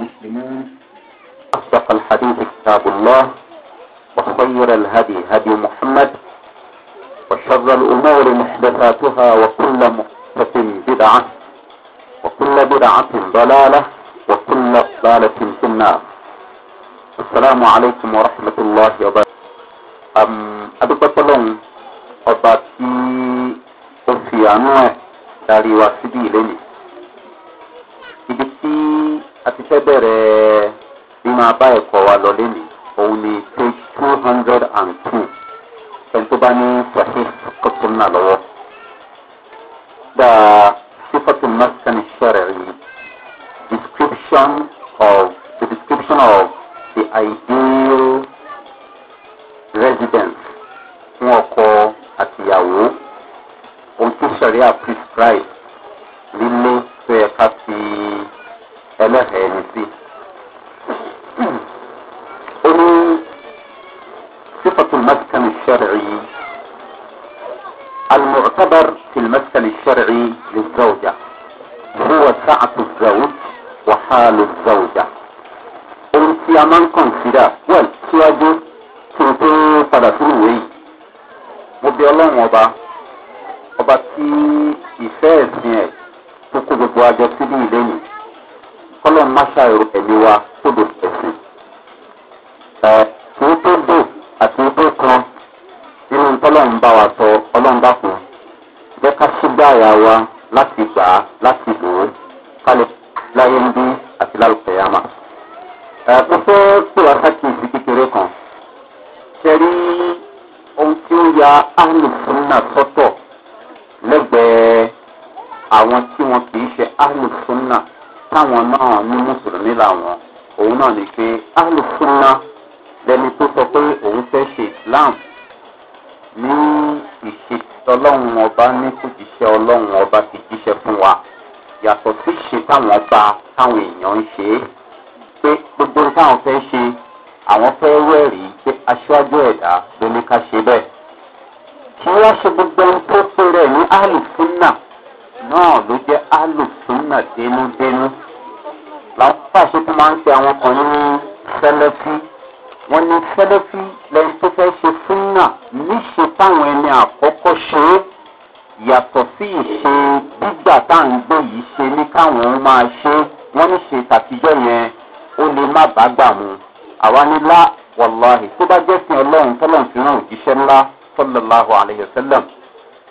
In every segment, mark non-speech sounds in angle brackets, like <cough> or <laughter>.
المسلمون أصدق الحديث كتاب الله وخير الهدي هدي محمد وشر الأمور محدثاتها وكل محدثة بدعة وكل بدعة ضلالة وكل ضلالة في النار السلام عليكم ورحمة الله وبركاته أم أدبطلون أباتي أفيانوه داري واسدي لني ibi tí a ti fẹ́ bẹ̀rẹ̀ nínú abá ẹ̀kọ́ wa lọ lẹ́nu òun ni page two hundred and two ẹni tó bá ní sahih kọ́tùnà lọ́wọ́ dáa sífọ́tù mọ́sánì sọ̀rọ̀ yìí description of the description of the idea. táwọn bá táwọn èèyàn ń ṣe é pé gbogbo táwọn fẹ́ ṣe àwọn fẹ́ wẹ̀rí pé aṣáájú ẹ̀dá ló ní ká ṣe bẹ́ẹ̀. kí wọ́n ṣe gbogbo ohun tó pé rẹ̀ ní alùsùnà náà ló jẹ́ alùsùnà dénúdénú. làwọn pàṣẹ tó máa ń pe àwọn kan ní sẹlẹ́fì wọ́n ní sẹlẹ́fì lẹ́yìn tó fẹ́ ṣe súnà níṣe táwọn ẹni àkọ́kọ́ ṣe é yàtọ̀ sí ìṣe gbígbà tá à ń gbé yìí ṣe ní káwọn máa ṣe wọ́n ní ṣe tàtijọ́ yẹn ó lè má bá gbà mu àwa ní lá wàláhì tó bá jẹ́ sin ọlọ́run tọ́lọ́run fi ràn òjíṣẹ́ ńlá sọ́lọ́láhu àlẹ́yẹ sẹ́lẹ̀m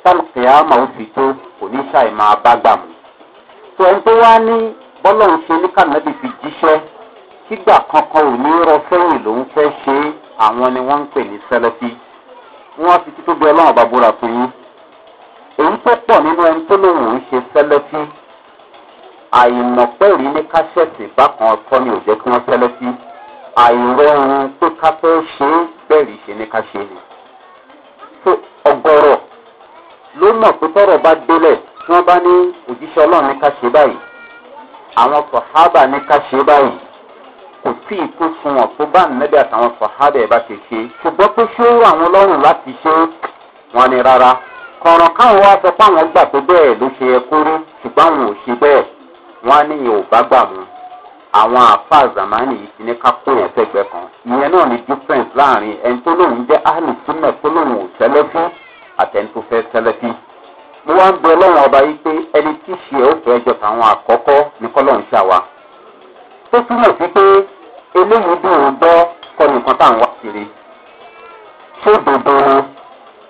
sálùkì àmà ó fi tó kò ní ṣàì máa bá gbà mu. tó ẹni tó wá ní bọ́lọ́run ṣe ní kànáàbì fi jíṣẹ́ kígbà kankan ò ní rọ sẹ́yìn lòún fẹ́ ṣe àwọn ni wọ́n ń pè ní sẹ́lẹ́fì wọ́n á fi títí ọlọ́run bá fún yín èyí tó pọ̀ nínú ẹni tó lòun ń ṣe sẹ́lẹ́tì àìmọ̀pẹ́rì ní káṣẹ́ẹ̀tì bákan ọ̀tọ́ ni ò jẹ́ kí wọ́n sẹ́lẹ́tì àìrọ̀rùn pé ká fẹ́ ṣe é bẹ́ẹ̀rì ṣe ní ká ṣe ni. tó ọgọrọ ló mọ̀ pé tọrọ bá délẹ̀ tí wọ́n bá ní òjíṣẹ́ ọlọ́run ní ká ṣe báyìí àwọn sọ̀hábà ní ká ṣe báyìí kò tí ì tó sun wọn tó bá nínú ẹbí àtàwọn sọ̀hábà ẹ̀ bá ṣe ṣe ṣùgbọ́n pé ṣé ó rọ àwọn ọlọ́run láti ṣe wọn ni rárá. kọ̀ọ̀ràn káwọn wá sọ pé gbà pé bẹ́ẹ̀ ló ṣe yẹ rí ṣùgbọ́n àwọn ò ṣe bẹ́ẹ̀ wọ́n á níyẹn ní ká kó yẹn kan ìyẹn náà ni difference láàrin ẹni tó lóun jẹ́ ahlu sunna tó lóun ò tẹ́lẹ̀ fún ọba yìí pé ẹni tí ṣe ó fẹ́ jọ tàwọn àkọ́kọ́ ní kọ́lọ́run túmọ̀ sí pé eléyìí dùn ún gbọ́ kọ́ nìkan táwọn wá kiri ṣé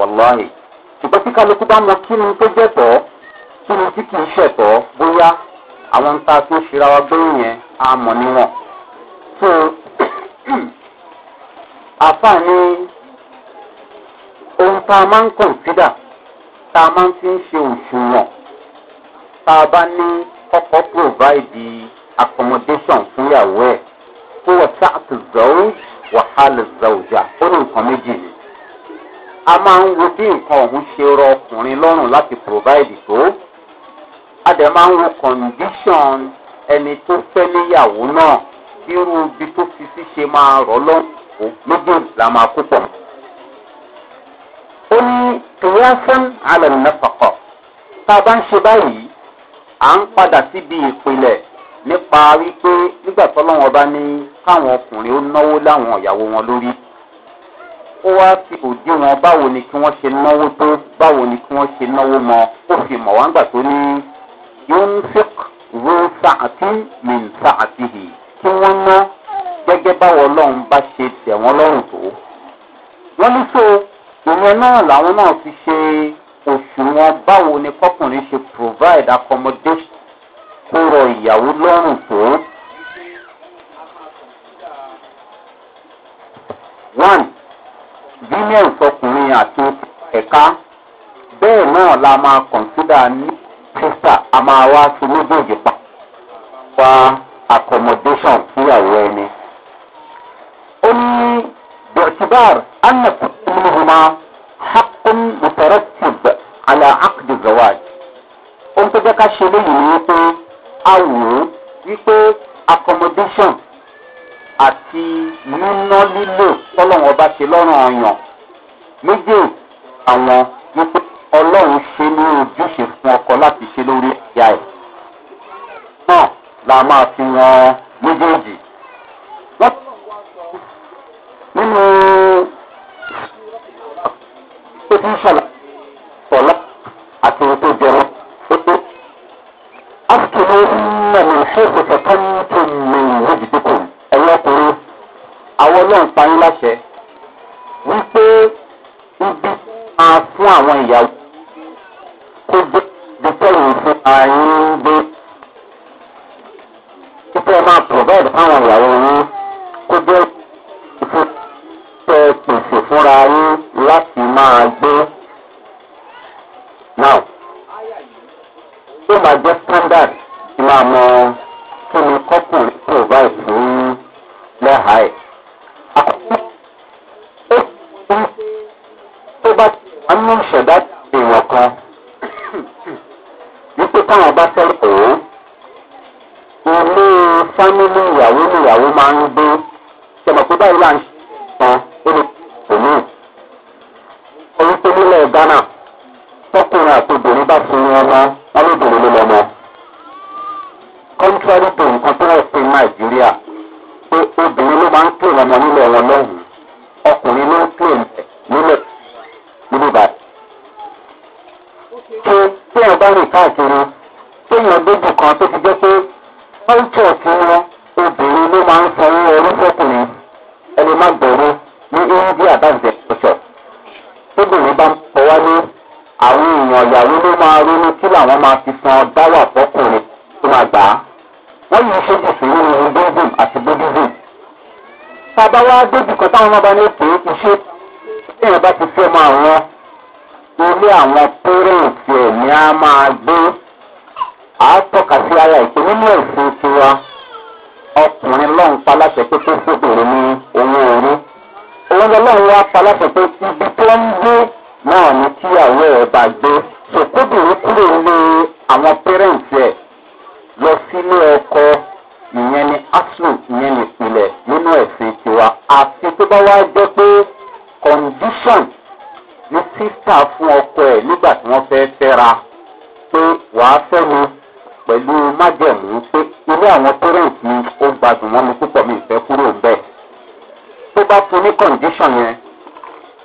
wàláhì ṣùgbọ́n tí kálukú bá mọ kí ni tó jẹ́ tọ́ kí ni tí kì í ṣẹ̀tọ́ bóyá àwọn tá a tún ṣera wa gbé yẹn á níwọ̀n. so <clears throat> àfààní ohun tá a máa ń kọ̀ǹsídà tá a máa ń fi ń ṣe òṣùwọ̀n tá a bá ní kọ́kọ́ provide accommodation fún ìyàwó ẹ̀ kó wọ́n ṣáàtì zọ́ọ́ wàhálà zọ́ọ́jà ó ní nǹkan méjì ni. a máa ń wo bí nǹkan ọ̀hún ṣe rọ ọkùnrin lọ́rùn láti provide tó a dẹ̀ máa ń wo condition ẹni tó fẹ́ níyàwó náà irú ibi tó fi sí máa rọ̀ lọ́rùn la máa kó pọ̀. ó ní kìláṣán alẹ́ nàfàkọ̀ tá a bá ń ṣe báyìí à ń padà síbi ìpìlẹ̀ nípa wípé nígbà tọ́lọ́wọ́n bá ní káwọn ọkùnrin ó náwó láwọn ìyàwó wọn lórí ó wá fi òdiwọ̀n báwo ni kí wọ́n ṣe náwó tó báwo ni kí wọ́n ṣe náwó mọ ó fi mọ̀ wá gbà tó ní yunfiq ro sàátì min sàátì hì kí wọ́n ná gẹ́gẹ́ báwo ọlọ́run bá ṣe tẹ̀ wọ́n lọ́rùn tó. wọ́n ní so ìyẹn náà làwọn náà fi ṣe òṣùwọ̀n báwo ni kọkùnrin ṣe provide accommodation kó rọ ìyàwó lọ́rùn tó. one union tọkùnrin àti ẹ̀ka bẹ́ẹ̀ náà la máa kọ̀ǹsídà ní sísà a máa wá sí méjèèjì pa wá accommodation fúyàwó ẹni. ó ní bẹ̀tibár annaku ìmúhùmá hakun mutaratib ala akdi zawaj. ohun tó jẹ́ ká ṣe léyìn ni wípé a wò ó wípé accommodation àti níná lílò tọ́lọ́wọ́n bá ti lọ́rùn ọ̀yàn méjì àwọn wípé ọlọ́run ṣe ní ojúṣe fún ọkọ láti ṣe lórí ìyá ẹ̀ náà la máa fi wọn méjèèjì. nínú tó ti ń ṣàlàyé ọ̀la àti ohun tó jẹun pé a sì kì í lórí nàìjíríà ṣe kò tẹ̀kọ́ ní tòun ọlọ́run pa yín láṣẹ wípé ibi a fún àwọn ìyàwó kó dé dùpẹ́yìn fún ààyè ń gbé. Títẹ́ máa pọ̀ bẹ́ẹ̀ fáwọn ìyàwó Paolo Banelli.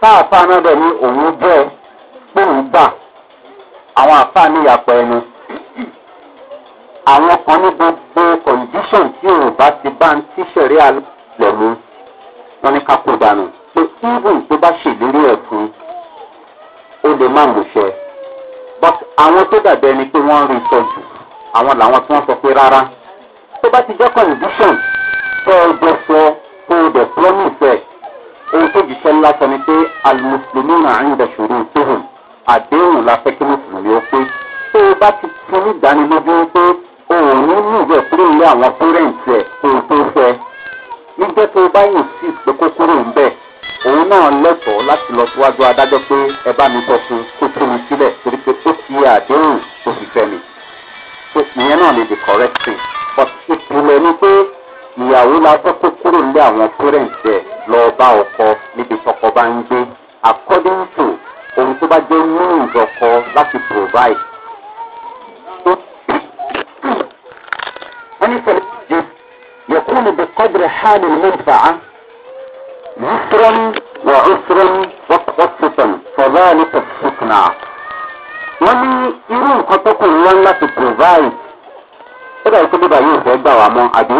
táàfà náà dẹ̀ ní òun bẹ́ ẹ pé òun gbà àwọn àfà níyàpọ̀ ẹnu àwọn kan ní gbogbo condition tí òun bá ti bá ń tíṣẹ̀rí alẹ́ mu wọn ní ká kó dànù pé even tó bá ṣèlérí ẹ̀ fún ó lè má múṣẹ but àwọn tó dàbẹ̀ ni pé wọ́n ń rí sọ́jù àwọn làwọn tí wọ́n sọ pé rárá tó bá ti jẹ́ condition tó o jẹ sọ tó o dẹ̀ tójìṣẹ́ ńlá sọ ni pé alimusulmi náà ń bẹ̀ ṣòro tóhùn àdéhùn la fẹ́ kí mùsùlùmí ó pé tó o bá ti fún ní ìdánilójú pé o ò ní ní ìwé kúrò ní àwọn pẹ́rẹ́ǹtì ẹ̀ kó o tó fẹ́ níjẹ́ tó o bá yàn sí ìpè kókóró ń bẹ̀ òun náà lẹ́tọ̀ọ́ láti lọ síwájú adájọ́ pé ẹ bá mi sọ fún kó tún mi sílẹ̀ torí pé ó ti àdéhùn òṣìṣẹ́ mi ìyẹn náà lè be correct but ìpìlẹ̀ ni pé ìyàwó la gbọ́ kúrò nílé àwọn pẹ́rẹ́ǹtì ẹ̀ lọ bá ọkọ níbi tọkọ bá ń gbé according to ohun tó bá jẹ́ means ọkọ láti provide. <coughs> wọ́n ní sọ̀rọ̀ jẹ́ yẹ̀kúnnù bí kọ́dìrì hàlì na yusran wà usran wọ́pọ̀tàn fọ̀dáàlì pẹ̀sìtìnà. wọ́n ní irú nǹkan tó kù ńlá láti provide ó dàbí pé bíbá yóò fẹ́ gbà wá mọ́ àbí.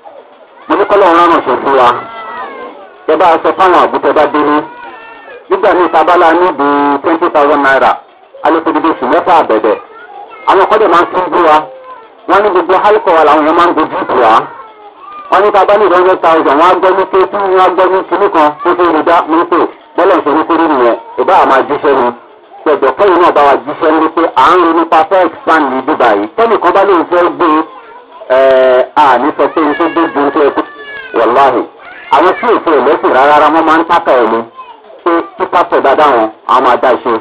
mo ní kọ́lọ́ ọ̀rán ránṣẹ́ fún wa ẹ bá sọ fáwọn àbútẹ bá délé nígbà míì tábàlà níbi twenty thousand naira alẹ́kùnrin oṣù mẹ́fà àbẹ̀bẹ̀ àwọn kọ́dẹ̀ máa ń tún bú wa wọ́n ní gbogbo alcohol àwọn èèyàn máa ń dojú ìtù wa wọ́n ní tábàlì hundred thousand wọ́n á gbọ́ ní kéékì wọ́n á gbọ́ ní kinní kan tó fi rí dá mi pé bọ́lá ìṣòro kúrú nìyẹn ìbá àmà jíṣẹ́ ni gbẹ̀gbẹ̀ kẹ́yìn náà bá wa jíṣẹ́ ni pé à ń ronú pa fẹ́ expand ní dubai tẹ́nìkan bá lóun fẹ́ gbé e àní eh, sọ pé n tó àwọn tí òfin rárá máa ń tákà ni pé dáadáa wọn àwọn máa dá iṣẹ́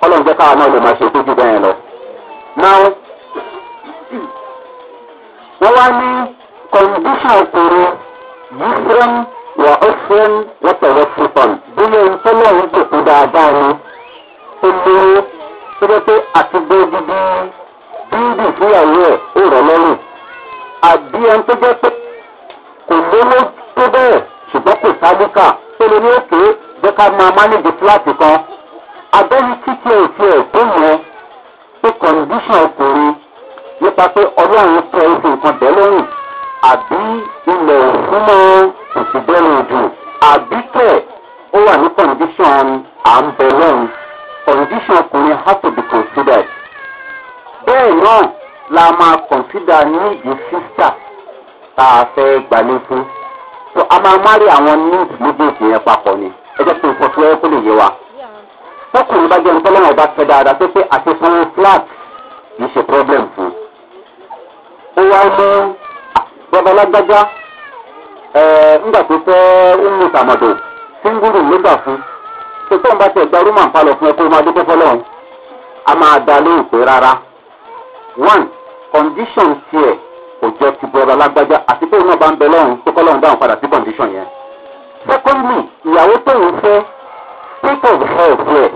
kọ́lọ̀ ń jẹ́ káwọn náà lè máa ṣe tójú bẹ́ẹ̀ lọ. náà wọ́n wá ní kọ̀ǹdíṣàn ọkùnrin yíṣẹ́n wà ọ́ṣẹ́n bílẹ̀ ń dáadáa ni ó lówó tó jẹ́ pé àti dídí dídì fúyàwó ẹ̀ àbí ẹni tó jẹ́ pé kò lówó tó bẹ́ẹ̀ ṣùgbọ́n kò sábúkà tó lè ní òkè jẹ́ ká máa mánéjì fúláàtì kan abẹ́rẹ́ títí òsì ẹ̀ tó mọ̀ pé kọ̀ǹdíṣàn ọkùnrin nípa pé ọlọ́run tẹ ife nǹkan bẹ́ẹ̀ lóhùn àbí ilẹ̀ òfúnmọ́ òsì bẹ́ẹ̀ lòdù àbí tẹ̀ ó wà ní kọ̀ǹdíṣàn à ń bẹ lọ́hùn kọ̀ǹdíṣàn ọkùnrin has to be considered bẹ́ẹ̀ náà la máa kọ̀nsídà ní ìdí sísà tá a fẹ́ gbalé fún. tó a máa márì àwọn news méjèèjì yẹn papọ̀ ni ẹ jẹ́ pé nǹkan tó yẹ kó lè yé wa. tọkùnrin bá jẹ́ ní tọ́lọ́mọ̀ bá fẹ́ dáadáa pé pé àti sanwó flat yìí ṣe problem fún. ó wá mú bàbá alágbájá nígbà tó fẹ́ ń mú tàmọ̀dò síngúrù ló gbà fún. tó tó ń bá tẹ̀ gba rúmọ̀ ń palọ̀ fún ẹ kó máa dúpẹ́ fọlọ́run a máa dá lóhùn pé rárá one condition tiẹ̀ kò jẹ́ ti bọ̀rọ̀ alágbájá àti pé iná bá ń bẹ lọ́run tó kọ́ lọ́run dáhùn padà sí condition yẹn. secondly ìyàwó tóun fẹ́ state of health rẹ̀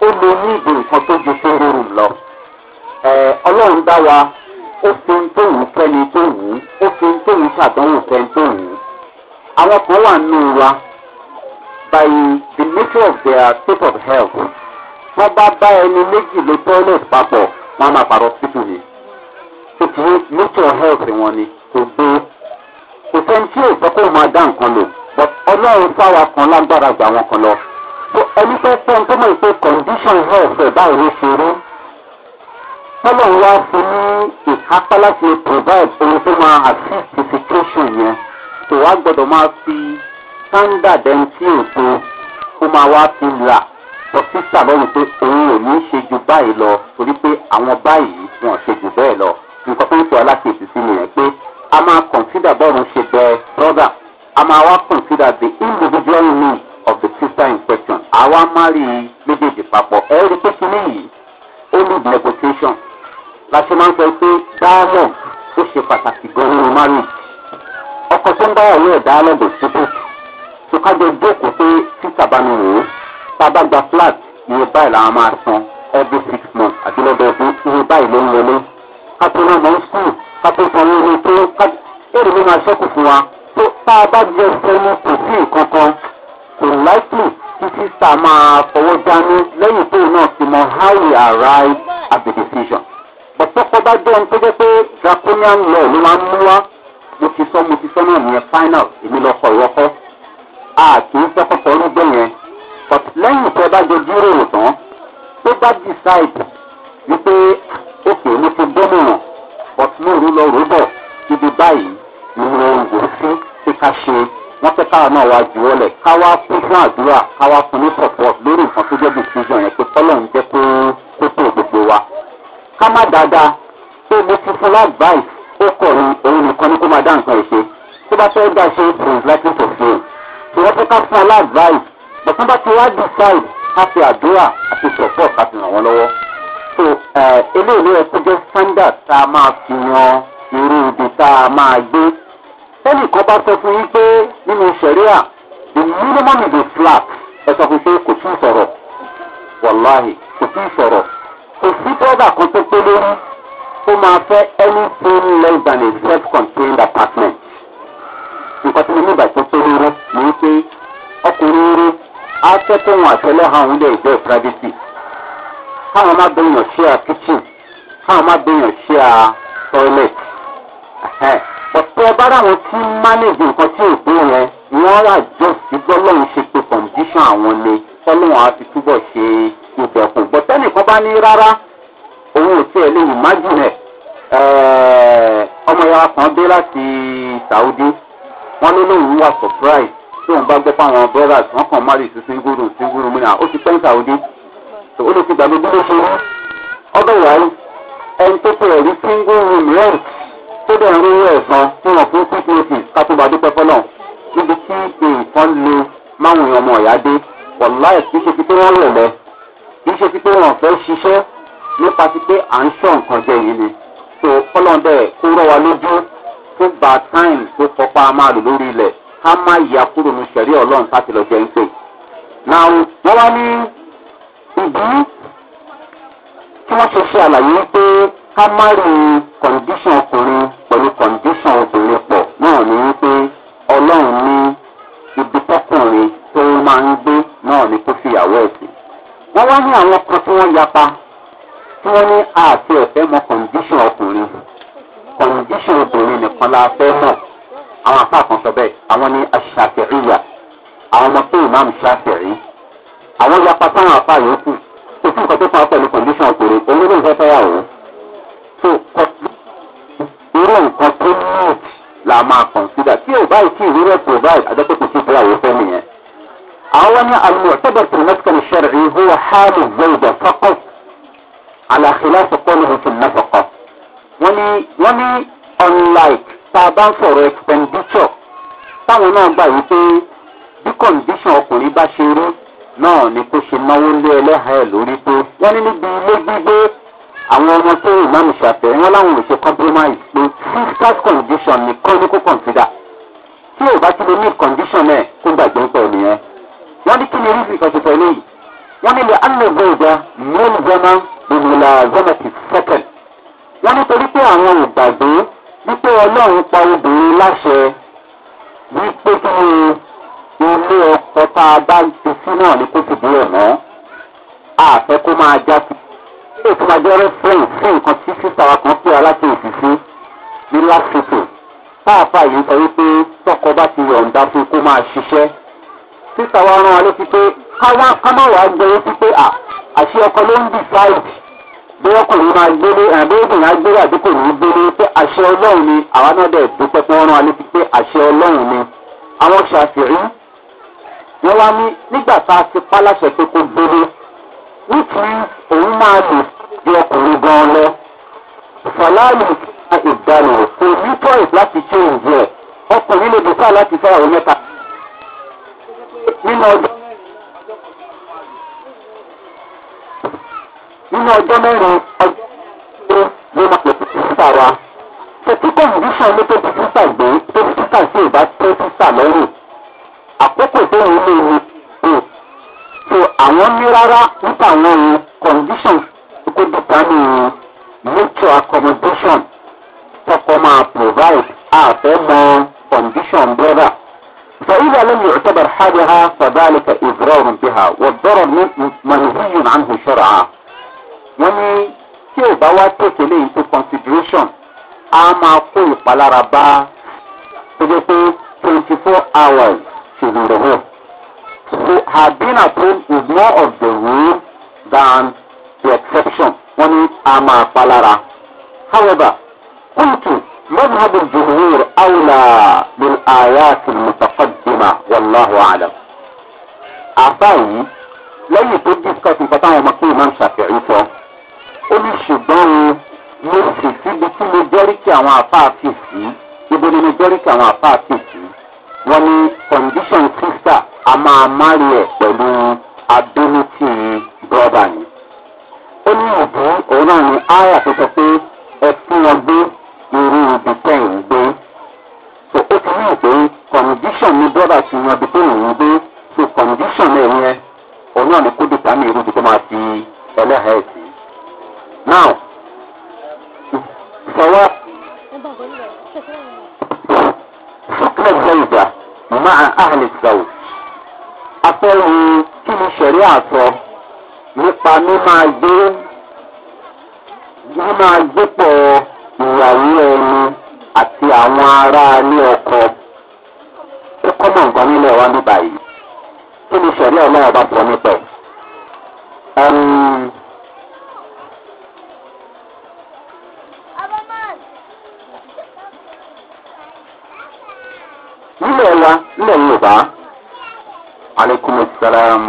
ó lo ní ìgbè nǹkan tó ju single room lọ. ọlọ́run dá wa ó fi ń tóun fẹ́ni tó wù ú ó fi ń tóun ṣàdánwò fẹ́ni tó wù ú. àwọn kan wà nù wa by the nature of their state of health wọ́n bá bá ẹni méjì lé toilet papọ̀ wọn á máa pàrọ̀ sípò ni ó ti nature health wọn ni kò gbé kò sẹ́ni tí yóò sọ pé òun máa dá nǹkan lò but ọlọ́run sáwa kan lágbára gbà wọn kan lọ so ẹni pé fẹ́ni tó mọ̀ pé condition health ẹ̀ báyìí ló ṣe rí tọ́lọ́run wá fún ní ìkápá láti provide ohun tó máa assist situation yẹn tó wá gbọ́dọ̀ máa fi standard ẹni tí ò tó kó máa wá fi là sọ sísà lọ́rùn pé òun ò ní í ṣe ju báyìí lọ torí pé àwọn báyìí wọn ò ṣe jù bẹ́ẹ̀ lọ nǹkan tó ń sọ alákèésí sí nìyẹn pé a máa kọ̀ǹsídà bọ́ọ̀rùn ṣe bẹ brother a máa wá kọ̀ǹsídà the individual need of the sister in question àwa máa rí i méjèèjì papọ̀ ẹ rí i pé kí nìyí ó need negotiation láti máa ń sọ pé dialogue ó ṣe pàtàkì gan-an nínú marriage ọkọ̀ tó ń bá ọ̀rẹ́ ẹ̀ dialogue ò ṣe tó tó kájọ tábà gba flat ìwé báyìí làwọn máa san every six months àti lọ́dọọdún ìwé báyìí ló ń wọlé kápẹ́rẹ́ ọmọ skul kápẹ́rẹ́ sanwó ní tó èrè ló máa ṣẹ́kù fún wa tó tá a bá jẹ sẹ́nu kò sí nǹkan kan kò láìpẹ́ kí sísá máa fọwọ́ dání lẹ́yìn tóun náà ti mọ how we arrive at the decision bọ̀tọ́kọ́ bá jẹ́ ohun tó jẹ́ pé draconian law ló máa ń mú wá mo ti sọ mo ti sọ náà nìyẹn final èmi lọ́kọ̀ ìwọ́kọ́ a kì í fẹ́ kọ́kọ́ but lẹ́yìn tí ẹ bá jẹ jíròrò tán tó bá decide wípé òkè mo ti gómìnà but mo rú lọ rú bọ̀ ibi báyìí ìwúrò òǹgbò sí pé ká ṣe wọ́n fẹ́ káwa náà wá jù ọ́ lẹ̀ ká wá kún fún àdúrà ká wá fún ní support lórí nǹkan tó jẹ́ decision yẹn pé tọ́lọ́run jẹ́ pé kó tó gbogbo wa ká má dáadáa pé mo ti fún láàdváìsì ó kọ̀ ní òun nìkan ní kó máa dá nǹkan ìṣe tó bá fẹ́ dá ṣe is likely to fail tí wọ́n fẹ́ ká fún ọ láàdváìsì but number two wá decide àti àdúrà àti support láti ràn wọ́n lọ́wọ́ so eh, eléyìí ló yẹ jẹ́ standard tá fi yan irú ibi tá a máa gbé sẹ́nì kan bá sọ fún yín pé nínú sẹ̀ríà the minimum is a flat ẹ sọ fún pé kò tún sọ̀rọ̀ wàláhì kò tún sọ̀rọ̀ kò sí brother kan tó pé lórí ó máa fẹ́ anything less than a self-contained apartment nǹkan tí mo ní ìgbà tó pé lórí á fẹ́ pé wọn àtẹlẹ́hàn òun privacy káwọn ma bẹ̀yàn ṣe à kitchen káwọn ma bẹ̀yàn ṣe à toilet ọ̀pọ̀ bára wọn tí manage nǹkan tí ò gbé wọn jọ sí ṣe pé condition àwọn ni tọ́lọ́wọ́n á fi túbọ̀ ṣe bá ní rárá òun ò ọmọ yàrá kan dé láti saudi wọn ló lóun wà tó ń bá gbọ́ fáwọn brothers wọ́n kàn marry sí singuru singuru mìíràn ó ti pẹ́ńtà òde tó ó lè fi gbàgbé bí ó ṣe wọ́n ọbẹ̀ ìyáwó ẹni tó pè ẹ̀rí singuru mìíràn tó dẹ̀ ń rí ẹ̀sán tó wọ́n fún pcop kátóbá dúpẹ́ fọ́lọ́ níbi tí nǹkan le máwùn ọmọ ọ̀yá dé wọ̀láì kì í ṣe pípé wọ́n rẹ̀ lẹ kì í ṣe pípé wọ́n fẹ́ ṣiṣẹ́ nípa ti pé à ń ṣọ̀ nǹkan jẹ yìí ni tó fọ́lọ́ bẹ́ẹ̀ kó rọ́ wa lójú tó gba táìm tó sọ pé a máa lò lórí ilẹ̀ ká má yà kúrò ní sẹ̀rí ọlọ́run ká ti lọ jẹ́ ìpè. Náà wọ́n wá ní ìdí tí wọ́n ṣe ṣe àlàyé pé ká má rí kọ̀ǹdíṣàn ọkùnrin pẹ̀lú kọ̀ǹdíṣàn obìnrin pọ̀ náà ní wípé ọlọ́run ní ibi tọkùnrin tó máa ń gbé náà ní kó fìyàwó ẹ̀ sí. wọ́n wá ní àwọn kan tí wọ́n yapa tí wọ́n ní àti ẹ̀fẹ́ mọ kọ̀ǹdíṣàn ọkùnrin kọ̀ǹdíṣàn obìnrin nìkan la fẹ́ mọ̀ àwọn apá kan sọ bẹ́ẹ̀ àwọn ní aṣàfihìyà àwọn ọmọ pé ìmáàmù ṣàfihì àwọn yapa táwọn apá yòókù kò sí nǹkan tó fún wa pẹ̀lú kọ̀ndíṣàn òkèrè olórí ìfẹ́ fẹ́ yà wò tó kọ irú nǹkan tó mú la máa kọ̀nsídà tí ò báyìí tí ìrírí provide àdẹ́pẹ́ kò sí ìfẹ́ àwọn fẹ́ nìyẹn. àwọn ní almu'tabar fi al-maskan ash-shar'i huwa halu zawja faqat ala khilaf qawlihi wọ́n ní wọ́n ní unlike tá a bá ń sọ̀rọ̀ expenditure táwọn náà gbà wípé bí condition ọkùnrin bá ṣe rí náà ni kó ṣe náwó lé ẹlẹ́hàá ẹ̀ lórí pé wọ́n ní níbi ilé gbígbé àwọn ọmọ tó wọn láwọn compromise pé fiscal condition ni consider tí ò bá ti lè meet condition ẹ̀ kó gbàgbé ń pẹ̀lú yẹn wọ́n ní kí ni reason kan ṣe pẹ̀lú yìí wọ́n ní lè ìjà wípé ọlọ́run pa obìnrin láṣẹ wípé kí ni ilé ọkọ tá a bá ń ti sí náà ní kó sì bí ọ̀nà àfẹ́ kó máa já sí. ilé tó máa jẹ́ rẹ́fúrẹ́ǹ fún nǹkan tí sísá wa kan pé aláṣẹ òṣìṣẹ́ ní lásìkò táàfà yìí sọ wípé tọkọ bá ti yọ̀ǹda fún kó máa ṣiṣẹ́. sísá wa rán wa létí pé ká má wàá jẹ́ wípé à àṣẹ ọkọ ló ń dì sáìdì bí ọkùnrin máa gbélé àbí obìnrin agbélé àbí kò ní gbélé pé àṣẹ ọlọ́run ni àwa náà dẹ̀ dúpẹ́ pé wọ́n rán alẹ́ pé àṣẹ ọlọ́run ni àwọn ṣàfihàn wọn wá ní nígbà tá a ti pa láṣẹ pé kó gbélé nítorí òun máa lò bí ọkùnrin gan lọ fàlàlù ìfúnra ìgbàlù kò ní tọ́ìs láti ṣe òun jẹ ọkùnrin lè dùkọ́ láti fẹ́ àwọn mẹ́ta nínú ọjọ́. nínú ọjọ́ mẹ́rin ọjọ́ ló máa pè fún wa. ṣètí kọ̀ǹdíṣàn ló tó fi sísà gbé tó sí ìbá tó lọ́rùn. àkókò tó ń lé o. so àwọn ní rárá nípa àwọn ohun kọ̀ǹdíṣàn kó ní accommodation tọkọ máa provide àfẹ́ mọ kọ̀ǹdíṣàn فإذا لم يعتبر حالها فذلك إضرار بها والضرر wọ́n ní tí ò bá wá tètè lè into consideration á máa kó ìpalára bá tó jẹ́ pé twenty four hours she been the home. So her being at home is more of the rule than the exception. Wọ́n ní á máa palára. However, kúntù مذهب الجمهور أولى بالآيات المتقدمة والله أعلم أعطاني لن يكون ديسكوت فتاة مكتوب من شافعي ó ní ṣùgbọ́n o mo sì síbi tí mo jẹ́rìkì àwọn àfáàfì sí ibo ni mo jẹ́rìkì àwọn àfáàfì sí wọ́n ní condition sister a máa márì ẹ̀ pẹ̀lú ability brother ni. ó ní òbí òun náà ní aya tó sọ pé ẹ fún wọn gbé irú ibi tẹ̀yìn gbé. tó ó ti rí i condition ni brother ti yan ibi tẹ̀yìn gbé so condition ẹ̀ yẹn òun náà ní kó dìtà ní irú ibi tó máa fi ẹlẹ́hẹ̀ẹ́ sí. now سواء شكل الزوجة مع أهل الزوج أقول كل شريعته nípa mímá gbé mímá gbé pọ̀ ìyàwó ẹni àti àwọn ará ilé ọkọ ó kọ́mọ̀ nǹkan nílẹ̀ ní báyìí kí ni sẹ̀rí bá sọ nípa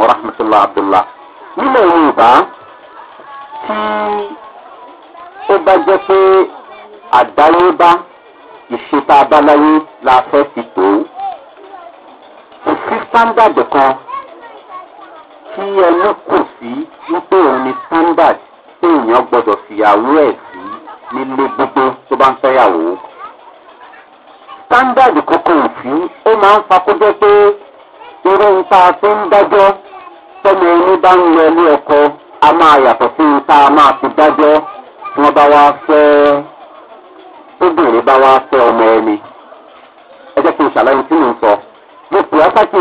wa rahmatulah abdullah nílẹ̀ yorùbá tí ó bá jẹ́ pé àdáyébá ìṣètò abáláyé la fẹ́ fi tó kò sí standard kan tí ẹnu kù sí wípé òun ni standard tí èèyàn gbọ́dọ̀ fìyàwó ẹ̀ sí nílé gbogbo tó bá ń fẹ́yàwó standard kankan ò sí ó máa ń fa pé irú nta tó ń dájọ́. bá ń lọ ilé ọkọ a máa yàtọ̀ sí ní tá a máa fi bá wá fẹ́ bá wá fẹ́ ọmọ ẹni. ẹ jẹ́ kí n ṣàlàyé tí mò ń sọ. mo pè á kan ní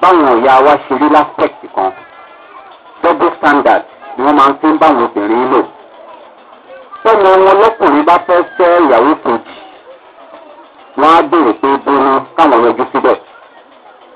káwa wa ṣe rí láspect kan double standard ni wọ́n máa ń fi ń báwọn obìnrin lò. wọn lọ́kùnrin bá fẹ́ fẹ́ ìyàwó kejì wọ́n á béèrè pé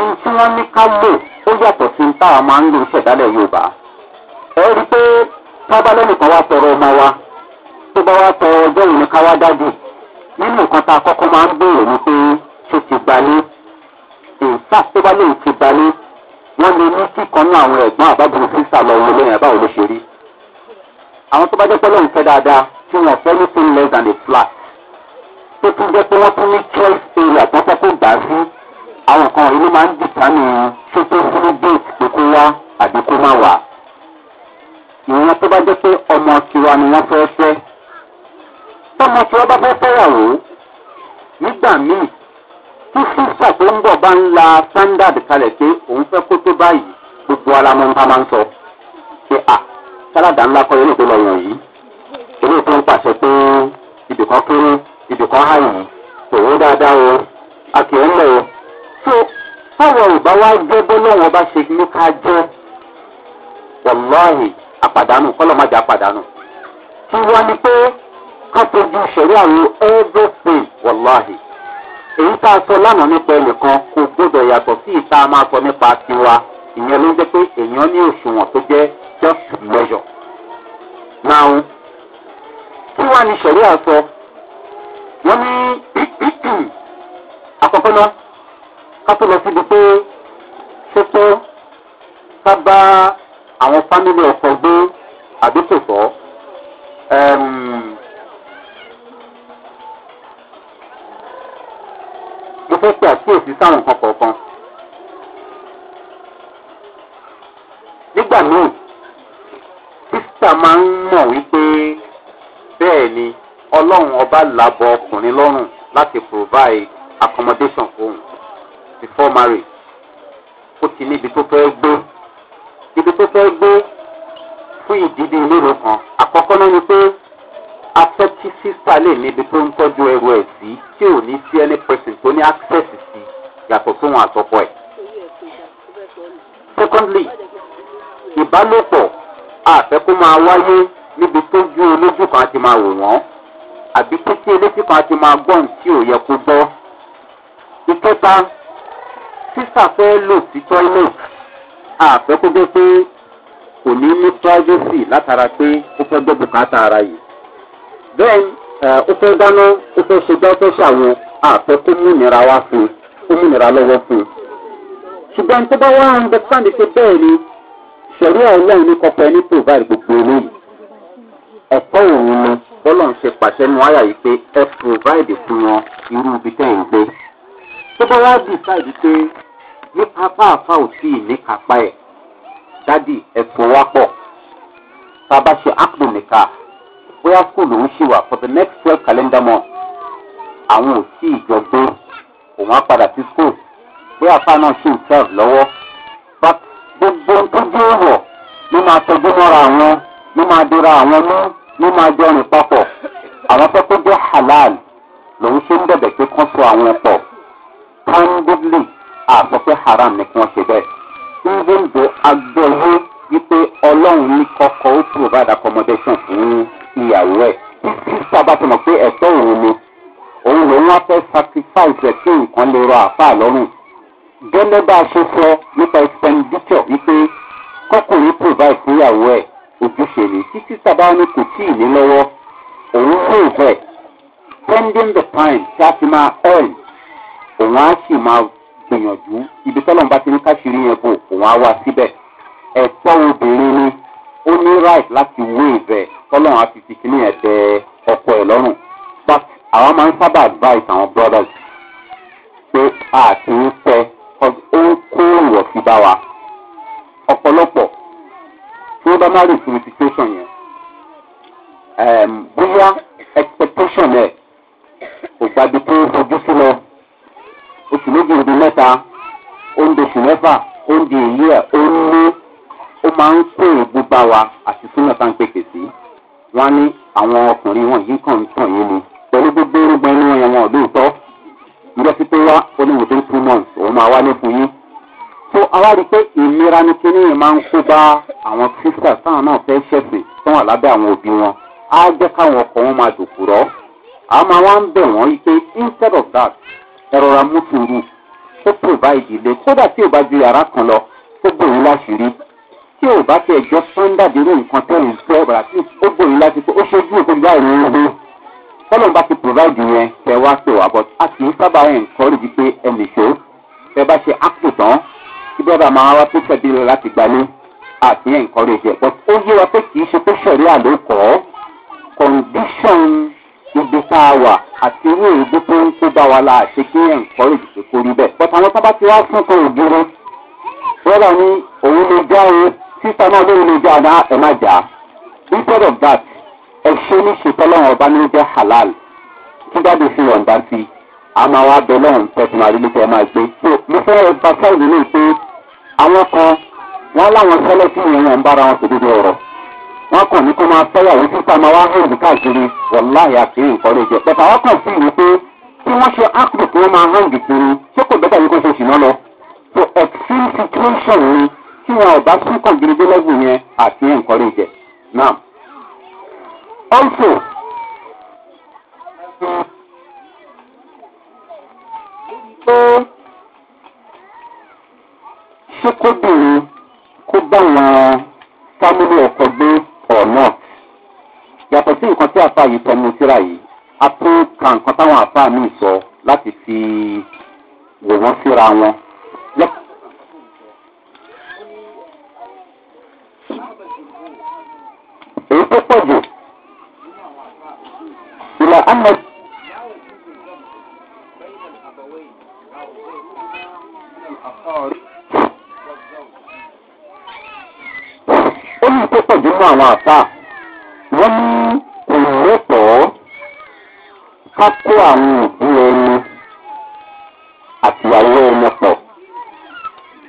ohun tí wọ́n ní ká lò ó yàtọ̀ sí táwa máa ń lò ṣẹ̀dálẹ̀ yorùbá ẹ rí i pé tábàlẹ́nìkan wá tọrọ ọmọ wa tó bá wá tọrọ ọjọ́ ìní ká wá dájú nínú nǹkan tá a kọ́kọ́ máa ń béèrè ni pé ṣé ti gbalé ìfà tó bá lè ti gbalé wọ́n lè ní kíkan náà àwọn ẹ̀gbọ́n àbábùrú sísà lọ wọlé yẹn báwo ló ṣe rí àwọn tó bá jẹ́ pẹ́lú ìfẹ́ dáadáa tí wọ́n fẹ́ ní three less than a flat tó tún jẹ́ pé wọ́n tún ní choice area tó fẹ́ kó gbà sí àwọn kan yìí ló máa ń dìtánì ṣé tó fún déètì pé kó wá àbí kó má wá. ìyẹn tó bá jẹ́ pé ọmọ tiwa ni wọ́n fẹ́ fẹ́. tọ́mọ tiwa bá fẹ́ fẹ́yàwó nígbà míì tí sísà tó ń bọ̀ bá ń la standard kalẹ̀ pé òun fẹ́ kó tó báyìí gbogbo ara mọ́ nípa máa ń sọ pé à sálàdà ńlá kọ́ yẹn ló pé yìí èmi tó pàṣẹ pé ibìkan kéré ibìkan hàyè kò wó dáadáa o a kì o. so táwọn ò bá wá jẹ́ bá ṣe ní ká jẹ́ wàláhì àpàdánù kọ́lọ́mọdé àpàdánù tí wọ́n ni pé ká tọ́jú ìṣẹ̀rí àwọn everything wàláhì èyí tá a sọ lánàá nípa ẹnìkan kò gbọdọ̀ yàtọ̀ sí measure. now ìṣẹ̀rí wọ́n ní <clears throat> àkọ́kọ́ kátó lọ síbi pé ṣé pé ká bá àwọn fámìlì ọkọ gbé àbí kò tọ́ mo fẹ́ pe àkíyèsí sáwọn nǹkan kọ̀ọ̀kan. nígbà míì sísà máa ń mọ̀ wípé bẹ́ẹ̀ ni ọlọ́run ọba làbọ̀ ọkùnrin lọ́rùn láti provide accommodation fóun before marriage ó ti níbi tó fẹ́ gbé ibi tó fẹ́ gbé fún ìdílé mélòó kan àkọ́kọ́ náà ni pé afẹ́ tí sísá lè níbi tó ń tọ́jú ẹrù ẹ̀ sí tí ò ní sí any person tó ní access sí yàtọ̀ sóhun àtọ́kọ ẹ̀. secondly ìbálòpọ̀ àfẹ́ kó máa wáyé níbi tó ju olójú kan ti máa wò wọ́n àbí títí elétí kan ti máa gbọ́n tí ò yẹ kó gbọ́. ìkẹta sísà fẹ́ lò sí toilet àfẹ́ kó jẹ́ pé kò ní ní privacy látara pé ó fẹ́ gbọ́ bùkátà ara yìí bẹ́ẹ̀ ó fẹ́ dáná ó fẹ́ ṣe gbá ó fẹ́ ṣàwọn àfẹ́ kó múnira wá fún un ó múnira lọ́wọ́ fún un ṣùgbọ́n tó bá wá understand pé bẹ́ẹ̀ ni ṣẹ̀rí ọlọ́run ní kọfẹ́ ní provide gbogbo eléyìí ẹ̀kọ́ òun ni bọ́lọ̀ ń ṣe pàṣẹ nu àyà yìí pé ẹ provide fún wọn irú ibi tẹ́ ń gbé tó bá wá decide pé nípa bá àfa òsì sí ìníkapa ẹ̀ dádì ẹ̀sùn wa pọ̀ tá a bá ṣe nìka bóyá wà for the next twelve calendar month àwọn òsì ìjọgbé òun á padà sí skul bóyá àfa náà ń serve lọ́wọ́ but gbogbo ló máa mọ́ra àwọn ló máa dira àwọn mú ló máa papọ̀ halal lòun ṣe ń bẹ̀bẹ̀ pé kán so àwọn àsọ haram ni kí wọ́n ṣe bẹ́ẹ̀. even though agbọ́yé wípé ọlọ́run ní kọ́kọ́ ó provide accommodation fún ìyàwó ẹ̀ sábà tó mọ̀ pé ẹ̀tọ́ òun ni òun lòun wá fẹ́ sacrifice ẹ̀ kí nǹkan lè rọ àpá lọ́rùn. gẹ́lẹ́ bá a ṣe sọ nípa expenditure wípé kọ́kùnrin provide fún ìyàwó ẹ̀ ojúṣe ni títí sábà ní kò tíì ní lọ́wọ́ òun ló fẹ́ pending the time tí a ti máa earn òun á sì máa gbìyànjú ibi tọ́lọ́n bá ti ní káṣírí yẹn bò òun á wá síbẹ̀ ẹ̀tọ́ obìnrin ni ó ní right láti wé tọ́lọ́n á fi fi kíní ẹ̀ tẹ ọkọ ẹ̀ lọ́rùn but àwọn máa ń sábà advice àwọn brothers pé a kì í fẹ́ ó kó ìwọ̀ sí bá wa ọ̀pọ̀lọpọ̀ tí ó bá má rìn fún situation yẹn um, bóyá expectation ẹ̀ kò gbàgbé pé ojú sí lọ oṣù méjì ń di mẹ́ta ó ń di oṣù mẹ́fà ó ń di èyí ẹ̀ ó ń mú ó máa ń kó ègbú bá wa àti súnà tá à ń pèsè sí wọn ní àwọn ọkùnrin wọn yìí kàn ń tàn yín ni pẹ̀lú gbogbo irúgbọ́n inú wọn wọn ò lóòótọ́ ìjọ sí pé wá ó ní within two months òun máa wá lẹ́kùn yín tó àwa rí i pé ìlera ni kíní yìí máa ń kó bá àwọn sisters táwọn náà fẹ́ ṣẹ̀sìn tó wà lábẹ́ àwọn òbí wọn á jẹ́ káwọn ọkọ̀ wọn máa dòkú rọ́ àmọ́ wọn ń bẹ̀ wọ́n yí pé instead of that ẹ̀rọra mú sùúrù ó provide ilé kódà tí o bá ju yàrá kan lọ ó gbòòrò láṣìírí tí ò bá tẹ̀ jọ sọ́ńdàdì irú nǹkan tó ń fẹ́ ọ̀rà tí ó gbòòrò láti pé ó ṣojú òfin bá ìrìn ìrìn tọ́lọ̀ bá ti provide yẹn tẹ wá pè wá bọ́ a kì í sábà ẹ̀ ń kọ́rì wípé ẹnì ṣó tẹ bá ṣe ápù tán kí bọ́dà máa wá tó tẹ̀bi lọ láti gbalé àti ẹ̀ ń kọ́rì ìṣẹ̀ pọ̀ ó yé wa pé kì í ṣe pé ṣẹ̀rí àlòkọ́ condition gbogbo tá a wà àti irú èébú tó ń kó bá wa la àti kí ẹ̀ ń kọ́ ìdìbò kó rí bẹ́ẹ̀. bọ́tà àwọn tábà ti wá fún kan ògiri rọ́bà ní òun lè já o sísá náà lóun lè já ọ̀nà ẹ̀ má jà á. instead of that ẹ ṣe ní ṣètò ọlọ́run ọba ní jẹ́ halal tí jáde fi yọ̀ǹda sí a máa wá bẹ lọ́run tẹ̀sán àdúgbò tẹ̀ máa gbé. so mo fẹ́ ẹ bá sáìdì ní pé àwọn kan wọ́n láwọn sẹ́lẹ̀ tí ìyẹn ń bára wọn ṣòdodo ọ̀rọ̀ wọn kàn ní kó máa fẹ́yàwó títà máa wá hàn mí káàkiri wọláì àti ìkọ́lé jẹ pẹ̀tà wọn kàn sí ìwé pé tí wọ́n ṣe ákùdù tí wọ́n máa hàn mí kiri ṣé kò bẹ́tà yìí kó ṣe ṣìnà lọ. so extreme situation ni tí wọn ò bá sún kàn gírígbé lẹ́gùn yẹn àti ìkọ́lé jẹ náà. also pé ṣé kó bèrè kó bá wọn fámílì ọkọ gbé ọ̀nà yàtọ̀ sí nǹkan tí àfa yìí tẹnu síra yìí a tó ka nǹkan táwọn àfa mi sọ láti fi wò wọ́n síra wọn. èyí tó pọ̀jù mọ́ àwọn àfa wọ́n ní kò lẹ́tọ̀ọ́ ká kó àwọn ìpín ẹni àtìyàwó ẹni pọ̀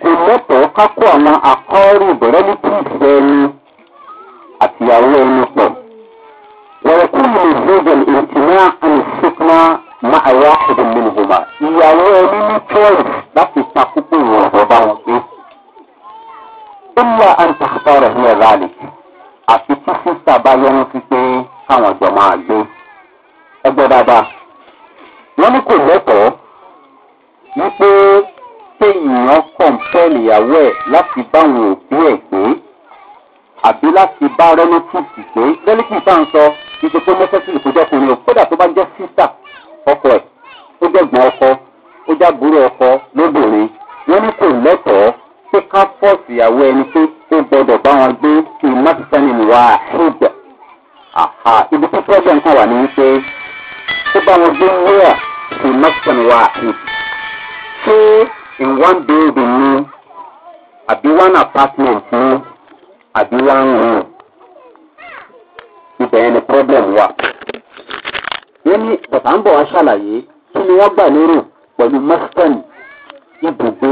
kò lẹ́tọ̀ọ́ ká kó àwọn akọ́rù ìbẹ̀rẹ̀lítìsì ẹni àtìyàwó ẹni pọ̀ wọ́n kú lè zẹ́gẹ̀l ìtìmọ́ àmì máa yá ìdùnnú ìhùmá ìyàwó ẹni ní twelve láti ta púpọ̀ ìwọ̀n ọ̀dọ́ bá ilà àǹtàkùtàrọ̀ ní ẹ̀rọ àlèkì àfi tí sísà bá yọnu sí pé káwọn jọ máa gbé ẹgbẹ́ dáadáa. wọ́n ní kò lẹ́kọ̀ọ́ wípé téèyàn kọ̀ǹpẹ́ẹ̀lì ìyàwó ẹ̀ láti báwọn òbí ẹ̀ gbé àbí láti bá rẹ́lẹ́tìfì pé rẹ́lẹ́tìfì tá à ń sọ ìṣe pé mẹ́sẹ̀sì kò jẹ́ kùnrin o kódà tó bá jẹ́ sísà ọkọ ẹ̀ ó jẹ́ gbọ́n ọkọ ó jábúrò ọkọ lóbìnrin wọ́n ní kò lẹ́kọ̀ọ́ pé ká fọ́ọ̀sì ìyàwó ẹni pé ó gbọ́dọ̀ bá wọn gbé kí má ti sẹ́ni wà á ṣùgbọ́n. àhà ibi tó problem kan wà ní wípé ó bá wọn gbé wíwà kí má ti sẹ́ni wà ṣùgbọ́n. ṣé in one ni àbí one apartment ni àbí one room ibẹ̀ yẹn ni problem wà. wọ́n ní bàbá ń bọ̀ wá ṣàlàyé kí ni wọ́n gbà lérò pẹ̀lú mustang ibùgbé.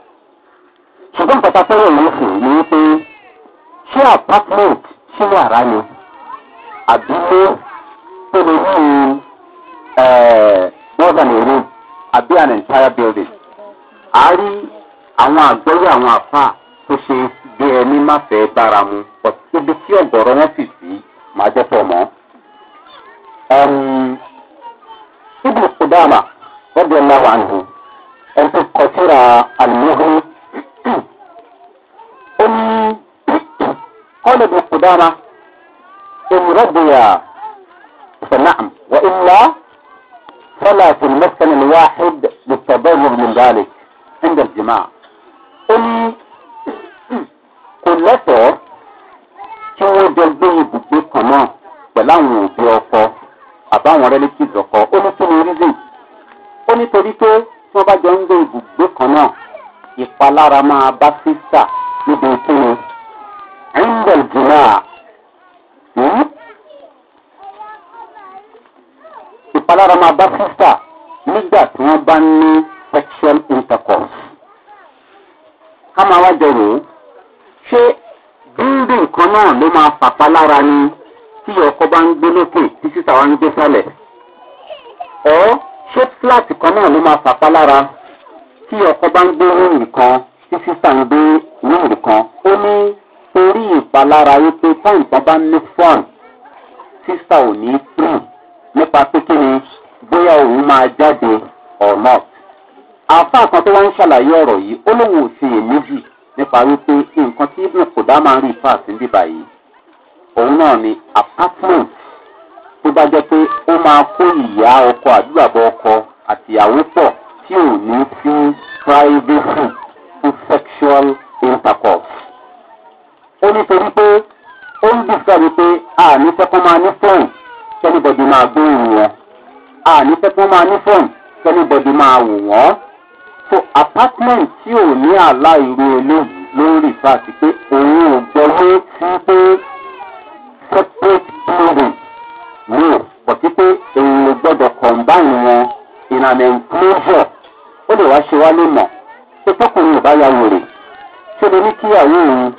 ṣùgbọ́n nǹkan tá a fẹ́ràn ló sì ní wípé ṣé apartment ṣé yàrá ni an entire building. a rí àwọn àgbẹ̀wé àwọn àfa tó ṣe bí ẹni má fẹ́ bára mu ibi tí ọ̀gọ̀rọ̀ wọn sì sí màá jẹ́ pọ̀ mọ́. ibùdó kùdàmà wọ́n bí قال ابن قدامة إن رضي فنعم وإلا فلا في المسكن الواحد للتضرر من ذلك عند الجماع إن قلته kí wọ́n jọ ọkọ ó ní kí ni ó nítorí pé bá jọ ìpalára máa bá sísà níbi ìpinnu engel jìnnà hmm? ìpalára máa bá sísà nígbà tí wọ́n bá ní sexual intercourse. ká máa wá jẹrò ṣé bíndì nǹkan náà ló máa fàpalára ni tí ọkọ bá ń gbé lókè tí sísà wa ń gbé sálẹ̀ ọ́ ṣé fúláàtì kan náà ló máa fàpalára tí ọkọ bá ń gbé wíìlì kan tí sísà ń gbé wíìlì kan ó ní torí ìpalára wípé táwọn kan bá ní fún sísà ò ní fún nípa pé kí ni bóyá òun máa jáde or not. àáfàá kan tó wá ń ṣàlàyé ọ̀rọ̀ yìí ó lóun ò ṣe nípa wípé nǹkan tí ibùn máa ń rí fáà sí bíbà yìí òun náà ni apartment tó bá jẹ́ pé ó máa kó ìyá ọkọ àdúrà bọ ọkọ àtìyàwó pọ̀ tí ò ní sí privacy fún sexual intercourse. ó nítorí pé ó ń dìsọ́rí pé àní sẹ́kọ́ máa ní fóònù kẹ́nìbọ̀dì máa gbóhùn wọn àní sẹ́kọ́ máa ní fóònù kẹ́nìbọ̀dì máa wò wọ́n. so apartment tí ò ní àlá ìró eléyìí ló ń rí fáti pé òun ò gbọ́ wé sí pé separate building no but pé èèyàn gbọ́dọ̀ combine wọn in an enclosure ó lè wá ṣe wá lè mọ̀ pé tọkùnrin ò bá ya wèrè ṣé lè ní kíyàwó òun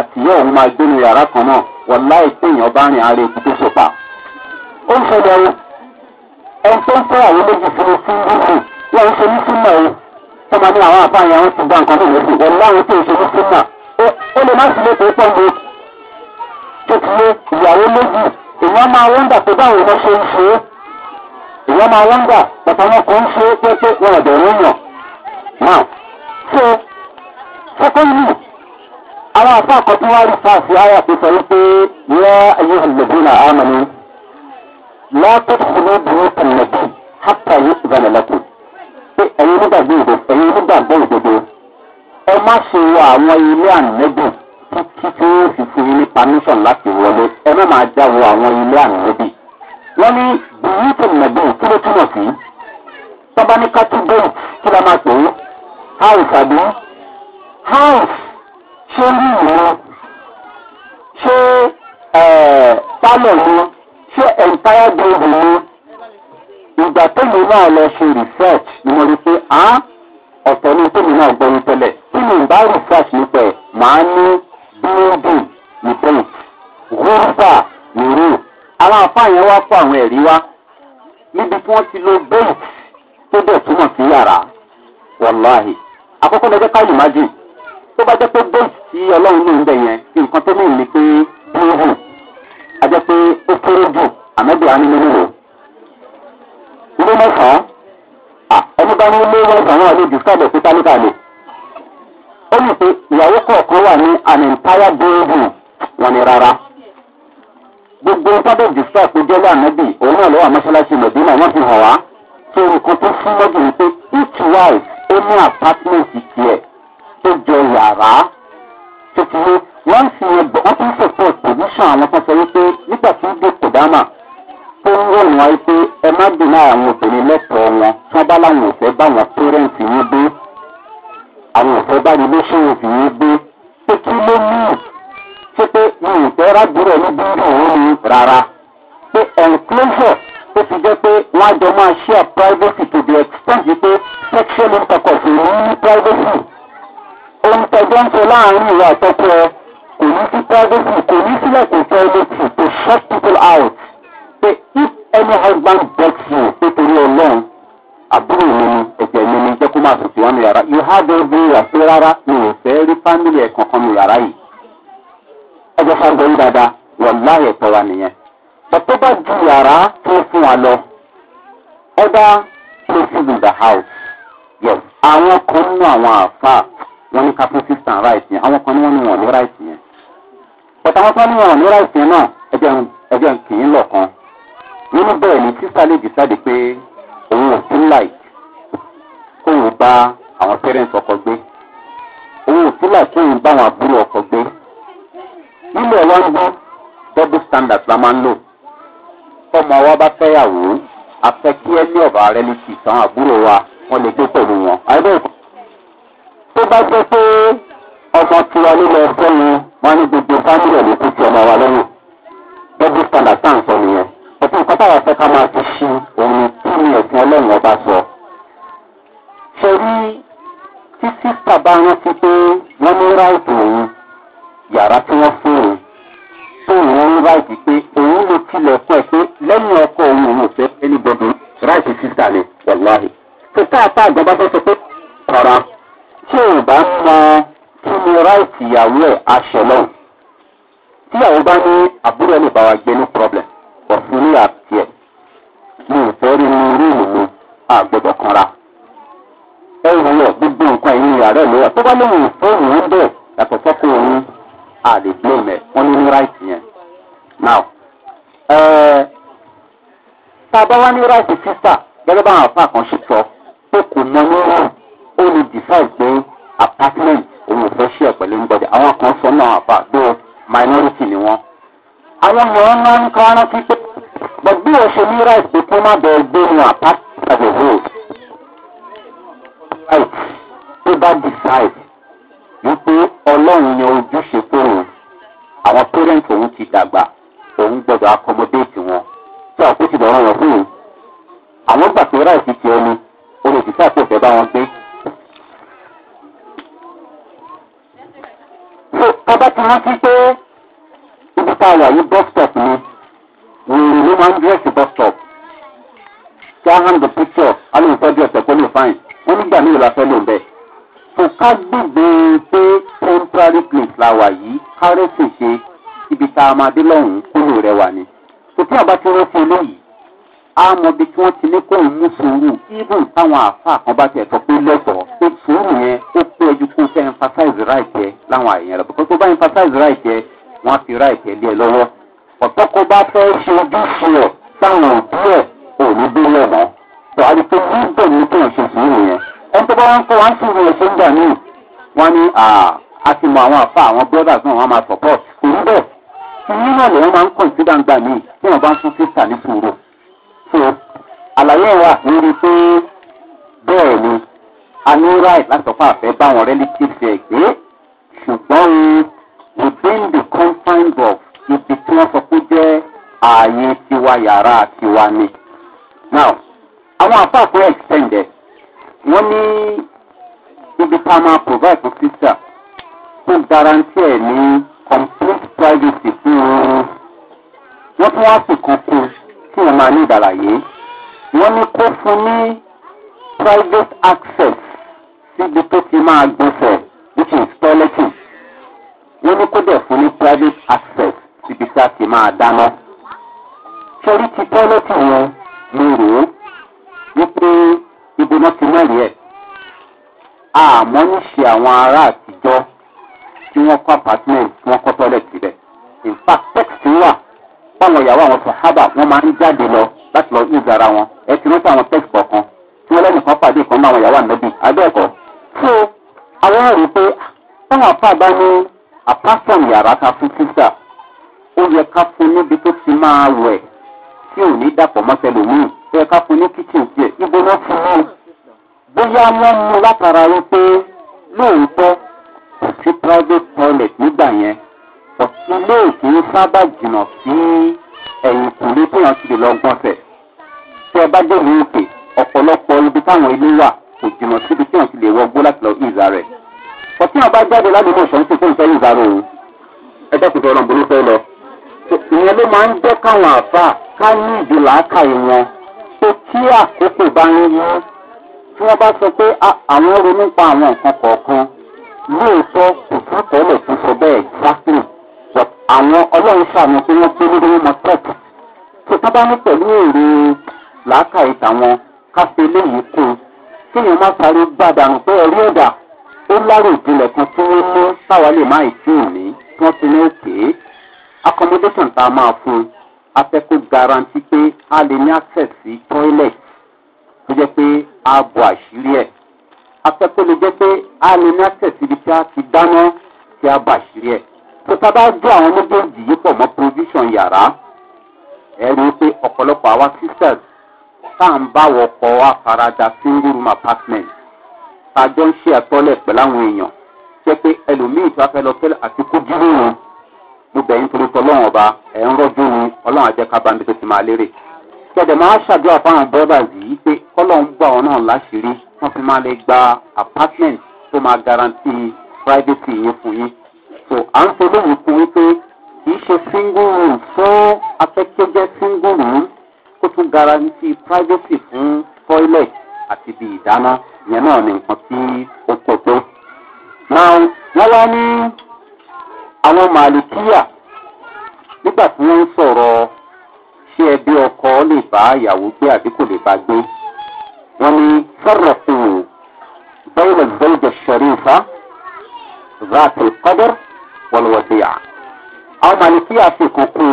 àtìyá òun máa gbé ní yàrá kan náà wọ́n láì pé èèyàn bá rìn àárẹ̀ ikú tó ṣòpa. ó ń ṣẹlẹ̀ o ẹni tó ń fẹ́ àwọn méjì fún un fún rúfù wọn ń ṣe ní súnmọ̀ o tó máa ní àwọn àbá yẹn ti gba nǹkan náà lẹ́sìn wọ́n láwọn tó ń ṣe ní súnmọ̀ ó lè má sí lè pé pọ́ńbó tó ti lé ìyàwó méjì èèyàn máa wọ́n dà pé báwo lọ ṣe ń ṣe é ìyá máa wọ́n gbà bàtà wọn kàn ń ṣe é pé pé wọn ò bẹ̀rù yàn. now so secondly àwọn àfa àkọ́tún wá rí fáàsì àyà pé sọ wípé yẹ ayé ọ̀lẹ́bí náà àmọ́ ni látọ̀ fúnú burú kànlẹ́bí hátà yìí ìbànú lọ́kùn pé ẹ̀yin nígbàgbọ́ ìdòdò ẹ̀yin nígbàgbọ́ ìdòdò ẹ má ṣe wọ àwọn ilé ànẹ́bì títí tí ó fi fún ní pàmíṣàn láti wọlé ẹ má máa já wọ àwọn ilé ànẹ́bì wọ́n ní bìyí tó nàbó kí ló túmọ̀ sí tọ́ba ní category kí la máa pè é house àbí house ṣé rí ìlú ṣé pálọ̀ ni ṣé entire building ni ìgbà tó lè máa lọ ṣe rìsí. tí wọ́n ti lo bẹ́ẹ̀t tó bẹ̀ túmọ̀ sí yàrá wàláhì àkọ́kọ́ lọ́jọ́ ká yìí máa ń lò tọmọ wa bá fẹ́yàwó afẹ́ kí ẹni ọ̀bà rẹ lè ti tàn àbúrò wa wọn lè gbé pẹ̀lú wọn. tó bá jẹ́ pé ọmọ tiwa ló lọ fẹ́ mi wọn ní gbogbo fámìlì ẹ̀ ló kú ti ọmọ wa lọ́rùn lọ́dún padà tá à ń sọ nìyẹn. ọ̀tún nǹkan táwọn afẹ́ ká máa ti ṣí òun kí ni ẹ̀sìn ọlọ́run ọba sọ. ṣe rí tí sísà bá rántí pé wọ́n ní ráìtì òun yàrá tí wọ́n fún òun ráìtì pé òun ló tilẹ̀ fún ẹ pé lẹ́yìn ọkọ òun òun ò fẹ́ ẹnìbọ̀dù ráìtì sísá ni wàláhì. tòtá àtà àgbàbá fẹ́ sọ pé rárá tí ò bá mọ kí ni ráìtì ìyàwó ẹ̀ aṣọ náà tíyàwó bá ní àbúrò ẹ̀ lè bá wa gbé ní problem ọ̀fun ní àti ẹ̀ mi ò fẹ́ rí ní rúùmù mi àgbẹ̀bọ̀ kanra ẹ̀rù yẹ gbogbo nǹkan ẹ̀yìn ìyàrá ẹ̀ lọ́wọ́ tó bá lóun ò fẹ́ òun bẹ́ẹ̀ yàtọ̀ sọ́kùnrin àdìgbò mẹ́ wọ́n ní ní ráìtì yẹn now eh, tá a bá wá ní ráìsì sísà gẹ́gẹ́ bá àwọn àfa kan ṣe sọ pé kò mọ ní ó lè decide pé apartment òun ò fẹ́ ṣe ẹ̀ pẹ̀lú nbọ̀dì àwọn kan sọ náà àfa bí o minority ni wọn. àwọn èèyàn máa ń kọ́ ọ́nà pípé gbọ̀gbí ò ṣe ní ráìsì pé kó má bẹ̀rẹ̀ gbé ní apartment as a whole. right tó bá decide wípé ọlọ́run ni ojúṣe tó rò àwọn parents òun ti dàgbà òun gbọdọ̀ accommodate wọn tí àwọn kóòtù lọ́rùn rẹ̀ fún un. àwọn gbà pé ráìsì ti ẹni olùdíkà tó fẹ́ bá wọn gbé. tọ́ba ti pé ibi tá a wà ní bus stop ni wèrè ló máa ń dírẹ́sì bus stop. kí á hàn the picture alóòtọ́jú ẹ̀sẹ̀ pé ó lè fáìn wọ́n nígbà míì la fẹ́ lò bẹ́ẹ̀. kò ká gbègbè pé temporary place la wà yìí kárẹ́sì ṣe ibi tá a máa dé lọ́hùn-ún kúrò rẹ wà ni òtí àbá tí wọ́n fún lóyìí á mọ bí tí wọ́n ti ní kóun mú sùúrù even táwọn àáfàá kan bá tiẹ̀ sọ pé lẹ́kọ̀ọ́ pé sùúrù yẹn ó pé ẹjú kó fẹ́ emphasize right yẹ láwọn àyẹ̀yẹ̀ rẹ̀ bíkọ́ tó bá emphasize right yẹ wọ́n á fi right yẹ lé ẹ lọ́wọ́ ọ̀tọ́ kó bá fẹ́ ṣe ojúṣe ẹ̀ táwọn òbí ẹ̀ ò ní bí lẹ́wọ̀n tó a lè pe níbẹ̀ ní kí wọ́n ṣe ní wọn mọ àwọn àfa àwọn brothers náà wọn máa support kò ní ìyẹn náà lèyìn máa ń kàn sí gbangba mi tí wọn bá ń fún sísà ní sùúrù so àlàyé wa lórí pé bẹ́ẹ̀ ni a ní right láti sọ fún àfẹ́ bá àwọn relatives ẹ̀ gbé ṣùgbọ́n within the confines of ibi tí wọ́n sọ pé jẹ́ ààyè tiwa yàrá tiwa ni now àwọn àpapọ̀ extended wọ́n ní ibi tá a máa provide for sísà tó garanti ẹ̀ ní. complete privacy fún oorun wọ́n tún wá sì kan kí wọ́n máa ní ìdàlàyé wọ́n ní kó fún ní private access síbi tó ti máa gbọ́sẹ̀ which is toilet. wọ́n ní kó dẹ̀ fún ní private access síbi tá a ti máa dáná torí ti toileting wọn mo rò ó wípé ibi náà ti mẹ́rin ẹ̀ àmọ́ ní ṣe àwọn ará àtijọ́. tí wọ́n kọ́ apartment tí wọ́n kọ́ toilet síbẹ̀ in fact text wà báwọn ìyàwó àwọn sọ̀hábà máa ń jáde lọ láti lọ yíjà ara wọn ẹ ti rántí àwọn text kọ̀ọ̀kan tí wọ́n kan pàdé kan báwọn ìyàwó ànábì abẹ́ẹ̀kọ́ so àwọn rò pé báwọn apá ní apáṣọ̀n yàrá ta fún sísà ó yẹ ká fún níbi tó ti máa wẹ̀ tí ò ní dàpọ̀ ká fún ní sí private toilet nígbà yẹn ọ̀sùn ilé ìkín sábà jìnnà sí ẹ̀yìn kùnlé tó yàn kiri lọ gbọ́nsẹ̀ tí ẹ bá dé ìlú òkè ọ̀pọ̀lọpọ̀ ibi táwọn ilé wà kò jìnnà síbi tí yàn ti lè wọgbó láti lọ ìzà rẹ̀ ọ̀sùn yàn bá jáde láti mọ̀ ṣọ́n tó tó ń fẹ́ ìzà rẹ̀ o ẹjọ́ kò fẹ́ ọ̀nà burú fẹ́ lọ. ìyẹn ló máa ń jẹ́ káwọn àfa ká ní ìdìlà áká ìwọn pé kí àkókò bá ń yí tí wọ́n bá sọ pé ah, àwọn ronú pa àwọn nǹkan kọ̀ọ̀kan lóòótọ́ kò sákọọ́lẹ̀ tó sọ bẹ́ẹ̀ exactly but àwọn ọlọ́run ṣàmì pé wọ́n gbé lórí wọn tech tó tá bá ní pẹ̀lú èrè làákàyè tàwọn káfí eléyìí kú kéèyàn má sáré gbàdánù pé ẹ̀rí ọ̀dà ó lárò ìjìnlẹ̀ kan tí wọ́n mú táwa lè má ìtì òní tí wọ́n ti ní òkè accommodation tá a máa fún un afẹ́kó garanti pé a lè ní access sí toilet tó jẹ́ pé a bọ̀ àṣírí ẹ̀ afẹ́kọ́lẹ̀ jẹ́ pé a lè ní access ibi tí a ti dáná tí a bà sírí ẹ̀. tó ta bá gbé àwọn méjèèjì yìí pọ̀ mọ́ provision yàrá ẹ rí i pé ọ̀pọ̀lọpọ̀ àwa sisters tá à ń bá wọ̀pọ̀ àfaradà single room apartment tá a jọ ń ṣe àtọ́lẹ̀ pẹ̀lú àwọn èèyàn jẹ́ pé ẹlòmíì tó a lọ fẹ́lẹ̀ àti kó dúró wọn gbogbo ẹ̀yin torí tọ́ ọba ẹ̀ ń rọ́jú wọn ọlọ́run àjẹká bá ń tó ti máa lérè. kẹ̀dẹ̀ máa ṣàdúrà fáwọn brothers yìí pé kọ́lọ́ ń gbà wọn náà láṣìírí wọ́n fi máa lè gba apartment tó máa garanti privacy yẹn fún yín. so à ń polówó fún yín pé kì í ṣe single room fún afẹ́kẹ́jẹ́ single room kó tún garanti privacy fún toilet àti ibi ìdáná ìyẹn náà ni nǹkan tí ó pọ̀ tó. now wọ́n wá ní àwọn màlìkíyà nígbà tí wọ́n ń sọ̀rọ̀ ṣé ẹbí ọkọ lè bá ìyàwó gbé àbí kò lè bá gbé wọ́n ní fẹ́rẹ̀kù bẹ́ẹ̀rẹ̀ zẹ́jẹ̀ ṣẹ̀rífà zaati kọ́dọ̀r wọlọ́wọ́dìyà. àwọn màlìkí àfikún kún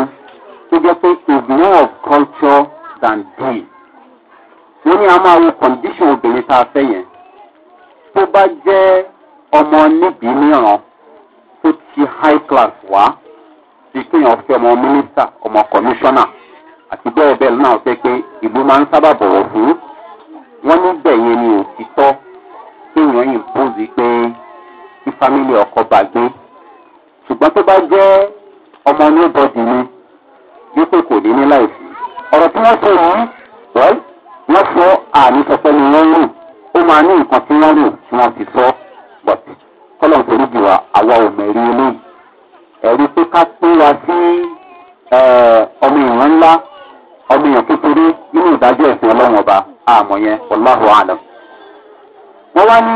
tó jẹ́ pé is more of culture than deed. wọ́n ní a máa wo condition obìnrin tá a fẹ́ yẹn. tó bá jẹ́ ọmọ níbi mìíràn tó ti high class wá ti kéèyàn fẹ́ ọmọ mínísítà ọmọ kọmíṣánná àti bẹ́ẹ̀ bẹ́ẹ̀ náà fẹ́ pé ìlú máa ń sábà bọ̀wọ̀ fún wọ́n níbẹ̀ yẹn ni òtítọ́ téèyàn yìí pósí pé kí fámílì ọkọ bá gbé ṣùgbọ́n tó bá jẹ́ ọmọ oníbọ̀dì ni wípé kò ní ní láìsí ọ̀rọ̀ tí wọ́n sọ yìí wọ́n wọ́n sọ àmì sọpẹ́ ni wọ́n rò ó máa ní nǹkan tí wọ́n rò tí wọ́n ti sọ but kọ́lọ̀ nítorí jù wá àwa ò mẹ̀rí eléyìí ẹ̀rí pé ká pé wa sí ọmọ èèyàn ńlá ọmọ èèyàn kékeré nínú ìdájọ́ ẹ̀sìn ọlọ́run ọba àmọ̀ yẹn wàláhùn àlọ́. wọ́n wá ní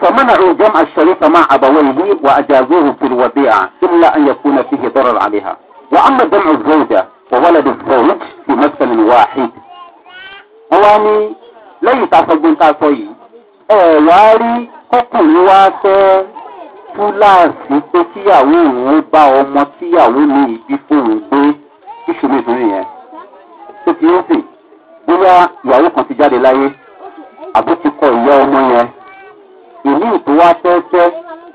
fọmọ́nà òjọ́m àṣẹrí fama àbàwọ̀ yìí wà àjàgbóhùn fìlwàbí à ilà ànyẹ kúnà fi hì dọ́rọ̀ àlìhà. wà á mọ̀ jẹ́mu zọ́ọ̀jà wà wọ́n lẹ́dí zọ́ọ̀j fi mẹ́sàn-án wáhì. wọ́n wá ní lẹ́yìn tá a sọ gbé tá sọ yìí ẹ̀ wá rí kọkùnrin wá fẹ́ fúláàsì pé kíyàwó òun bá ọmọ tíyàwó ní ìbí bóyá ìyàwó kan ti jáde láyé àbó ti kọ ìyá ọmọ yẹn ìlú tó wá tẹ́tẹ́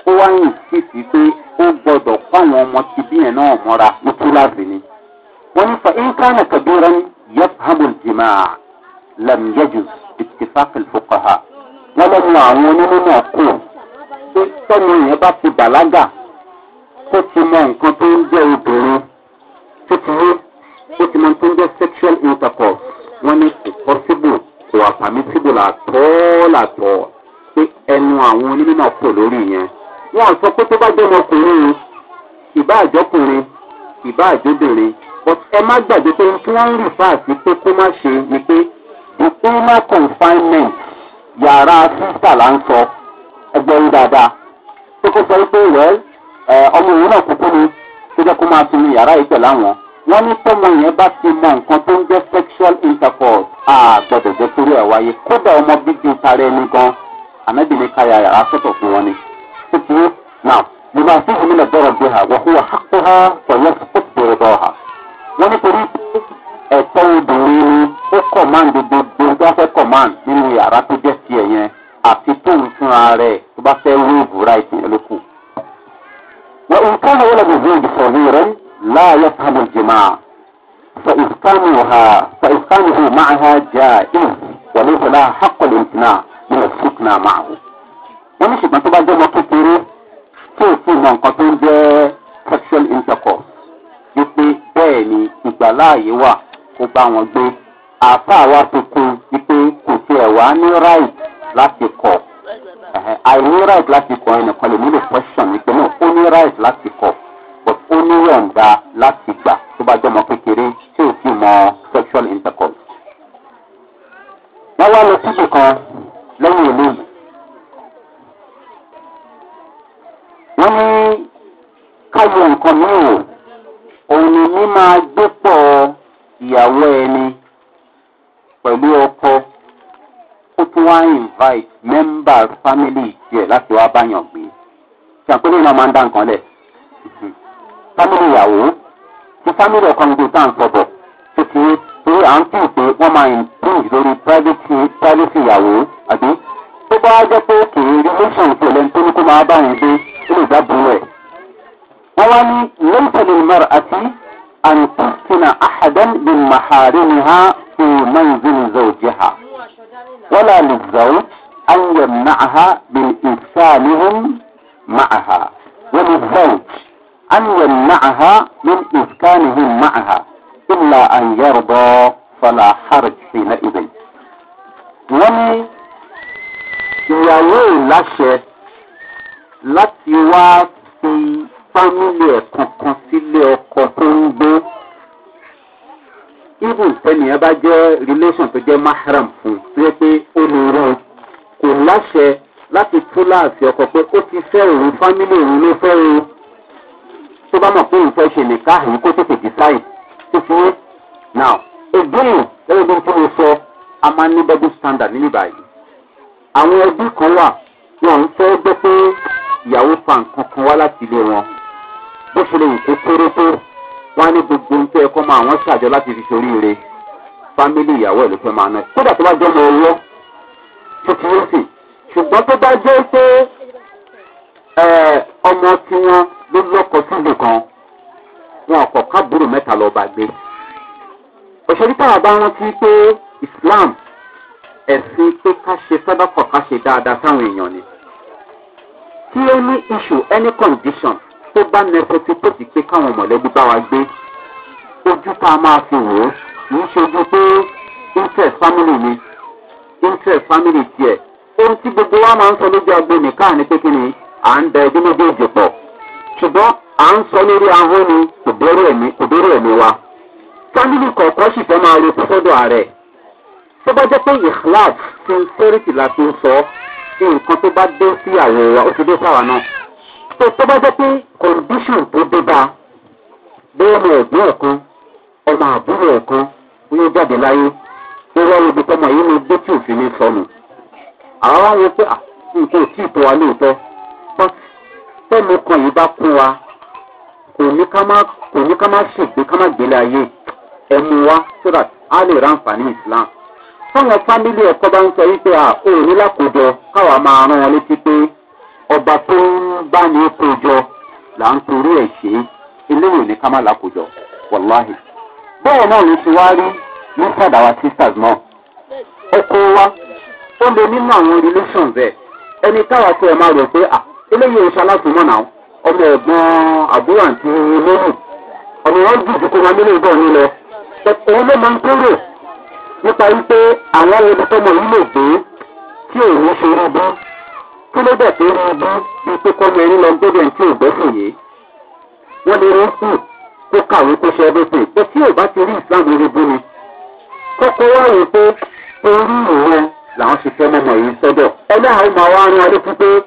ó wá yìn sí ti pé ó gbọdọ̀ kó àwọn ọmọ ti bí yẹn náà mọ́ra ní kíláàsì ni. wọ́n ní fa ìkànnì kàdúrà ní yẹ́p hamil jìmá lamiyẹ́jù ìtìfákìlì fúkàhà wọ́n lọ́nu àwọn onímọ̀ náà kù pé tẹ́nu yẹn bá ti bàlágà tó ti mọ nǹkan tó ń jẹ́ obìnrin tó ti mọ tó ń jẹ́ sexual intercourse wọ́n ní kò possible kò wà permissible àtọ́ọ̀lù àtọ̀ pé ẹnu àwọn onímọ̀ pò lórí yẹn. wọ́n sọ pé tó bá jẹ́ ọmọkùnrin o ìbá àjọkùnrin ìbá àjọbìnrin but ẹ má gbàgbé pé tí wọ́n ń rìfà sí pé kó má ṣe ni pé the former confinement yàrá sísà là ń sọ ẹgbẹ́rún dáadáa pé kó sọ pé wẹ́ẹ́ ọmọ òun náà kúkú ni tó jẹ́ kó máa sinmi yàrá ìpẹ̀ láwọn. wọ́n ní tọ́mọ yẹn bá ti mọ nǹkan tó sexual intercourse a gbọ́dọ̀ jẹ́ torí ẹ̀ wáyé kódà ọmọ bíbí tarẹ́ ẹni gan anábìrin káyà yàrá sọ̀tọ̀ fún wọn ni. títí náà mo máa fi ìmúlẹ̀ dọ́rọ̀ bí ha wọ́n hápẹ́ ha pẹ̀lú ọ̀pẹ̀rẹ̀ bọ̀ ha. wọ́n ní torí ẹ̀tọ́ obìnrin ni ó kọ̀máǹdì gbogbo tó fẹ́ kọ̀máǹd nínú yàrá tó jẹ́ tiẹ̀ yẹn àfi tóun fúnra rẹ̀ tó bá fẹ́ لا يفهم الجماع فإتقانها for معها جائز وليس لها حق الامتناع من السكنى معه wọ́n ní ṣùgbọ́n tó bá jẹ́ ọmọ kékeré tí steeti sexual intercourse wípé ni ìgbàláàyè wà kó bá wọn gbé àpá àwa ti kún wípé kò tiẹ̀ wá ní right but ó ní yọ̀ǹda láti gbà tó bá jọmọ kékeré tí ò sì mọ sexual intercourse. wọ́n wá lọ síbi kan lẹ́yìn eléyìí. wọ́n ní káyọ̀ nǹkan mi ò òun ni mi máa gbé pọ̀ ìyàwó ẹni pẹ̀lú ọkọ ó tún wá invite member family jẹ láti wá báyàn gbé ṣàpèlè náà máa ń dá nǹkan lẹ̀. fámìlì ìyàwó ti fámìlì ọkọ níbi tá à ń sọ̀bọ̀ tó ti pé à ń tún pé wọ́n máa improve lórí privacy ìyàwó àbí tó bá jẹ́ pé kìí relation ti ẹ̀lẹ́ni tó ní kó máa bá yẹn gbé ó lè dábùú rẹ̀. wọ́n wá ní lẹ́ńtẹ̀lẹ̀ mẹ́rin àti àǹtúntìnà àhàdán bí màhàrin ni ha fi mẹ́rin زوجها ولا للزوج أن يمنعها بالإنسانهم معها وللزوج أن يمنعها من إسكانهم معها إلا أن يرضى فلا حرج حينئذ wọ́n ní ìyàwó ìláṣẹ láti wá fi fámílì ẹ̀ kankan sílé ọkọ tó ń gbé ibù tẹnìyàn bá jẹ́ relation tó jẹ́ mahram fún un pé ó lè rán kò láṣẹ láti túláàsì ọkọ pé ó ti fẹ́ òun fámílì òun ló fẹ́ òun tó bá mọ̀ pé ìfẹ́ ṣe lè ká èyí kó tètè design tó fi yé now again lẹ́yìn tó ń tún mi sọ a máa ní double standard níbí báyìí àwọn ẹbí kan wà wọn ń fẹ́ gbọ́ pé ìyàwó fa nǹkan kan wá láti ilé wọn bó ṣe lè wù kó kéré tó wọn á ní gbogbo ń tẹ́ ẹ̀kọ́ máa wọ́n ṣàjọ láti fi ṣoríire fámílì ìyàwó ẹ̀ ló fẹ́ máa ná kódà tó bá jẹ́ ọmọ owó tó ti yé sí ṣùgbọ́n tó bá jẹ́ pé ọmọ tí wọn ló lọkọ síbi kan wọn ọkọ kábúrò mẹta lọ bá gbé òṣèlú táwọn bá rántí pé islam ẹ̀sìn pé ká ṣe sọ́dọ̀kọ̀ ká ṣe dáadáa sáwọn èèyàn ni tí ó ní issue any condition tó bá necessitate pé káwọn mọ̀lẹ́bí bá wa gbé ojú tá a máa fi wò ó kì í ṣojú pé interest family mi interest family tiẹ̀ ohun tí gbogbo wa máa ń sọ lójú agbo nìkan ni pé kí ni à ń da ẹbí méjèèjì pọ̀ ṣùgbọ́n à ń sọ lórí ahọ́n ni kò bẹ̀rẹ̀ ẹ̀mí kò bẹ̀rẹ̀ ẹ̀mí wa fámìlì kọ̀ọ̀kan sì fẹ́ máa retí sọ́dọ̀ ààrẹ tó bá jẹ́ pé ìhlaf ti ń fẹ́rìtì la fi ń sọ nǹkan tó bá dé sí àwọ̀ wa ó ti dé sáwa náà tó tó bá jẹ́ pé kọ̀ǹdíṣùn tó dé bá bóyá ọmọ ẹ̀gbọ́n ẹ̀kan ọmọ àbúrò ẹ̀kan bóyá ó jáde láyé bóyá ó ibi tọmọ yìí ni gbé tí òfin ní sọnù àwọn wo pé nǹkan ò tí ì tó wa lóòótọ́ tẹ́nu kan yìí bá kún wa kò ní ká má gbélé ayé ẹnu wa so that a lè ra islam táwọn fámìlì ẹ̀kọ́ bá ń sọ yìí pé à ó káwa máa rán wọn létí pé ọba tó ń bá ní kójọ là ń torí ẹ̀ ṣe eléyìí ní ká má wàláhì náà ọkọ wa ó lè nínú àwọn relations ẹni táwa tó ẹ máa rò pé à eléyìí oṣù aláṣùmọ̀ náà ọmọ ẹ̀gbọ́n àbúrò àti olóhùn ọ̀nà wọn jù ju kọ́má mílíọ̀nù bọ̀ ní lọ. òun ló máa ń kúrò nípa wípé àwọn ẹni tọmọ yìí lè gbé tí òun ṣe rí bú kí ló dẹ̀ pé rí bú bíi pé kọ́mọ ẹni lọ gbẹ́dẹ̀ tí ò yìí. wọ́n lè rí sùn kó kàwé kó ṣe ẹbí pé tí ò bá ti rí rí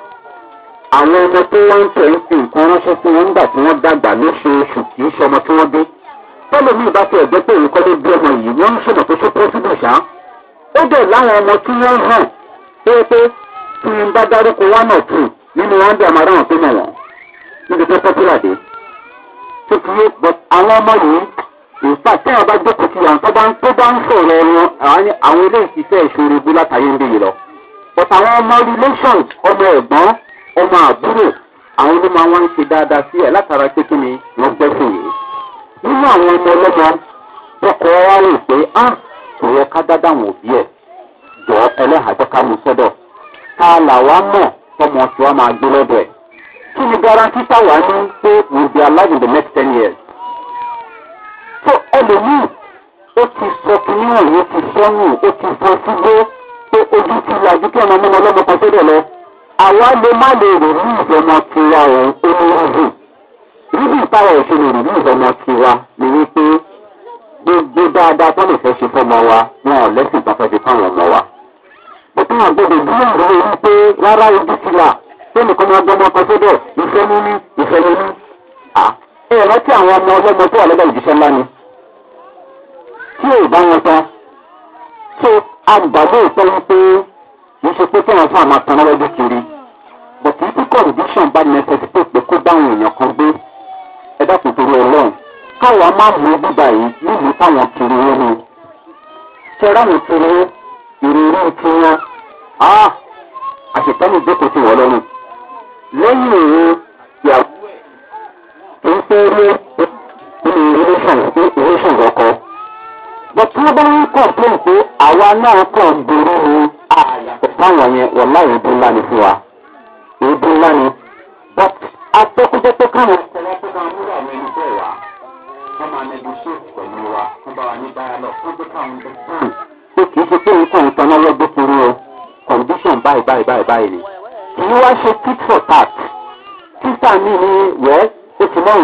àwọn ọmọ tí wọ́n ń tẹ̀ ń fi nǹkan ránṣẹ́ sí wọn nígbà tí wọ́n dàgbà lóṣooṣù kì í ṣe ọmọ tí wọ́n dé tọ́lọ̀ mi ìbá ti ẹ̀jẹ̀ pé nǹkan ló bí ọmọ yìí wọ́n ń ṣèmọ̀ tó ṣe pọ́sibù ṣá ó dẹ̀ láwọn ọmọ tí wọ́n hàn pé pé tí n bá dárúkọ wá náà tù nínú wọn bí àmàrà hàn tó mọ̀ wọ́n níbi tó pọ́pùlà dé tó ti yé but àwọn ọmọ yìí ìfà tí wọn bá jókòó sí àwọn tó bá ń tó bá ń sọ̀rọ̀ wọn àwọn ilé ìṣiṣẹ́ ìṣòro ibú látàyé ń bí yìí lọ but àwọn ọmọ relations ọmọ ẹ̀gbọ́n ọmọ àbúrò àwọn ló máa wá ń ṣe dáadáa sí ẹ̀ látara pé kí ni wọ́n gbẹ́sìn yìí. nínú àwọn ọmọ ọlọ́mọ tọkọ wa rò pé á ah, kò yẹ ká dá dáwọn òbí ẹ jọ ẹlẹ́hàjọ́ tọmọ tí máa gbé lọ́dọ̀ ni garanti táwa ní pé we be alive in the next ten years. ẹlòmíì ó ti sọ ó ti sọ́nù ó ti sígbó pé ojú ti kí ọmọ mímọ́ ọlọ́mọ kan lọ. àwa lè má lè rò ní ìjọmọ tiwa ẹ̀ ó ní rúbì rúbì táwọn ẹ̀ ṣe lè rò ní ìjọmọ tiwa ni wípé gbogbo dáadáa tó lè fẹ́ ṣe fọ́mọ wa wọn ò lẹ́sìn tó fẹ́ ṣe fáwọn ọmọ wa. mo tún àgbẹ̀ lè bí ọ̀rọ̀ yìí pé rárá ojú ti là pé nìkan máa gbọ́ ọmọ kan sódò ìfẹ́ níní ìfẹ́ níní. ẹ ẹ rántí àwọn ọmọ ọlọ́mọ tó wà lọ́dọ̀ ìjíṣẹ́ ńlá ni. tí ò bá wọn tán tó àgbàdo ìtọ́ wípé wọ́n sọ pé kí wọ́n fún àwọn àtàwọn ọlọ́jọ́ kiri but títí condition bá necessary pé pé kó bá àwọn èèyàn kan gbé ẹ dákun torí ọlọ́run káwọn á máa mú bíbá yìí nílùú táwọn kiri ó ni ṣe ráwọn kiri ó ìrírí ti wọn á ah! àṣetánù ìjókòó ti wọ̀ lọ́rùn lẹ́yìn òun ìyàwó ẹ̀ ń pé rí nínú relation ọkọ but tí wọ́n bá ń kọ̀ pé àwa náà kàn gbèrú ni àyàfẹ́. láwọn yẹn ebi ńlá ni fún wa ebi ńlá ni but atọ́kùjẹ́pẹ́ káwọn ìṣẹ̀lẹ̀ àwọn ẹni bẹ́ẹ̀ wá wọ́n máa nẹbi ṣé pẹ̀lú wa wọ́n bá wa ní dáyàlọ́ wọ́n gbé ṣe pé nǹkan o condition báyìí báyìí báyìí báyìí ni kì í wá ṣe tit for tat títà mi ni wẹ́ ó ti mọ̀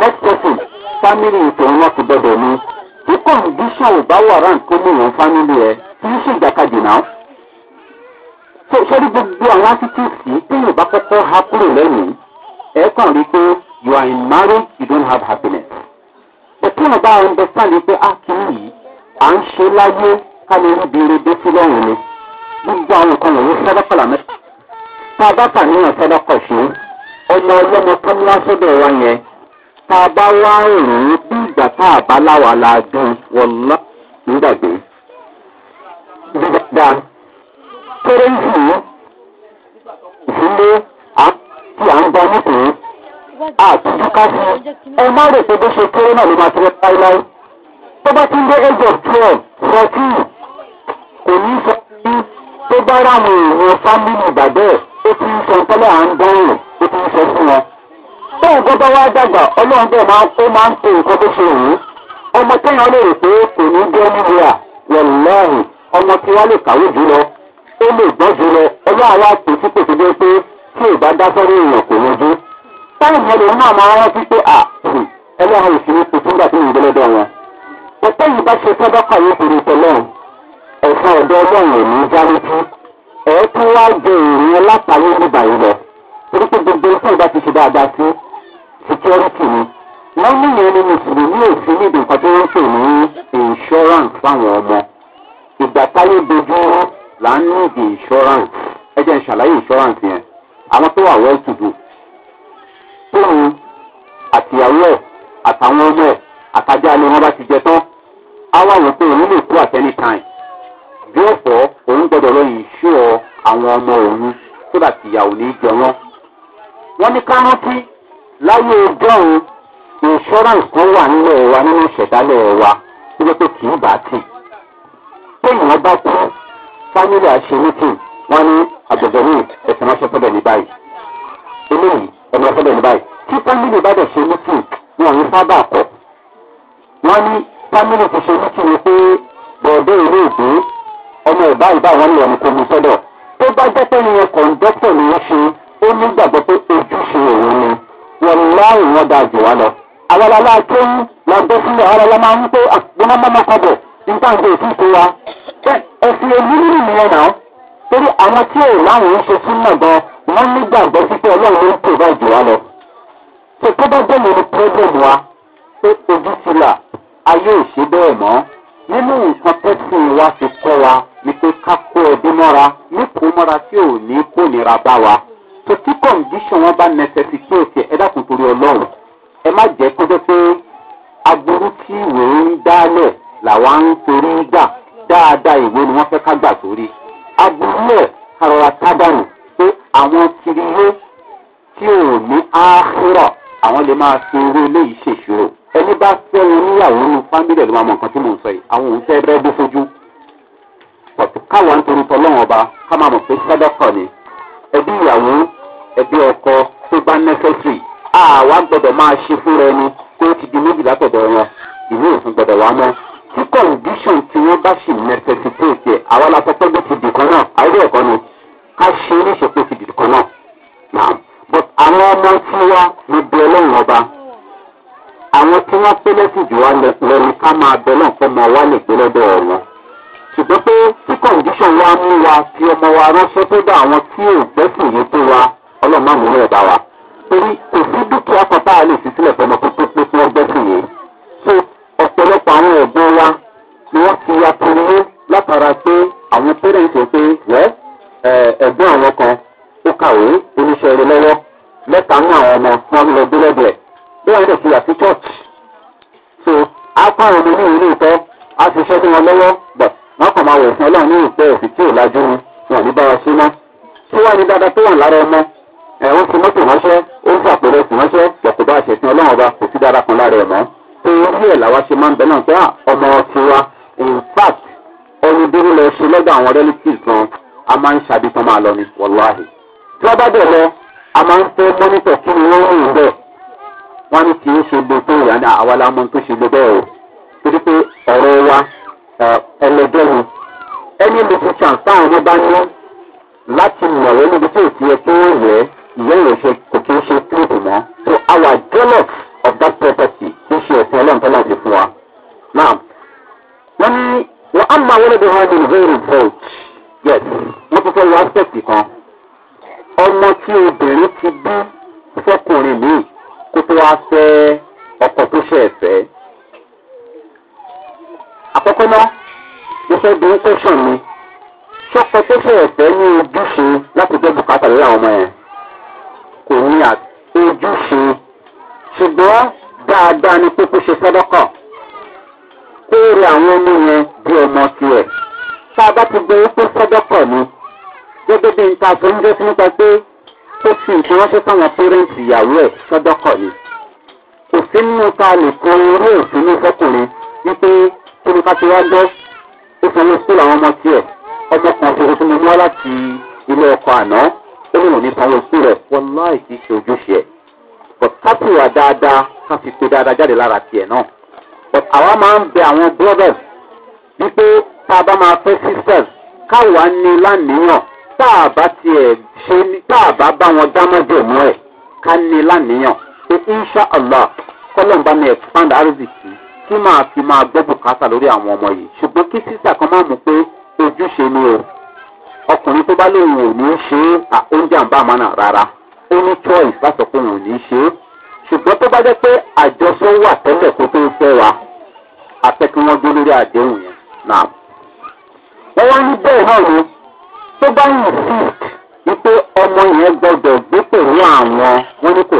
next person family ìtòun ti mi kì í ṣe ìjàkadì náà tó sọ́rí gbogbo àwọn attitudes téèyàn bá kọ́kọ́ ha kúrò lẹ́yìn ẹ̀ kàn rí pé you are in marriage you don't have happiness but téèyàn bá understand pé a ah, kì í yìí à ń ṣe láyé ká bèrè dé sí ni gbogbo àwọn nǹkan wọ̀nyí sọ́dọ́kọ̀ làmẹ́ tá a bá pàníyàn sọ́dọ́kọ̀ ṣe ọmọ ọlọ́mọ tó ń lásọ́dọ̀ wa yẹn tá a bá wá rìn bí ìgbà tá a bá láwa la dùn wọ́n lọ́ nígbàgbé. ṣe dáadáa kérésì ìdílé àti à ń gba nítorí àtúntúká sí ẹ má rò pé bó ṣe kéré na ló máa tẹ̀lé láíláí tó bá age of twelve fourteen kò ní sọ pé tó bá ráwọn èèyàn fámìlì ìbàdẹ́ ó ti sọ tẹ́lẹ̀ ń ti sọ fún wọn gbọ́dọ̀ wa dàgbà ọlọ́run bẹ́ẹ̀ máa ń máa ń pè nǹkan tó ṣe wù ú ọmọ téèyàn lè rò pé kò ní ọmọ tí wọ́n lè kàwé jùlọ ó lè gbọ́ jùlọ ọlọ́run wá tí pèsè bí pé tí ò bá dá sọ́rọ́ èèyàn kò yanjú. táwọn ọmọdé náà máa rántí pé à hmm, ẹlẹ́hàn ìṣirò kò tún gbà wọn. yìí bá ṣe tẹ́lẹ̀ ẹ̀sán ọ̀dọ́ ọlọ́run ní ẹ̀ tún wá jẹ nígbà lọ. torí pé gbogbo ìgbà táyé dojú là ń ní ìdí insurance ẹ jẹ́ ìṣàlàyé insurance yẹn àwọn tó wà well to do tóun àtìyàwó ẹ̀ àtàwọn ọmọ ẹ̀ àtàjà ni wọ́n bá ti jẹ tán á wà wọ́n pé òun lè kú at any time bí ọ̀pọ̀ òun gbọ́dọ̀ lọ yìí ṣó àwọn ọmọ òun tó bá tìyàwó ní jẹ wọ́n. wọ́n ní ká rántí láyé ọjọ́un insurance kan wà nílẹ̀ wa nínú ìṣẹ̀dálẹ̀ wa tó jẹ́ pé kì í bá tì í. téèyàn bá kú fámìlì àṣemítìn wọn ní àgbẹ̀dẹ̀rẹ̀ ẹ̀sìn ránṣẹ́ fọ́dọ̀ ní báyìí eléyìí ẹ̀mí ní báyìí tí fámìlì bá dẹ̀ ṣe mítìn sábà kọ̀ wọn ní fámìlì ti ṣe mítìn ni pé bọ̀ọ̀dẹ́ ìlú ìgbé ọmọ ìbá ìbá wọn lọ ní kò sọ́dọ̀ tó bá jẹ́ pé ìyẹn kọ̀ǹdọ́tọ̀ ni wọ́n wọn wọn da nǹkan ìgbà ètí ìpè wa ẹ̀sìn èyí nínú ìyẹn náà torí àwọn tí ò láwọn ń ṣe súnmọ̀ gan wọ́n nígbàgbọ́ sí pé ọlọ́run ló ń pè báyìí jù wá lọ. tó tó bá bẹ̀rẹ̀ ní pírọ́blẹ̀mù wa pé ojú ti là ayé ò ṣe bẹ́ẹ̀ mọ́ nínú nǹkan tẹ́sìn wa ti kọ́ wa ni pé ká kó ẹbí mọ́ra ní kó mọ́ra tí ò ní kó nira bá wa tó tí kọ̀ǹdíṣàn wọn bá nẹsẹ̀sì kí o tiẹ̀ ẹ dákun torí ọlọ́run ẹ má jẹ́ kó jẹ́ pé agbórú ìwé ń dálẹ̀ làwọn ń torí gbà dáadáa ìwé ni wọ́n fẹ́ ká gbà sórí aburú ẹ̀ karọra tábàrù pé àwọn kiri yó tí ò ní áhírọ̀ àwọn lè máa fi owó eléyìí ṣèṣirò ẹni bá fẹ́ wọn níyàwó nínú fámílì ló máa mọ nǹkan tí mò ń sọ yìí àwọn òun fẹ́ rẹ́ bó fojú káwọn ń torí tọ́lọ́wọ́n ọba ká máa mọ̀ pé sẹ́dọ̀kọ̀ ni ẹbí ìyàwó ẹbí ọkọ tó bá nẹ́sẹ̀sì àwa gbọ́dọ̀ máa ṣe fúnra ẹni pé ó ti di méjìlá tọ̀dọ̀ wọn ìwé òfin gbọ́dọ̀ wá mọ́ tí kọ̀ǹdíṣọ̀n tí wọ́n bá sì mẹ́tẹ̀tìtẹ̀ àwa la sọ pé bó ti dìkan náà àìbẹ̀ ẹ̀kọ́ ni ká ṣe oníṣe pé ti dìkan náà náà but àwọn ọmọ tí wá ló bẹ ọlọ́run ọba àwọn tí wọ́n pé lẹ́sìn jù wá lẹ́nu ká máa bẹ náà fẹ́ máa wá lè gbé lọ́dọ̀ wọn ṣùgbọ́n pé tí kọ̀ǹdíṣọ̀n wa mú wa fi ọmọ wa ránṣẹ́ tó bá àwọn tí ò gbẹ́sìn yìí tó wa ọlọ́run má ọ̀pọ̀lọpọ̀ àwọn ẹ̀gbọ́n wa ni wọ́n ti ya látara pé àwọn ò pé wẹ́ ẹ̀gbọ́n kan ó kàwé oníṣẹ́ rẹ lọ́wọ́ mẹ́ta ní àwọn ọmọ lọ bí wọ́n church so àwọn ọmọ ìtọ́ ti ṣẹ́ wọn fún ọlọ́run ní ìpẹ́ tí ò ni ní tí ní dáadáa tó wà lára ọmọ ẹ̀ mọ́tò ránṣẹ́ ó ń ọba torí ẹ̀ làwa ṣe máa ń bẹ náà pé ah, ọmọ wa in fact ọyún dúró lọ ṣe lọ́dọ̀ àwọn relatives gan a máa ń ṣàbí máa lọ ní wàláhì tí wọ́n bá a máa ń fẹ́ mọ́nítọ̀ kí ni wọ́n rìn bẹ́ẹ̀ wọ́n ní kì í ṣe gbé tó àwa la mọ́ tó ṣe gbé bẹ́ẹ̀ o torí pé ọ̀rọ̀ wa ẹlẹgbẹ́ ni ẹni lè fi chance táwọn ọmọ bá ní láti mọ̀ tí ò ti yẹ kí wọ́n yẹ ìyẹn ìrẹsẹ̀ kò kí of that property tó ṣe ẹ̀sìn ọlọ́run tó láti fún wa. now wọ́n ní wọ́n á máa wọlé bíi hàn very revolt yes wọ́n tún fẹ́ wọ aspect kan ọmọ tí obìnrin ti bí fọkùnrin míì kó tó wá fẹ́ ọkọ̀ tó ṣe ẹ̀fẹ́. àkọ́kọ́ náà mo fẹ́ bí question mi sọ́kọ tó ṣe ẹ̀fẹ́ ní ojúṣe láti gbẹ́ bùkátà lórí àwọn ọmọ yẹn kò ní ojúṣe ṣùgbọ́n dáadáa ni pé kó ṣe sọ́dọ́kọ̀ kó rẹ àwọn ọmọ yẹn bí ọmọ tiẹ̀ tá a bá ti gbé pé sọ́dọ́kọ̀ ni gẹ́gẹ́ bí nta tó ń jẹ́ sí nípa pé ó fi nǹkan ránṣẹ́ sáwọn pẹ́rẹ́ǹtì ìyàwó ẹ̀ sọ́dọ́kọ̀ ni òfin nínú ta lè kó orú òfin ní fọkùnrin wípé olùkà ti wá gbọ́ ó fi owó skul àwọn ọmọ tiẹ̀ ọmọ kan ṣoṣo tó mú wá láti ilé ọkọ̀ àná ó lè wọ́n ní sanwó skul rẹ̀ wọ́n láì kí ṣe ojúṣe ẹ̀ but kápìwà dáadáa ká fi pe dáadáa jáde lára tiẹ̀ náà but àwa máa ń bẹ àwọn brothers wípé tá a bá máa fẹ́ sisters káwa ní lánìyàn tá a bá tiẹ̀ ṣe tá a bá bá wọn dámọ́jọ́ mọ́ ẹ̀ ká ní lánìyàn pé insha allah kọ́lọ́n bá mi expand rzc kí máa fi máa gbọ́ bùkátà lórí àwọn ọmọ yìí ṣùgbọ́n kí sísà kan máa mú pé ojúṣe ni o ọkùnrin tó bá lè wò ní í ṣe oúnjẹ àǹbá àmánà rárá. ó ní choice láti pé òun ò ní ṣe é ṣùgbọ́n tó bá jẹ́ pé àjọṣe wà tẹ́lẹ̀ kó tó fẹ́ wa àfẹ́ kí wọ́n gbé lórí àdéhùn yẹn náà. wọ́n wá ọmọ yẹn gbọ́dọ̀ gbé pẹ̀lú àwọn wọn ní kò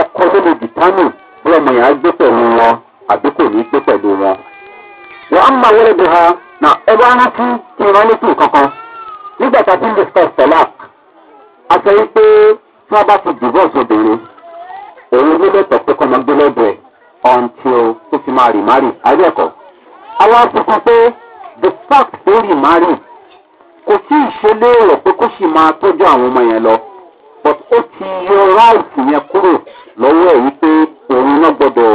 ọkọ lè dìtánù ọmọ yẹn á gbé pẹ̀lú wọn àbí kò ní gbé ha na ẹ bá rántí kí n rán létí aṣọ yìí pé tí wọ́n bá ti divorce obìnrin òun ló lẹ́tọ̀ pé kọ́ máa gbé until tó fi máa rì márì ayé ẹ̀kọ́. àwọn aṣọ pé the fact ó rì márì kò sí ìṣẹlẹ̀ rẹ̀ pé kó sì máa tọ́jú àwọn ọmọ yẹn lọ but ó ti yọ ráìtì yẹn kúrò lọ́wọ́ ẹ̀ wípé òun náà gbọ́dọ̀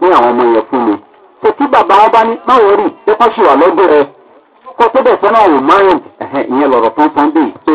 ní àwọn ọmọ yẹn fún mi. kò tí bàbá wọn bá ní máwòó rì pé kọ́ sì wà lọ́dọ̀ ẹ̀ kọ́ tó bẹ̀ sọ́nà òun márùn-ún ìyẹn lọ̀rọ̀ tán sunday pé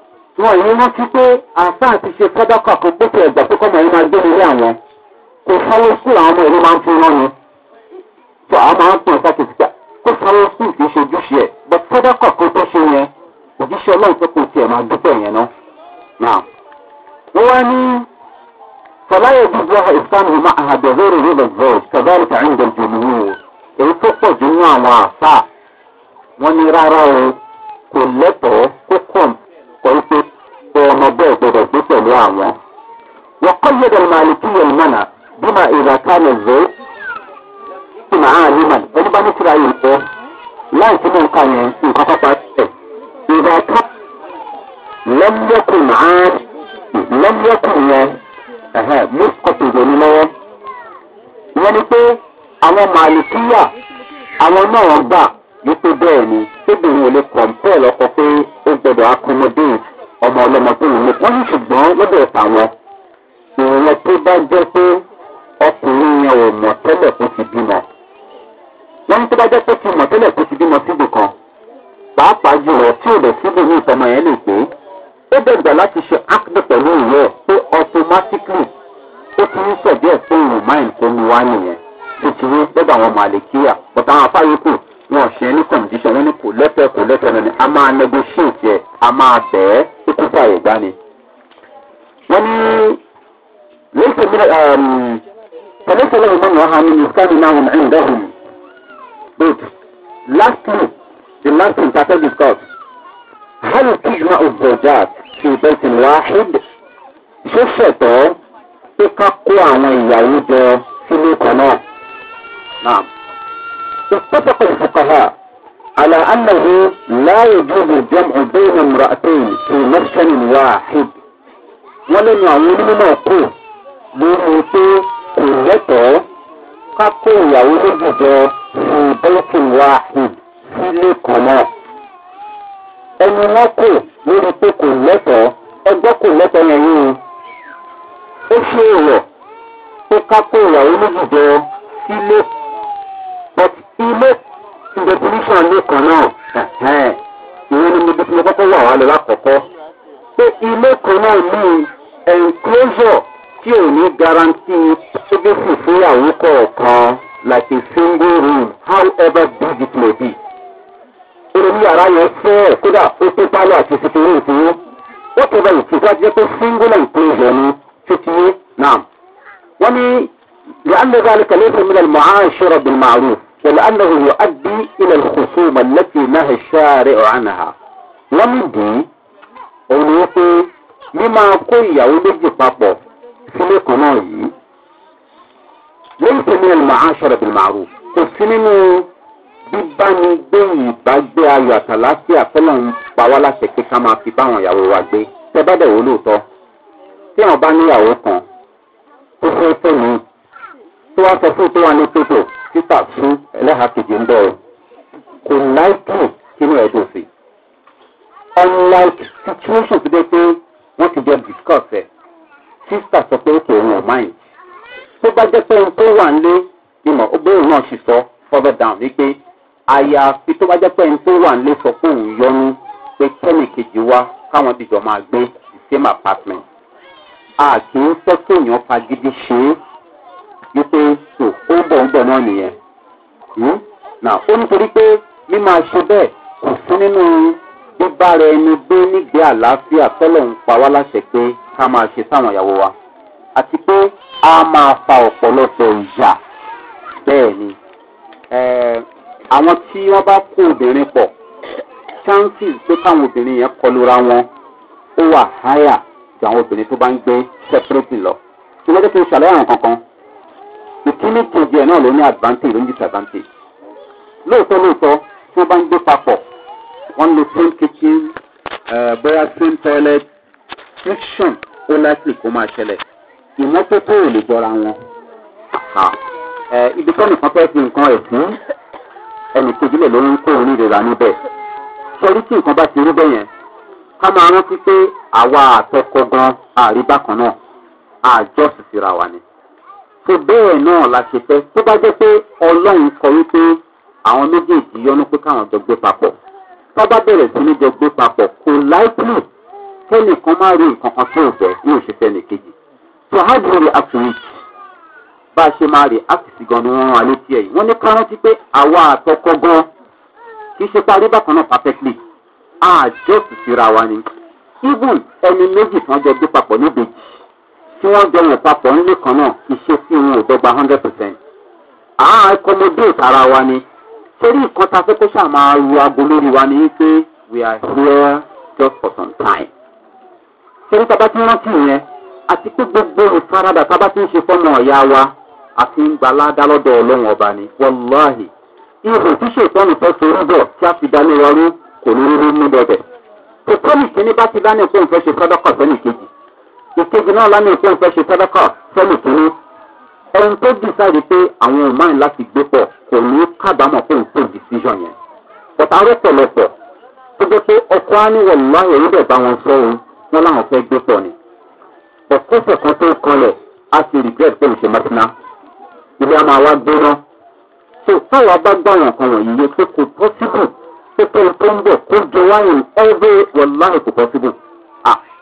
wọn yìí rántí pé àǹfààní ti ṣe sọ́dọ́kọ̀ máa àwọn kò sanwó skul àwọn ọmọ ìlú máa ń fún wọn ni tó àwọn máa ń pọ̀ sanwó skul kì í ṣe ojúṣe ẹ̀ tó ṣe yẹn ojúṣe ọlọ́run tó kò tiẹ̀ máa dúpẹ́ yẹn ná. wọ́n wá ní fọláyé gbogbo sọ wípé ọmọ bẹ́ẹ̀ gbọdọ̀ gbé pẹ̀lú àwọn. wọ́n kọ́ màlìkí yẹn mọ́nà bí mà mà á rí mà bá ní yìí láì yẹn nǹkan pápá tẹ̀. yẹn ìgbẹ́ni lọ́wọ́. ìyẹn ni pé àwọn wípé bẹ́ẹ̀ ni tóbìnrin ò lè kọ̀m̀pẹ́ lọ́kọ pé ó gbọ́dọ̀ accommodate ọmọ ọlọ́mọ tó wùmí wọ́n ní ṣùgbọ́n lọ́dọ̀ ẹ̀ta wọn ìrìnà tó bá jẹ́ pé ọkùnrin yẹn ò mọ̀ tẹ́lẹ̀ kó ti bímọ. wọ́n ní tó bá jẹ́ pé ti mọ̀ tẹ́lẹ̀ kó ti bímọ síbi kan pàápàá jùlọ tí ò lè síbi ní ìtọ́mọ yẹn lè gbé ó dẹ̀gbà láti ṣe ákùdé pẹ̀lú ìwé ẹ̀ pé automatically ó ti ń sọ̀dí ẹ̀ pé ìrùmáìn tó ní wá nìyẹn tuntun lọ́dọ̀ àwọn màlìkíyà bọ̀tà wọn ṣe ní competition wọn ní kò lẹ́tọ̀ kò lẹ́tọ̀ náà ni a máa negotiate ẹ̀ a máa bẹ̀ ẹ́ ikú fàyè gbá ni. wọ́n ní lẹ́sẹ̀ mi tẹ̀lẹ́sẹ̀ lẹ́yìn mọ́nà ọ̀hán mi ní sáré náà wọn ẹ̀ ń dẹ́hùn. but lastly the last thing tata discuss how you teach one of bojat to person wahid ṣó ṣẹ̀tọ́ pé ká kó àwọn ìyàwó jọ sílé kan náà. اتفق الفقهاء على أنه لا يجوز الجمع بين امرأتين في مسكن واحد ولن يعود من أقول لأنه كلته kákó ìyàwó lójijọ fún bẹ́ẹ̀kìn wáhid sílé kan náà. ẹni wọn kò lórí pé kò lẹ́tọ̀ọ́ ẹgbẹ́ kò lẹ́tọ̀ọ́ yẹn yín. ó ṣe èrò pé kákó ìyàwó lójijọ sílé ilé definition ilé kan náà ìyẹn ni mo bí mo kọ́kọ́ wà wá lọ lákọ̀ọ́kọ́ pé ilé kan náà ní enclosure tí ò ní guarantee privacy fún ìyàwó kọ̀ọ̀kan like a single room however big it may be. Èrèmí yàrá yẹn fẹ́ ẹ̀ kódà ó tó pálọ̀ àti sìkìrì ìfowó. Ó tó bẹ̀rẹ̀ sí wájú pé single enclosure ni títí náà. Wọ́n ní لأن ذلك ليس من المعاشرة بالمعروف ولأنه يؤدي إلى الخصومة التي نهى الشارع عنها wọ́n ní dì í òun ni wípé mímọ kó ìyàwó méjì papọ̀ sílé kan náà yìí nínú gbé ayọ̀ àtàláfíà tọ́lọ̀ ń pa wá láti pé ká máa fi báwọn ìyàwó wa gbé bá lóòótọ́ tí bá níyàwó kan tó fẹ́ fẹ́ mi tó wá títà fún ẹlẹ́hàá kejì ń bẹ̀rẹ̀ kò láìpẹ́ kínú ẹ̀ tó sí. unlike situation ti dé pé wọ́n ti jẹ́ discuss ẹ̀ sísà sọ pé ó kò wọ́n mind. tó bá jẹ́ pé ohun tó wà nílé ìmọ̀ obìnrin náà ṣe sọ further down wípé àyàfi tó bá jẹ́ pé ohun tó wà nílé sọ pé òun yọnu pé kẹ́nì kejì wa káwọn dìjọ máa gbé the same apartment. a kì í sọ pé èèyàn fagidi ṣe é wípé tò ó ń bọ̀ ń bọ̀ náà nìyẹn. Hmm? nà ó nítorí pé mímáa ṣe bẹ́ẹ̀ kò sí nínú bíbára ẹni gbé nígbẹ́ àlàáfíà tọ́lọ̀ ń pa wá láṣẹ pé ká máa ṣe sáwọn ìyàwó wa àti pé a máa fa ọ̀pọ̀lọpọ̀ ìyà bẹ́ẹ̀ ni àwọn tí wọ́n bá kó obìnrin pọ̀ chances pé káwọn obìnrin yẹn kọlura wọn ó wà higher ju àwọn obìnrin tó bá ń gbé separate lọ. ìwọ́n jẹ́ kí n ṣàlàyé àwọn kankan ìkíní kejì ẹ̀ náà ló ní advantage ló ní disadvantage lóòótọ́ lóòótọ́ tí wọ́n bá ń gbé papọ̀ wọ́n ń lo same kitchen bóyá same toilet friction ó likely kó máa ṣẹlẹ̀ ìmọ́tótó ò lè jọra wọn ibi tó nìkan fẹ́ fi nǹkan ẹ̀sìn ẹnìkejì lè ló ń kó òun ìrora níbẹ̀ sọrí tí nǹkan bá ti rí bẹ́yẹn ká máa rántí pé àwa àtọkọ gan àrí bákan náà àjọsìn síra wa ni tó bẹ́ẹ̀ náà la ṣe fẹ́ tó bá jẹ́ pé ọlọ́run sọ wípé àwọn méjèèjì yọnu pé káwọn jọ gbé papọ̀ tó bá bẹ̀rẹ̀ sí ní jọ gbé papọ̀ kò láìpẹ́ kẹ́nìkan má rí nǹkan kan tó fẹ́ ní òṣìṣẹ́ nìkejì so how do you react to it bá a ṣe máa rè ákìsì gan ni wọ́n rán alé tiẹ̀ yìí wọ́n ní ká rántí pé àwa àtọkọ gan kì í ṣe parí bákan náà perfectly àjọsìn síra wa ni even ẹni méjì kan jọ gbé papọ̀ níbejì tí wọ́n jọ wò papọ̀ nílé kan náà ìṣesí wọn ò dọ́gba hundred percent. àwọn accommodate ara wa ni torí nǹkan ta fẹ́ kó ṣáà máa ru aago lórí wa ni wípé we are here just for some time. torí tá a bá ti rántí yẹn àti pé gbogbo ìfaradà tá a bá ti ń ṣe fọ́nà ọ̀yá wa àti ń gbaládá lọ́dọ̀ ọlọ́run ọba ni wàláhì ihò tí ṣètọ́nù fẹ́ sọ̀rọ̀ bọ̀ tí a fi dání wọlé kò ní rí mú dọ̀bẹ̀. tòkọ́nì kìíní bá ti dání pé òun fẹ́ ṣe sọ́dọ̀kọ̀ sẹ́nì kejì ìkejì náà lámì ìpín ìfẹ́ ṣe tẹ́lẹ́kà sẹ́lì kínní ẹni tó dìsáyìí pé àwọn ò máa ń láti gbé pọ̀ kò ní kábàámọ̀ pé ń tó decision yẹn ọ̀tá rẹ̀pọ̀lọpọ̀ tó jẹ́ pé ọkọ̀ á ní wọ̀lú láyé ń bẹ̀ bá wọn sọ òun wọn láwọn fẹ́ gbé pọ̀ ni ọ̀kọ́sẹ̀ kan tó kanlẹ̀ á sì regret pé ń ṣe mọ́tíná ilé a máa wá gbóná so táwa bá gbà wọn kan wọ̀nyí yẹ pé kò possible pé kí n tó ń bọ̀ kó jọ wáyé every wọ̀lú láyé kò possible.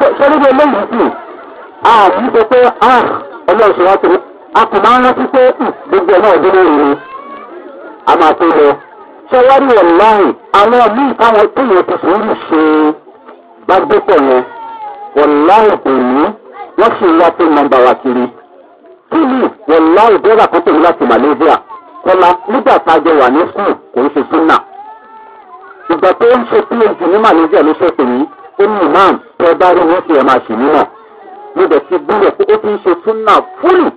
sọ́dọ̀dọ̀ lẹ́yìn sí àmì sọ pé ah ọlọ́run ṣe wá tó a kò máa ń rántí pé hmm, gbogbo ẹ̀ náà dúró rèé a máa tó lọ sọwárí ẹ̀ láàyè àwọn míì táwọn tóyàn ti sùúrù ṣe bá gbé pọ̀ yẹn wọ̀láì òní wọ́n sì ń wá pé nọmba wa kiri kíni wọ̀láì bẹ́ẹ̀rẹ̀ àkọ́tò mi láti malaysia kọ́lá nígbà tá a jẹ wà ní skul kò ń ṣe súnà ìgbà tó ń ṣe phd ní malaysia ló ṣe yìí omi imam tẹ bá rí wọn tiẹ̀ máa sì ti gbúlẹ̀ pé ó ti ń ṣe súnà fúlù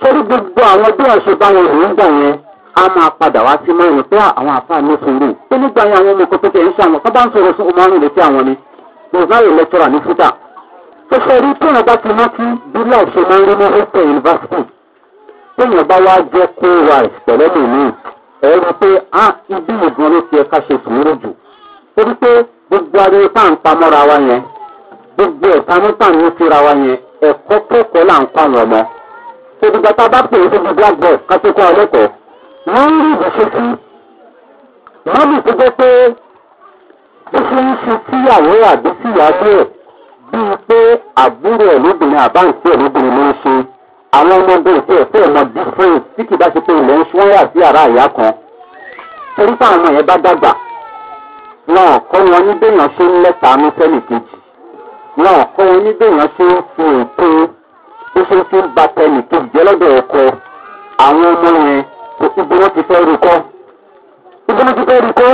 torí gbogbo àwọn bí wọn ṣe bá wọn rò ń gbà yẹn a máa padà wá sí mọ́ ìrìn pé àwọn àfa ní pé nígbà yẹn àwọn ọmọ kan tó ń ṣe àwọn sábà ń sọ̀rọ̀ ọmọ ni mọ̀sáyè lẹ́tọ́rà ní fúta tó rí tí wọn bá ti rántí bílẹ̀ ṣe máa ń rí ní hostel university téèyàn bá wá jẹ́ kó wà gbogbo ariwo tá à ń pamọ́ra wa yẹn gbogbo ẹ̀tanú tá à ń fira wa yẹn ẹ̀kọ́ kẹ́kọ̀ọ́ là ń kọ́ àwọn ọmọ. ìdìgbà tá a bá pè é síbi blackboard ká tó kọ́ ọlọ́kọ̀ọ́ wọ́n ń rí ìbùsùn sí wọ́n lè tó jẹ́ pé bí ṣe ń ṣe síyàwó àbí síyàwó ẹ̀ bíi pé àbúrò ẹ̀ lóbìnrin àbáǹtí ẹ̀ lóbìnrin ló ń ṣe àwọn ọmọdé ìfẹ́ ẹ̀fẹ́ ọmọ different tí kì bá ṣe pé ilẹ̀ ń ṣúwọ́n yà sí àrà àyà kan torí wọn ò kọ́ wọn ní béèyàn ṣe ń lẹ́tàánú tẹ́nìkejì wọn ò kọ́ wọn ní ṣe ń fi ètò ó ṣe ń fi ń ba jẹ́lọ́dọ̀ àwọn ọmọ yẹn ibi wọn ti fẹ́ rí kọ́ ibi wọn ti fẹ́ rí kọ́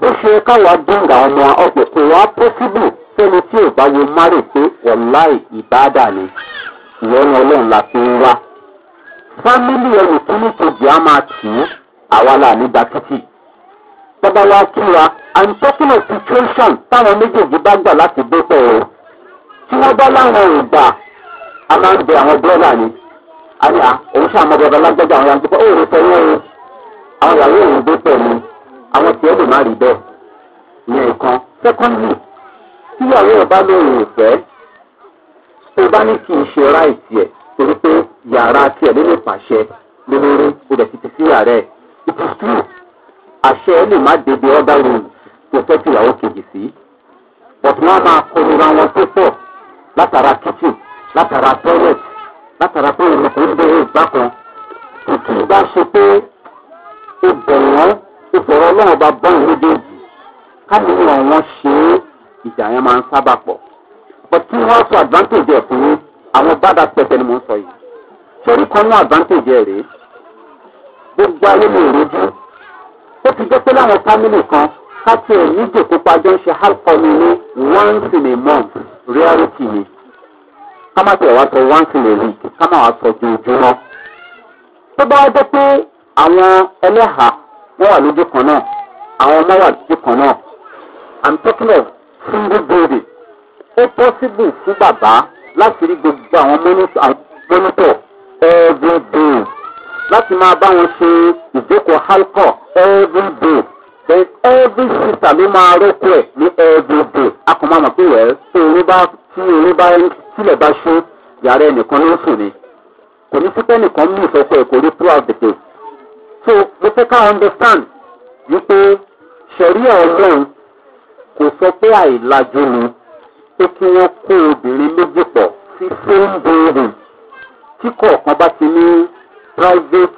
bó ṣe káwa ọmọ kò wá pọ́síbù tí ni ìyọnu ọlọ́run la fi ń wá fámílì á máa tì í àwa bàbá wa i'm talking of situation táwọn méjèèjì bá gbà láti o tí wọ́n bá láwọn ìgbà a máa ń bẹ àwọn bọ́ọ̀lá ni àyà òun ṣáà mọ bàbá lágbájá àwọn yàrá ó rò pẹ̀lú ẹ̀rọ àwọn yàrá òun dé pẹ̀lú àwọn tí ó lè má rí bẹ́ẹ̀ secondly tí yàrá ìfẹ́ tó àṣẹ ẹ lè má débi ọ̀dà rúùn tó fẹ́ tí ìyàwó kejì sí. bọ̀tún wọn máa kọlura wọn tó pọ̀ látara kitchen látara toilet látara pé ìrìnkùn ń bẹ̀rẹ̀ ìgbàkan. tuntun bá ṣe pé ó bẹ̀rù wọn ó fọ̀rọ̀ ọlọ́run bá bọ́ ìlú déjì káàmìlì wọn ṣe é ìjà yẹn máa ń sábà pọ̀. bọ̀tún wọn sọ advantage ẹ̀ fún yín àwọn bàdà pẹ̀tẹ̀ ni mò ń sọ yìí. sori kan ní advantage ẹ̀ rèé gbogbo ayé lè rojú ó ti jẹ́ pé láwọn fámìlì kan ká tí ẹ̀ ní jòkópa jọ ń ṣe hálkọ́ni ní once in a month reality ni ká má tẹ̀ wá sọ once in a week ká má wá sọ ojoojúmọ́. tó bá jẹ́ pé àwọn ẹlẹ́hà wọ́n wà lójú kan náà àwọn ọmọ wà lójú kan náà i'm talking of single baby ó possible fún bàbá láti rí gbogbo àwọn mọ́nítọ̀ every day láti máa bá wọn ṣe ìjókòó halkọ every day then every sister ló máa rọ́pò ẹ̀ ní every day a kò máa mọ̀ pé wẹ́ẹ́ tí orin bá tí orin bá tilẹ̀ bá ṣó yàrá ẹnìkan ló ń sùn ni kò ní sípẹ́ nìkan mú ìfọ́kọ ẹ̀ kò rí throughout the day so mo fẹ́ ká understand wípé sẹ̀ríà ọlọ́run kò sọ pé àìlajú ni pé kí wọ́n kó obìnrin méjì pọ̀ sí same building tí kọ̀ọ̀kan bá ti ní private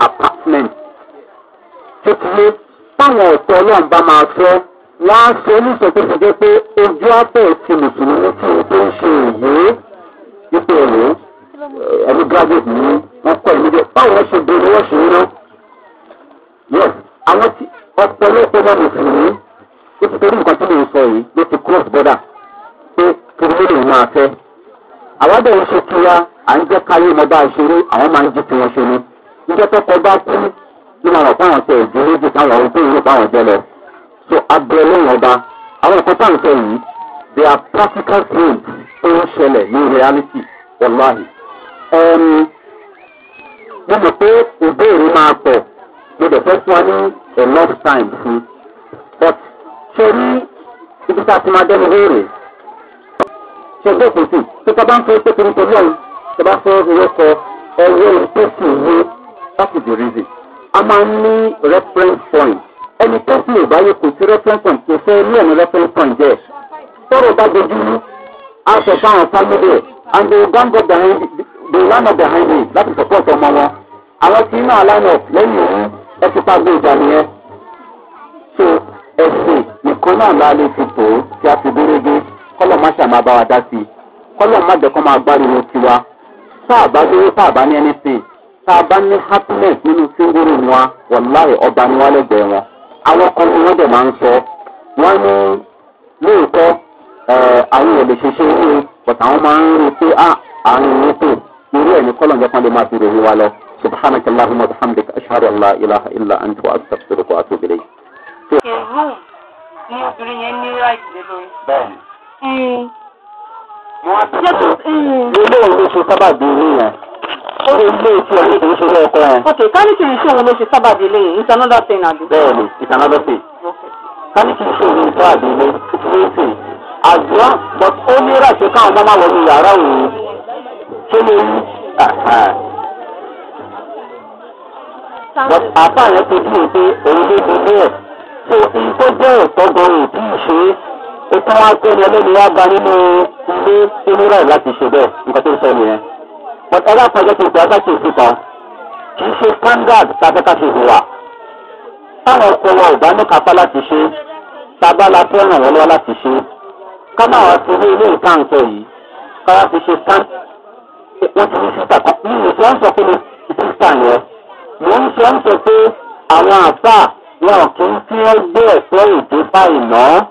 apartment kékeré táwọn ọ̀tọ̀ ọlọ́run bá máa fẹ́ wọ́n á ṣe oníṣẹ́gbẹ́sẹ́gbẹ́ pé ojú abẹ́ ti mùsùlùmí tí o tó ń ṣe èyí wípé ẹ̀rọ ẹ̀rọ graduate ni wọ́n kọ́ ẹ̀mí jẹ́ báwọn ṣe bẹ̀rẹ̀ wọ́n ṣe ná. yes àwọn tí ọ̀pọ̀lọpọ̀ bá mùsùlùmí ó ti torí nǹkan tí mo sọ yìí ló ti cross border pé kí ló lè máa fẹ́. àwọn àbẹ̀wò ṣe kí wa. à ń jẹ́ káyé mọ bá a ṣeré àwọn máa ń jí tiwọn ṣe ni ìjọ tó kọjá kú ní wọn rọ̀ fáwọn tẹ̀ ìdí méjì táwọn ohun tó ń lò fáwọn jẹ lọ. so abẹ́rẹ́ lẹ́yìn ọba àwọn nǹkan táwọn sọ yìí they are practical things tó ń ṣẹlẹ̀ ní reality wàláhì. mo mọ̀ pé ìbéèrè máa pọ̀ mo dẹ̀ fẹ́ fún wa ní enough time fún but ṣe rí ibi tá a ti máa dẹ́nu léèrè ṣe gbé òkùnkùn tó tọ́ bá ń fẹ́ pé torí torí tẹ́bá fẹ́ rọ́kọ ẹwọ́ tó sì wé láti the reason. a máa ń ní reference point ẹni tó sì ò bá yẹ kò sí reference point kò fẹ́ ní ẹ̀mí reference point jẹ́ tọ́rọ̀ bá dojú ní aṣọ fáwọn family ẹ̀ and they don go behind they line up behind me láti support ọmọ wọn àwọn tí iná line up lẹ́yìn òun ẹ ti pa gbé ìjà nìyẹn so ẹ̀sìn nìkan náà la lè fi tòó tí a fi gbérégé kọ́lọ̀ má ṣàmà bá wa dá sí i kọ́lọ̀ má jẹ́ kó máa gbáriwo tiwa tá a bá dúró tá a bá ní anything tá a bá ní happiness nínú síngúrú wa wàláì ọba ni wọn lẹgbẹẹ wọn àwọn kan tí wọn dẹ máa ń sọ wọn ní lóòótọ àwọn èèyàn lè ṣe ṣe é but àwọn máa ń rí i pé ah, àárín yìí tó irú ẹ̀ ní kọ́lọ̀ nípa lè máa fi rèé wa lọ subhanaka allahumma bihamdika ashhadu an la ilaha illa anta wa astaghfiruka wa atubu ilayk. ṣe hù ní obìnrin yẹn ní ráìtì lé lórí. bẹẹni. Hmm wọ́n á ti sọ ilé ìwé ṣe sábàbí ilé yẹn ilé ìṣe ọ̀hún kò ń ṣe yẹn. ok káníkì ìṣe òun ló ṣe sábàbí ilé yẹn it's another thing àbí. bẹẹni it's another thing káníkì ìṣe òun sábàbí ilé it's one but ó ní ìràṣẹ káwọn ọmọ máa wọnú yàrá òun ṣé lè rí but àbá yẹn tó dùn pé òun ló ṣe bẹ́ẹ̀ so nǹkan jẹ́ ẹ̀tọ́ gan-an ò tí ṣe é ó tún wá pé wọlé ni wá ba nínú ilé tí ó rà láti ṣe bẹ́ẹ̀ nǹkan tó ń sọ nìyẹn. bọ́tà alápàjọ́ ti pè ákàtì òkúta kì í ṣe standard tàbẹ́ká fi hùwà. táwọn ọkọ̀ wa ò bá ní kápá láti ṣe tábà la fẹ́ ràn wọ́n lọ́wọ́ láti ṣe. ká máa wá sí ilé ilé ìtàǹkẹ́ yìí ká wá fi ṣe stand. wọ́n ti fi sísà kan ní ìwé tí wọ́n sọ pé ní sísà yẹn. mò ń sọ ń sọ pé àwọn àfà wọn kì í fi ẹgbẹ́ ẹ̀fọ́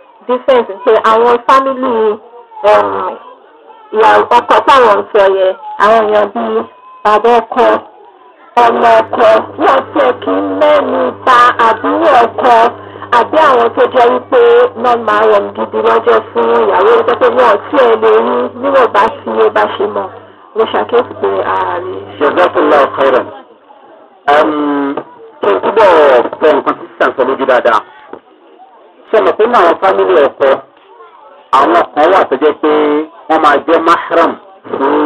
difference pé àwọn family um, ìyàwó ọkọ táwọn ń sọ yẹn àwọn èèyàn bíi bàbá ọkọ ọmọ ọkọ wọn tiẹ̀ kí mẹ́nu ta àbúrò ọkọ àbí àwọn tó jẹ́ wípé wọ́n máa rọ̀ gidi lọ́jọ́ fún ìyàwó ìjọ pé wọ́n tí lè rí níwọ̀n bá sí iye bá ṣe mọ̀ mo ṣàkíyèsí pé ààrẹ. ṣèjọba ọkọ rẹ kí n túbọ̀ pọ̀ nǹkan tí sísan sọ lójú dáadáa sọ̀rọ̀ pé náà àwọn fámìlì ọkọ àwọn kan wà tó jẹ́ pé wọ́n máa jẹ́ mahram fún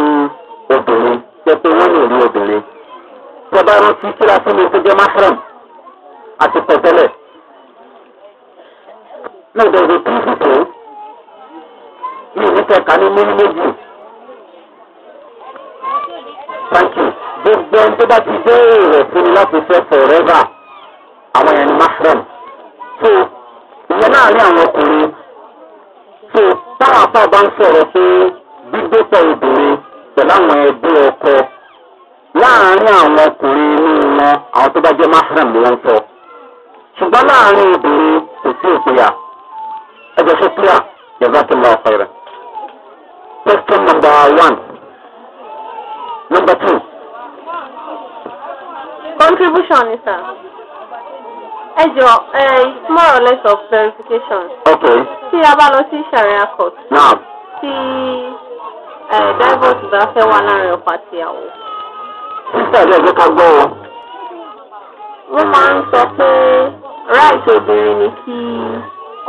obìnrin jẹ́ pé wọ́n lè rí obìnrin. tọ́ba rántí kíláàsì mi tó jẹ́ mahram àti pẹ̀tẹ́lẹ̀. náà dẹ̀rẹ̀ kí ìfòkè mi ní kẹ̀kà ní mímú méjì. gbogbo ẹni tó bá ti dé èrè fún mi láti fẹ́ forever àwọn yẹn ni mahram ìyẹn láàrin àwọn ọkùnrin tó táwọn afá bá ń sọ̀rọ̀ pé gbígbé pọ̀ obìnrin pẹ̀lú àwọn ẹbí ọkọ láàrin àwọn ọkùnrin inú wọn àwọn tó bá jẹ́ mahram ló ń sọ ṣùgbọ́n láàrin obìnrin kò sí ìpínyà ẹjọ́ ṣe clear jazakallah khairan. question number one number two. contribution ni sir ẹ jọ ẹ more or less of verification. ok. tí a bá lọ sí sharia court. náà. tí ẹ divorce bá fẹ́ wà láàrin ọkọ àti ìyàwó. sísè ẹ̀ lẹ́jọ́ ká gbọ́ o. wọ́n máa ń sọ pé right obìnrin ni kí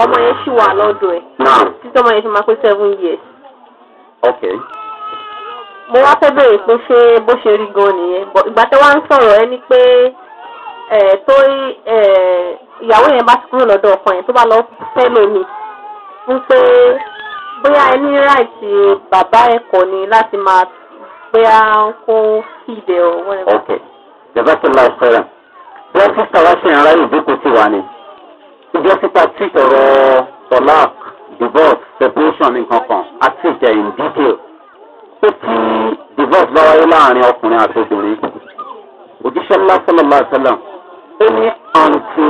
ọmọ yẹn ṣì wà lọ́dọ̀ ẹ̀. náà. títí ọmọ yẹn fi máa pé seven years. ok mo wá fẹ́ bèrè pé ṣé bó ṣe rí gan nìyẹn ìgbà tí wọ́n ń sọ̀rọ̀ ẹ ni pé tó ìyàwó yẹn bá ti kúrò lọ́dọ̀ ọkọ yẹn tó bá lọ fẹ́ lómi fún pé bóyá ẹ ní ráìtì bàbá ẹ̀kọ́ ni láti máa bóyá kó fìdè ọ̀ wọ́n ẹ̀. ok jẹ́bẹ́ tó lọ sọ̀rọ̀ bí wọ́n sísá wá sí ara ìdókòó ti wà ní ìjọ síta tí ọ̀rọ̀ tọ́lák divorce separation nǹkan kan àti ìjẹ́ in detail ó ti divorce bá wáyé láàrin ọkùnrin àti obìnrin òjíṣẹ́ ńlá sọ́lọ́lá sọ́lọ́m ó ní àǹtí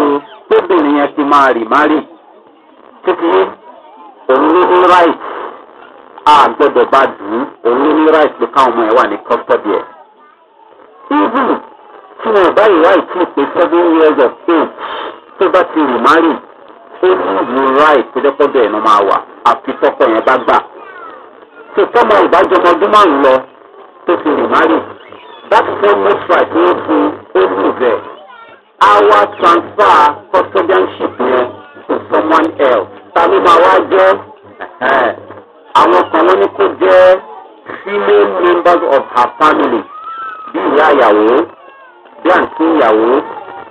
tóbìnrin yẹn ti máa rì má rì títí òun ló ní right a gbọdọ̀ bá dùn ún òun ló ní right pé káwọn ọmọ ẹ̀ wà ní custody ẹ̀. even tí wọn bá right ìtì pé seven years of age tó bá ti rì má rì ó ní ìlú right tó dẹ́kọ́dọ̀ ẹ̀ ló máa wà àfi tọkọ yẹn bá gbà. tó tọ́mọ ìbájọmọ ọdún márùn-ún lọ tó ti rì má rì that same most right ló fún ó ní ìbẹ̀rẹ̀. Our transfer custodianship yẹn to someone else. ta ló máa wá jẹ́ <laughs> àwọn kan wọ́n ní kó jẹ́ female members of her family bí ìyá ìyàwó bí àǹtí ìyàwó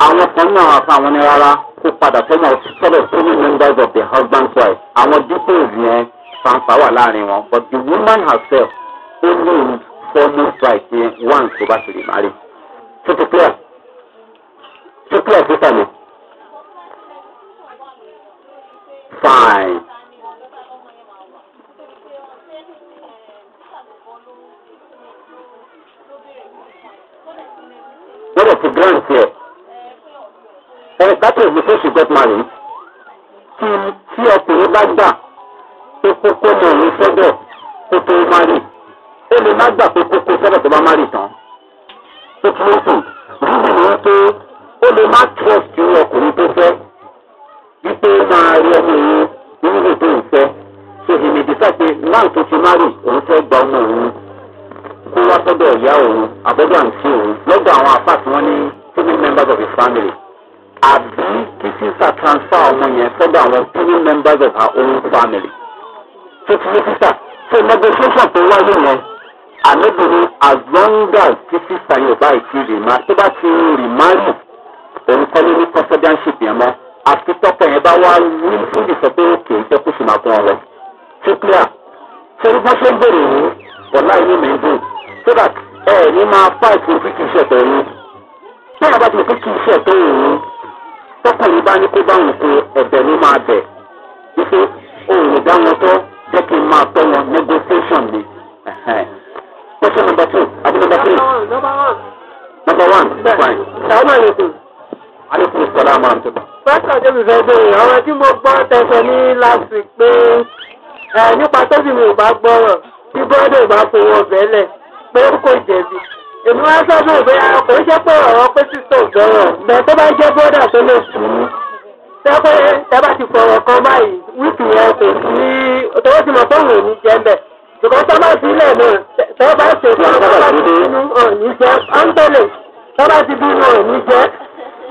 àwọn kan ní àwọn afa àwọn ní rárá kó padà sọ́nà sọ́dọ̀ female members of the husband wife àwọn details yẹn fanfa wà láàrin wọn but the woman herself ó ní foremost right yẹn once tó bá ti lè má rí. tó clear ṣé kí ọ̀sẹ̀ sàmì. fine. wọ́n lè fi grand tiẹ̀. ẹ that is the first you get married. tí tí ọkùnrin bá gbà pé kókó mọ̀ ní sọ́dọ̀ kó tó má rí ó lè má gbà pé kókó sọ́dọ̀ tó bá má rí tán. ó ti lè sùn. ríbi ni ó lè má trust irú ọkùnrin tó fẹ́ wípé máa rí ọmọ òun irúgbó tó ń fẹ́ so èmi dìtà pé náà tó ti márì òun fẹ́ gba ọmọ òun kó wá sọ́dọ̀ ìyá òun àbọ́dọ̀ àǹtí òun lọ́dọ̀ àwọn apá tí wọ́n ní three members of his family àbí kí sísà transfer ọmọ yẹn sọ́dọ̀ àwọn three members of her own family tó ti ní sísà so negotiation tó wáyé yẹn àmì bìnrin as long as kí sísà yóò bá ìtì rìmá tó bá ti rìmá yìí. òun kọ́ ló ní custodianship yẹn mọ́ àti tọ́pọ̀ yẹn bá wá wí fún ìfọ̀pẹ́ òkè ìjọ kó sì máa ọ lọ. ṣé clear ṣé bí wọ́n ṣe ń bèrè yìí ọ̀la yìí mi so that ẹ ní máa fight for kí kì ṣe ẹ̀tọ́ yìí. tí wọ́n bá ti mọ̀ pé kì ṣe ẹ̀tọ́ yìí bá ní kó bá kó ẹ̀bẹ̀ máa negotiation ni. question aleykum salaam wa rahmatulah. pásítọ̀ tẹ́bi fẹ́ bèrè ọ̀rọ̀ tí mo gbọ́ tẹ̀sẹ̀ ní láti pé nípa tẹ́bi mi ò bá gbọ́rọ̀ tí bọ́dọ̀ ò bá fowó bẹ́lẹ̀ pé kò jẹ̀bi. èmi wá sọ́dọ̀ pé kò ń jẹ́ pé ọ̀rọ̀ pé sísọ gbọ́rọ̀ bẹ́ẹ̀ tó bá jẹ́ bọ́dà tó lè sùn ún. tẹ́pẹ́ tẹ́bà ti fọ̀rọ̀ kan báyìí wíìkì yẹn kò sí tọwọ́ ti mọ̀ fóun ò ní jẹ́ bẹ́ẹ̀ ṣùgbọ́n tọ́ba sílẹ̀ ti bínú ọ̀ ní jẹ́ ọ́ńtẹ́lẹ̀ tọ́ba ti bínú ọ̀ ní jẹ́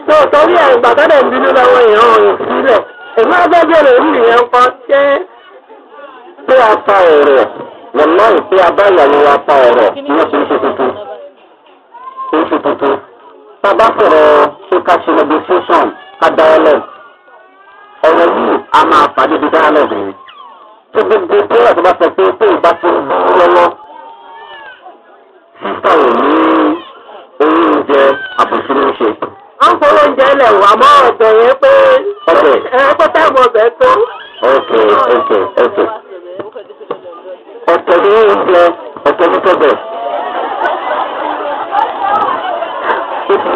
tó torí ẹ̀ gbàgádà ń bínú lọ́wọ́ ìran ọ̀yàn sílẹ̀ èmi abẹ́bẹ̀rẹ̀ orí yẹn kọ́ ṣé pé a pa ọ̀rọ̀ lọ́nà ìpè abáyàwó wa pa ọ̀rọ̀ ní oṣù oṣù tuntun oṣù tuntun tábà sọ̀rọ̀ ṣé ká ṣe negotiation ká dáwọ́lẹ̀ ọ̀rọ̀ yìí a máa pàdé bí dáwọ́lẹ̀ rẹ̀ tó gbogbo tó wà tó bá sọ pé tó ìbá tó ń bú lọ́wọ́ sísá ò ní orí oúnjẹ àbùsùn ló ń ṣe wọ́n ń oúnjẹ ilẹ̀ wà mọ́ ọ̀dọ̀ yẹn pé ẹ̀kọ́ táìmù ọbẹ̀ tó. ok ok ok ọ̀tọ̀ ní oúnjẹ ọ̀tọ̀ ní tọ́bẹ̀. Okay.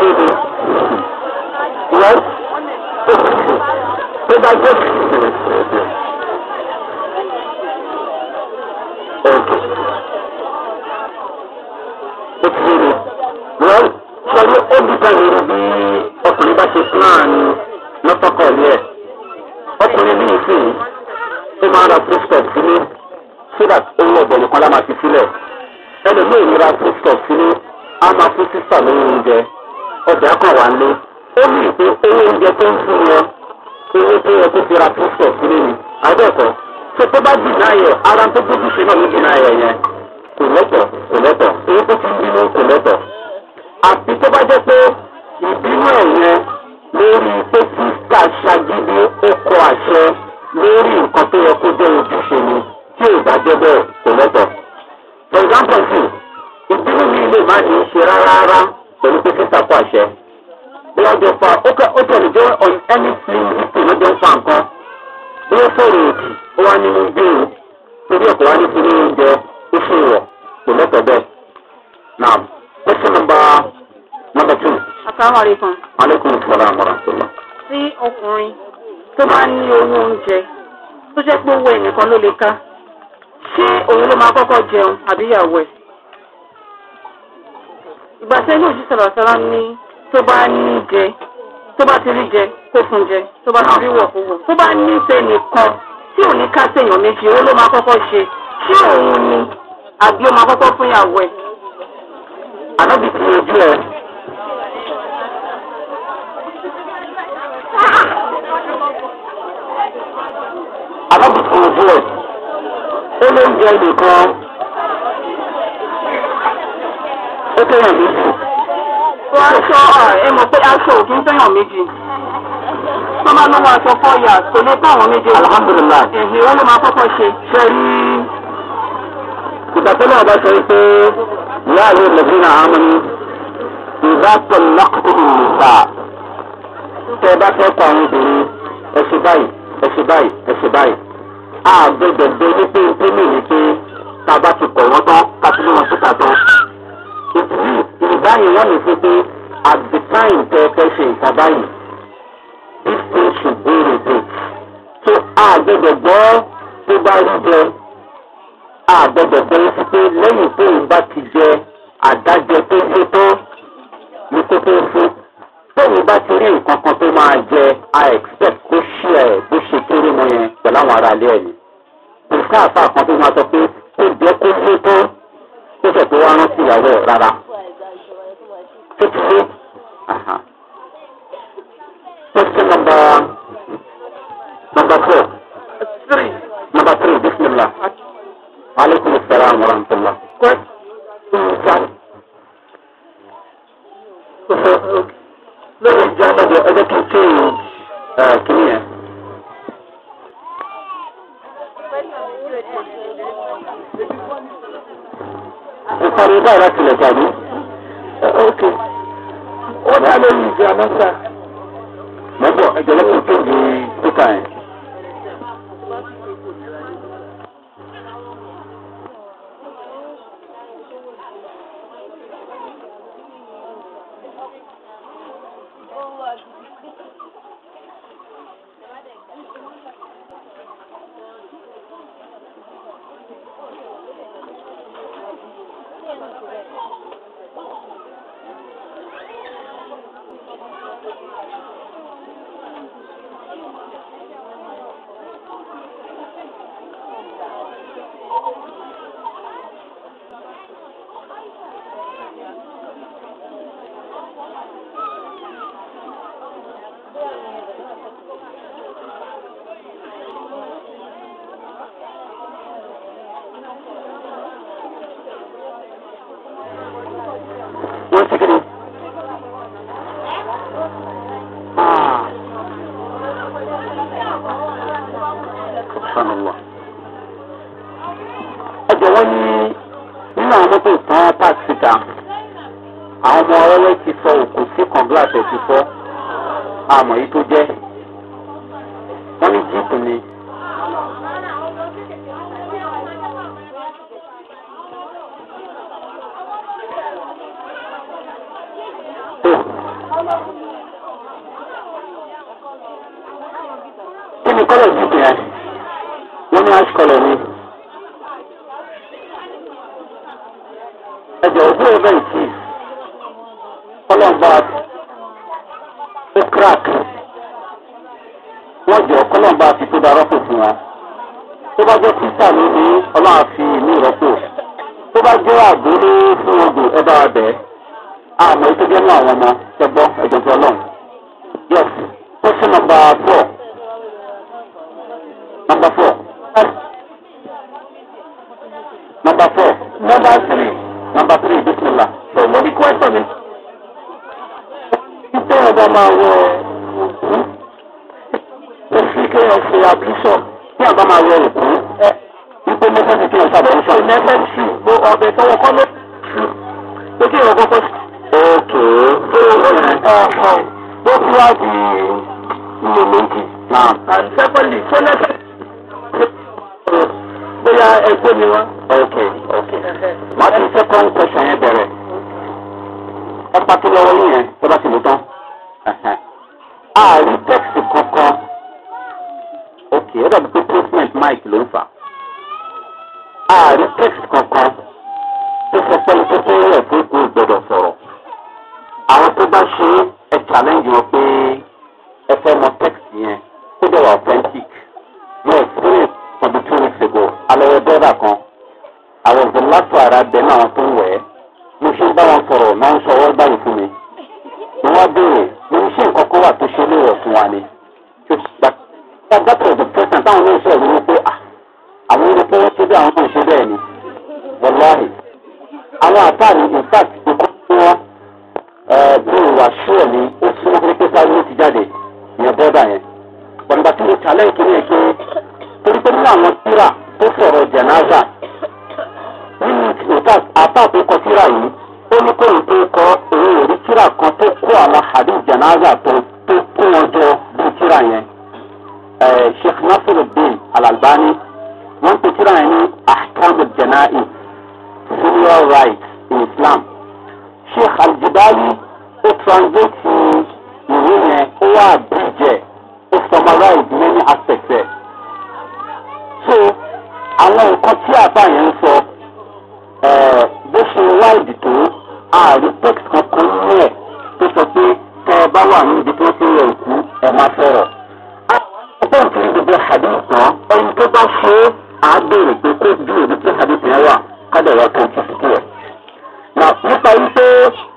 Well, sẹ́ni ó dúpẹ́ lórí bí ọkùnrin bá ṣe plan lọ́tọ́kọ̀ yẹ. ọkùnrin bíi sí ó máa ń ra foodstuff sínú sídà owó ọ̀bẹ̀ nìkan lá máa fi sílẹ̀. ẹlòmíì ń ra foodstuff sínú á máa fún sísà lórí oúnjẹ ọjà kan wà lé. ó ní ìpè owó oúnjẹ tó ń fún wọn owó tó yẹ kó fi ra foodstuff ni àbẹ́ẹ̀kọ́. ṣé tó bá dì náà yẹ ara tó tó ṣe náà ló dì náà àti tó bá jẹ́ pé ìbínú ẹ̀ lórí pé kíkà ṣàgídí oko àṣẹ lórí nǹkan tó yẹ kó jẹ́ ojúṣe ni tí ò bá jẹ́ bẹ́ẹ̀ kò lẹ́tọ̀. for example ìbínú mi lè má ní í ṣe rárá pẹ̀lú pé kíkà kó àṣẹ. bí wọ́n jọ fa ó tẹ̀lé jẹ́ on any slim victory ló jẹ́ ń fa nǹkan. bí wọ́n ó wá question number number two. asalaamualeykum. aleykum salaam wa rahmatulah. tí ọkùnrin tó bá ní owó oúnjẹ tó jẹ́ pé owó ẹnìkan ló lè ká ṣé òun ló máa kọ́kọ́ jẹun àbí ìyàwó ẹ̀. ìgbà ní tó bá ní jẹ tó bá ti rí jẹ kó fún jẹ tó bá ti rí wọ̀ wọ̀ tó ni àbí ó máa kọ́kọ́ fún ìyàwó ànábì tí ojú ẹ. ànábì tí ojú ẹ. ó ló ń jẹ nìkan. ó tẹ̀yàn méjì. wọ́n aṣọ ẹ mọ̀ pé aṣọ ò kí ń tẹ̀yàn méjì. tó máa lọ́wọ́ aṣọ fọ́ yà kò lè bá àwọn méjèèjì. alihamudulilayi. èyí wọ́n ló máa kọ́kọ́ ṣe. ṣe rí ìgbàgbọ́n náà bá sọ pé ìyá àlè ìlẹ̀bí náà á mú ìbá pẹ̀lú ọkùnrin nìta tẹ bá fẹ́ kọ àwọn obìnrin ẹ̀sìn báyìí ẹ̀sìn báyìí ẹ̀sìn báyìí àgbẹ̀gbẹ̀gbẹ̀ ní pé pé mi ní pé tá a bá ti kọ̀ wọ́n tán ká tún wọn síta tán ìbáyìí wọ́n ní fi pé at the ẹ fẹ́ ṣe ìta báyìí this thing should be repeat so àgbẹ̀gbẹ̀gbọ́ tó bá rí jẹ àgbẹ̀dẹ̀ pé pé lẹ́yìn tó ń bá ti jẹ àdájẹ tó ṣe tán ní kó tó ṣe tóun bá ti rí nǹkan kan tó máa jẹ i expect kó ṣí ẹ bó ṣe kéré mọ yẹn pẹ̀lú àwọn ará ilé ẹ̀ ni kò sáàfà kan tó máa sọ pé kó jẹ́ kó ṣe tán tó ṣẹ̀ tó wá rántí ìyàwó ẹ̀ rárá tó ti ṣe. àwọn tó bá ṣe ẹ challenge wọn pé ẹ fẹ́ mọ text yẹn kó dẹ̀ wà authentic mo experience twenty two weeks ago alẹ́wẹ̀ dẹ́rẹ́bà kan àwọn ìdánilátò ara bẹ náà wọn tó ń wẹ̀ ẹ́ mo ṣe ń bá wọn sọ̀rọ̀ máa ń ṣọwọ́ gbàyè fún mi mo wá béèrè mo ní ṣe nǹkan kó wà tó ṣe léèrè fún wa ni gbàgbàtọ̀ the president táwọn náà ṣe ìwé pé ah, àwọn olùkọ́ wọn tó dé àwọn náà ṣe bẹ́ẹ̀ ni wọ́n láàyè àwọn àtàrí in fact bíi wàṣúọ̀ ni ó fún wọn pé sáré ti jáde ìyẹn bọ́dà yẹn pọ̀nùbà tí mo challenge kí ni ẹ̀ pé torí pé nínú àwọn tíra tó sọ̀rọ̀ jẹ̀náza nínú ìtàs apá tó kọ tíra yìí ó ní kóyìn tó kọ òun ò rí tíra kan tó kó àwọn àdé jẹ̀náza tó tó kó wọn jọ bíi tíra yẹn sheikh nasiru bin alalbani wọn pe tíra yẹn ní ahkamu jẹnáì civil rights in islam sheikh aljibali ó translate ìwé yẹn ó wà bíjẹ ó summarize many aspects ẹ so àwọn nǹkan tí àbá yẹn ń sọ bó ṣe wáìdì tó ààrí text kankan nínú ẹ tó sọ pé tẹ ẹ bá wà níbi tó ti rẹ òkú ẹ máa fẹ́rọ̀ ọgbọ́n tí ń dìbò hadith tán ẹni tó bá ṣe é pé kó bí òbí tí hadith yẹn wà ká dẹ̀ wá tó ti fi kú ẹ̀ nípa wípé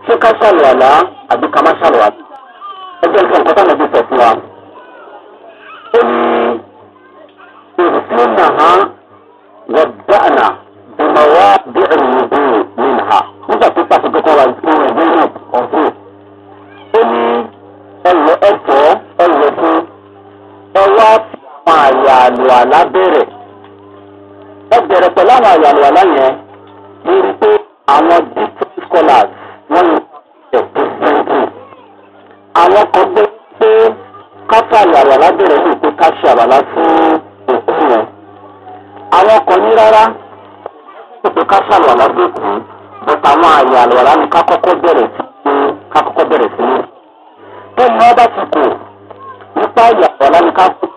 ṣé ká ṣàlùwàlá àbí ká má ṣàlùwàlá ẹgbẹ́ nǹkan nǹkan táwọn ẹbí sọ fún wa. ó ní ìrùsùn nàá wọ̀dánà bùnàwá bí ẹ̀rù ìbúrò nínú ha nígbà tó pàṣẹ kọ́kọ́ wa ìṣòro ìbúrò ọ̀fun. ó ní ẹ̀rọ ẹ̀fọ́ ẹ̀rọ fún ọwọ́ àwọn àyà àlùwàlá bẹ̀rẹ̀. ẹ bẹ̀rẹ̀ pẹ̀lú àwọn àyà àlùwàlá yẹn ní rí àwọn different scholars wọ́n yóò àwọn kan gbé pé káfàlì àwàlá bẹ̀rẹ̀ ní ìpè káṣí àwàlá fún òkú wọn. àwọn kan ní rárá ìpè káṣí àwàlá dé kù bọ́tà àwọn àyè ni kákọ́kọ́ bẹ̀rẹ̀ sí ní kákọ́kọ́ bẹ̀rẹ̀ sí ní. ni wọ́n bá ti kù nípa àyè ni kákọ́kọ́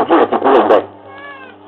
bẹ̀rẹ̀ fọ̀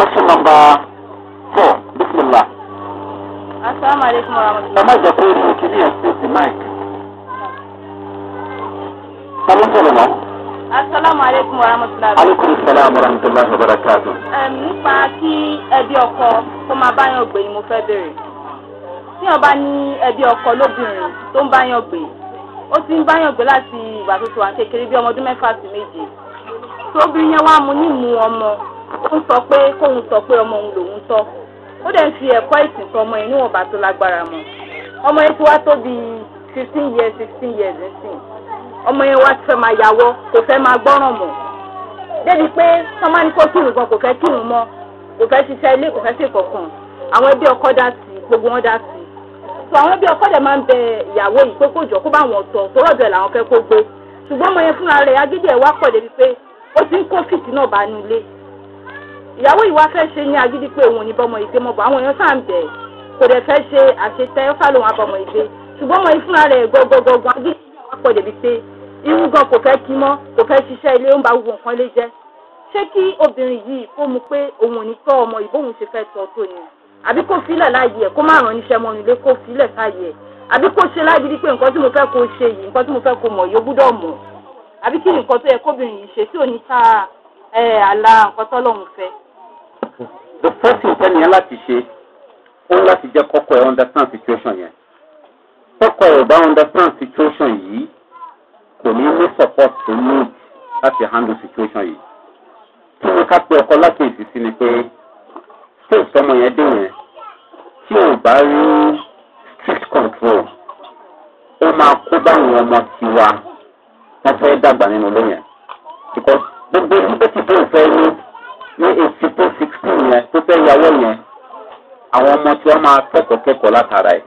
question number four Bismillah. Assalamu alaikum. rahmatulah. ẹ má jẹ pé ní kí ni ẹ ṣe sí mike. sálọ sọ̀rọ̀ náà. asalaamualeykum wa rahmatulah. aleykum salaam wa rahmatulah wa barakatu. nípa kí ẹbí ọkọ tó máa bá yàn gbé ni mo fẹ́ bèrè. tí wọ́n bá ní ẹbí ọkọ lóbìnrin tó ń bá yàn gbé ó ti ń bá yàn gbé láti ìgbà tó ti wà kékeré bí ọmọ ọdún mẹ́fà sí méje. tóbi yẹn wá mu ní ìmú ọmọ ó sọ pé kóun sọ pé ọmọ òun lòun tọ́ ó dẹ̀ ń fi ẹ̀kọ́ ìsìn tọ́ ọmọ yẹn níwọ̀nba tó lágbára mọ́ ọmọ yẹn ti wá tó bí fifteen years sixteen years nsìn ọmọ yẹn wá fẹ́ máa yàwọ́ kò fẹ́ máa gbọ́ràn mọ́ débi pé sọ́mání kó kírun gan kò fẹ́ kírun mọ́ kò fẹ́ ṣiṣẹ́ ilé kò fẹ́ ṣe kọ̀ọ̀kan àwọn ẹbí ọkọ dá sí gbogbo wọn dá sí so àwọn ẹbí ọkọ dẹ̀ máa ń bẹ ìyàwó yìí pé kó jọ kó bá wọn tọ̀ tó rọ̀jọ̀ làwọn fẹ́ kó gbé ṣùgbọ́n ọmọ yẹn fúnra rẹ̀ agídí ẹ̀ wá pọ̀ débi pé ó ti ń kó fìtì náà bá nílé ìyàwó ìwà fẹ́ ṣe ní agídí pé òun ò ní bọ́mọ ìgbé mọ́ bọ́ àwọn èèyàn sáà ń bẹ̀ kò dẹ̀ fẹ́ ṣe àṣetẹ ó fàlóhùn abọ́mọ ìgbé ṣùgbọ́n ọmọ ìfúnra rẹ̀ gọ́gọ́gọ́gọ́ agídí ìyàwó pọ̀ débi pé irú gan kò fẹ́ kí mọ́ kò fẹ́ ṣiṣẹ́ ilé ó ń ba gbogbo nǹkan lé jẹ́ ṣé kí obìnrin yìí kó mu pé òun ò ní tọ́ ọmọ ìbóhùn ṣe fẹ́ tọ́ tó ni àbí kó sílẹ̀ láàyè ẹ̀ kó má ràn níṣẹ́ mọ́nu ilé kó sílẹ̀ sáàyè ẹ̀ àbí kó ṣe lágídí pé nǹkan tí mo fẹ́ kó ṣe yìí nǹkan tí mo fẹ́ kó mọ̀ yóò gbúdọ̀ mọ̀ àbí kí nǹkan tó yẹ kóbìnrin yìí ṣe tí ò ní ta àlà nǹkan tọ́lọ́run fẹ́ the first thing tẹ́niyàn láti ṣe ó ń láti jẹ́ kọ́kọ́ ẹ̀ understand situation yẹn kọ́kọ́ ẹ̀ ò bá understand situation yìí kò ní ní support tó need láti handle situation yìí kí ni ká pe ọkọ lákèjì sí ni pé stage tọmọ yẹn dé yẹn tí ò bá rí strict control ó máa kó báwọn ọmọ tiwa wọn fẹ́ dàgbà nínú ilé yẹn because gbogbo ibi tó ti tó ní ní èsì tó fi fún yẹn tó fẹ́ yàwó yẹn àwọn ọmọ tí wọ́n máa kẹ́kọ̀ọ́ kẹ́kọ̀ọ́ látara ẹ̀.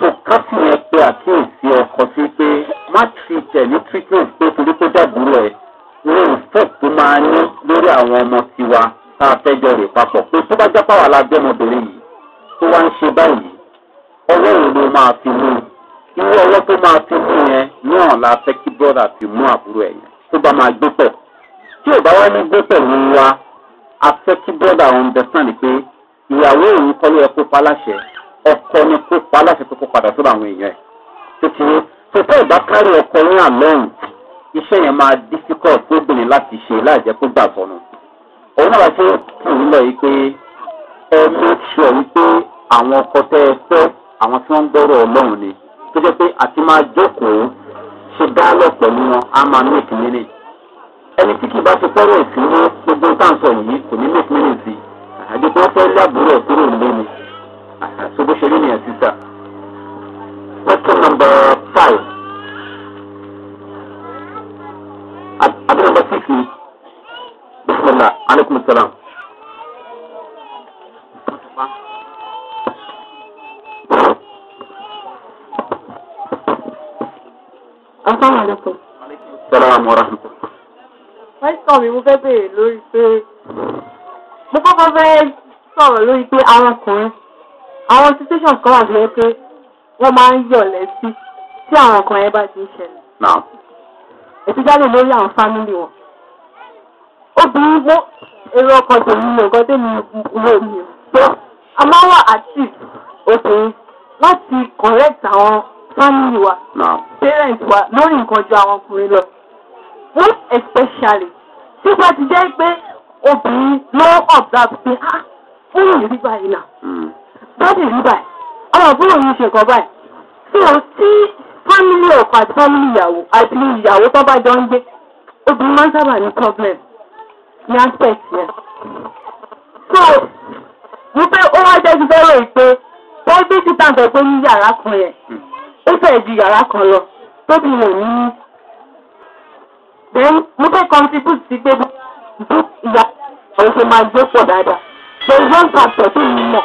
tó káfí yẹn pé àkíyèsí ọkọ sí pé má ti tẹ̀ treatment pé torí kó dàbúrò ẹ̀ ní ìfẹ́ tó máa ní lórí àwọn ọmọ tiwa tá a fẹ́ jọ rè papọ̀ pé tó bá jápá wà lábẹ́ ọmọbìnrin yìí tó wá ń ṣe báyìí ọwọ́ òun ló máa fi mú irú ọwọ́ tó máa fi mú yẹn náà la fẹ́ kí brọ́dà fi mú àbúrò ẹ̀ tó bá máa gbé pẹ̀ tí ò bá wá ní gbé pẹ̀lú wa afẹ́ kí brọ́dà understand pé ìyàwó òun kọ́ ló yẹ kó pa láṣẹ ọkọ ni kó pa láṣẹ tó kó padà sọ́dọ̀ àwọn èèyàn ẹ̀ tó ti rí tó fẹ́ ìbá kárí ọkọ ní àlọ́hùn iṣẹ́ yẹn máa difficult tó gbìnrin láti ṣe láìjẹ́ kó gbà sọnù òun náà ṣe kù ú lọ yìí pé ẹ make sure wípé àwọn ọkọ tẹ́ ẹ fẹ́ àwọn tí wọ́n gbọ́rọ̀ ọlọ́run ni tó jẹ́ pé àti máa jókòó ṣe dáálọ̀ pẹ̀lú wọn á máa make minute ẹni tí kì bá ti fẹ́rẹ̀ sí gbogbo táǹsọ̀ yìí kò ní lèpin ní sí àdé tó fẹ́ lábúrò ẹ̀ kúrò nílé ni àṣọ bó ṣe rí nìyẹn question number five àbí number six ni salaam. pẹ́sítọ̀ mi mo fẹ́ bèèrè lórí pé mo kọ́kọ́ fẹ́ sọ̀rọ̀ lórí pé àwọn ọkùnrin àwọn situation kan wà tó yẹ pé wọ́n máa ń yọ̀ lẹ́sí tí àwọn ọkàn yẹn bá ti ń ṣẹlẹ̀. ètò jáde lórí àwọn fámìlì wọn. obìnrin gbọ́ èrò ọkọ̀ tèmi ní nǹkan tèmi wo mi pé a máa wà active obìnrin láti correct àwọn fámìlì wa parents wa lórí nǹkan ju àwọn ọkùnrin lọ most especially tí wọ́n ti jẹ́ pé obìnrin ló observe pé ah fúnrò rí báyìí náà bọ́dì hmm. rí báyìí ọmọ fúnrò yìí ṣe nǹkan báyìí tí o tí family ọkọ àti family ìyàwó àti ìyàwó tó bá jọ ń gbé obìnrin máa ń sábà ní problem ní aspect yẹn so mo fẹ́ ó wá jẹ́ ti fẹ́ràn ìpè bọ́dì títà ń sọ pé ní yàrá kan yẹn ó fẹ́ ju yàrá kan lọ tóbi wò ní then mo fẹ́ contribute sí pé bí ìyá ọ̀rọ̀ ṣe máa gbé pọ̀ dáadáa there is one factor tí mọ̀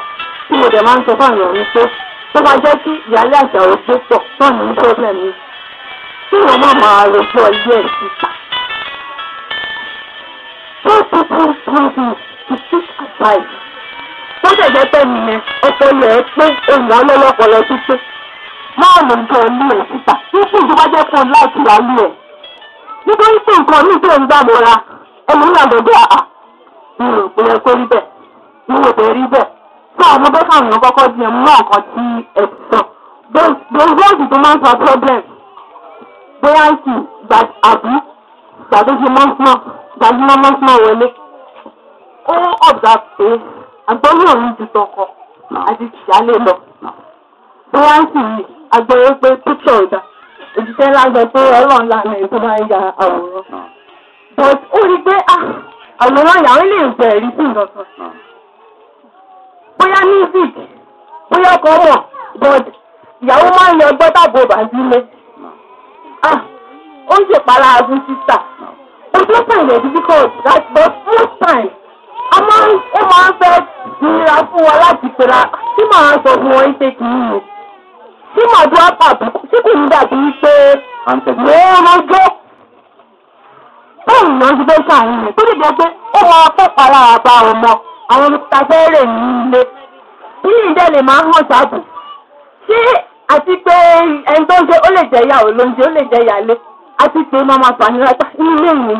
tí mo dẹ̀ máa ń sọ fún àwọn ọ̀rọ̀ pé tó bá jẹ́ kí ìyáálé àṣà ò gbé pọ̀ náà ní problem yìí kí wọ́n má máa rojọ́ ilé ẹ̀ síta. Tell people something to seek advice. Wọ́n ṣẹ̀ṣẹ̀ pẹ́ nìyẹn ọpọlọ ẹ pé èèyàn lọ́lọ́pọlọ títí. Máàmù nǹkan ní ẹ̀ síta. nígbà tí nǹkan mi tó ń dàmọ́ra ẹni ní àgbègbè àá mi ò pé ẹ pé rí bẹ́ẹ̀ mi ò pé rí bẹ́ẹ̀ tí àwọn ọmọdé káwọn èèyàn kọ́kọ́ di ẹ̀mú náà kan tí ẹ ti sọ. bẹ́ẹ̀ni tó máa ń sọ problem bóyá àbí gbàdéjì wọlé ó pé lọ bóyá pé òṣìṣẹ́ lágbẹ́ pé ọlọ́run lànà èyí tó ń ya àwòrán but ó rí pé àwòrán ìyàwó lè sí bóyá music but ìyàwó máa ń bàjílé ó ń sísà difficult but most times a máa ń ó máa ń fẹ́ nira fún wa sọ fún wọn ṣe kì tí bụ pàtó tí kò ní pé mò ń rojọ́ bẹ́ẹ̀ ni wọ́n ti tó pé ó máa fẹ́ para ọmọ àwọn tàbẹ́rẹ̀ ní ilé bí ìdẹ́ lè máa hàn jáde ṣé àti pé ẹni tó ń jẹ́ ó lè jẹ́ ìyá ó lè jẹ́ àti pé máa máa ilé ìwé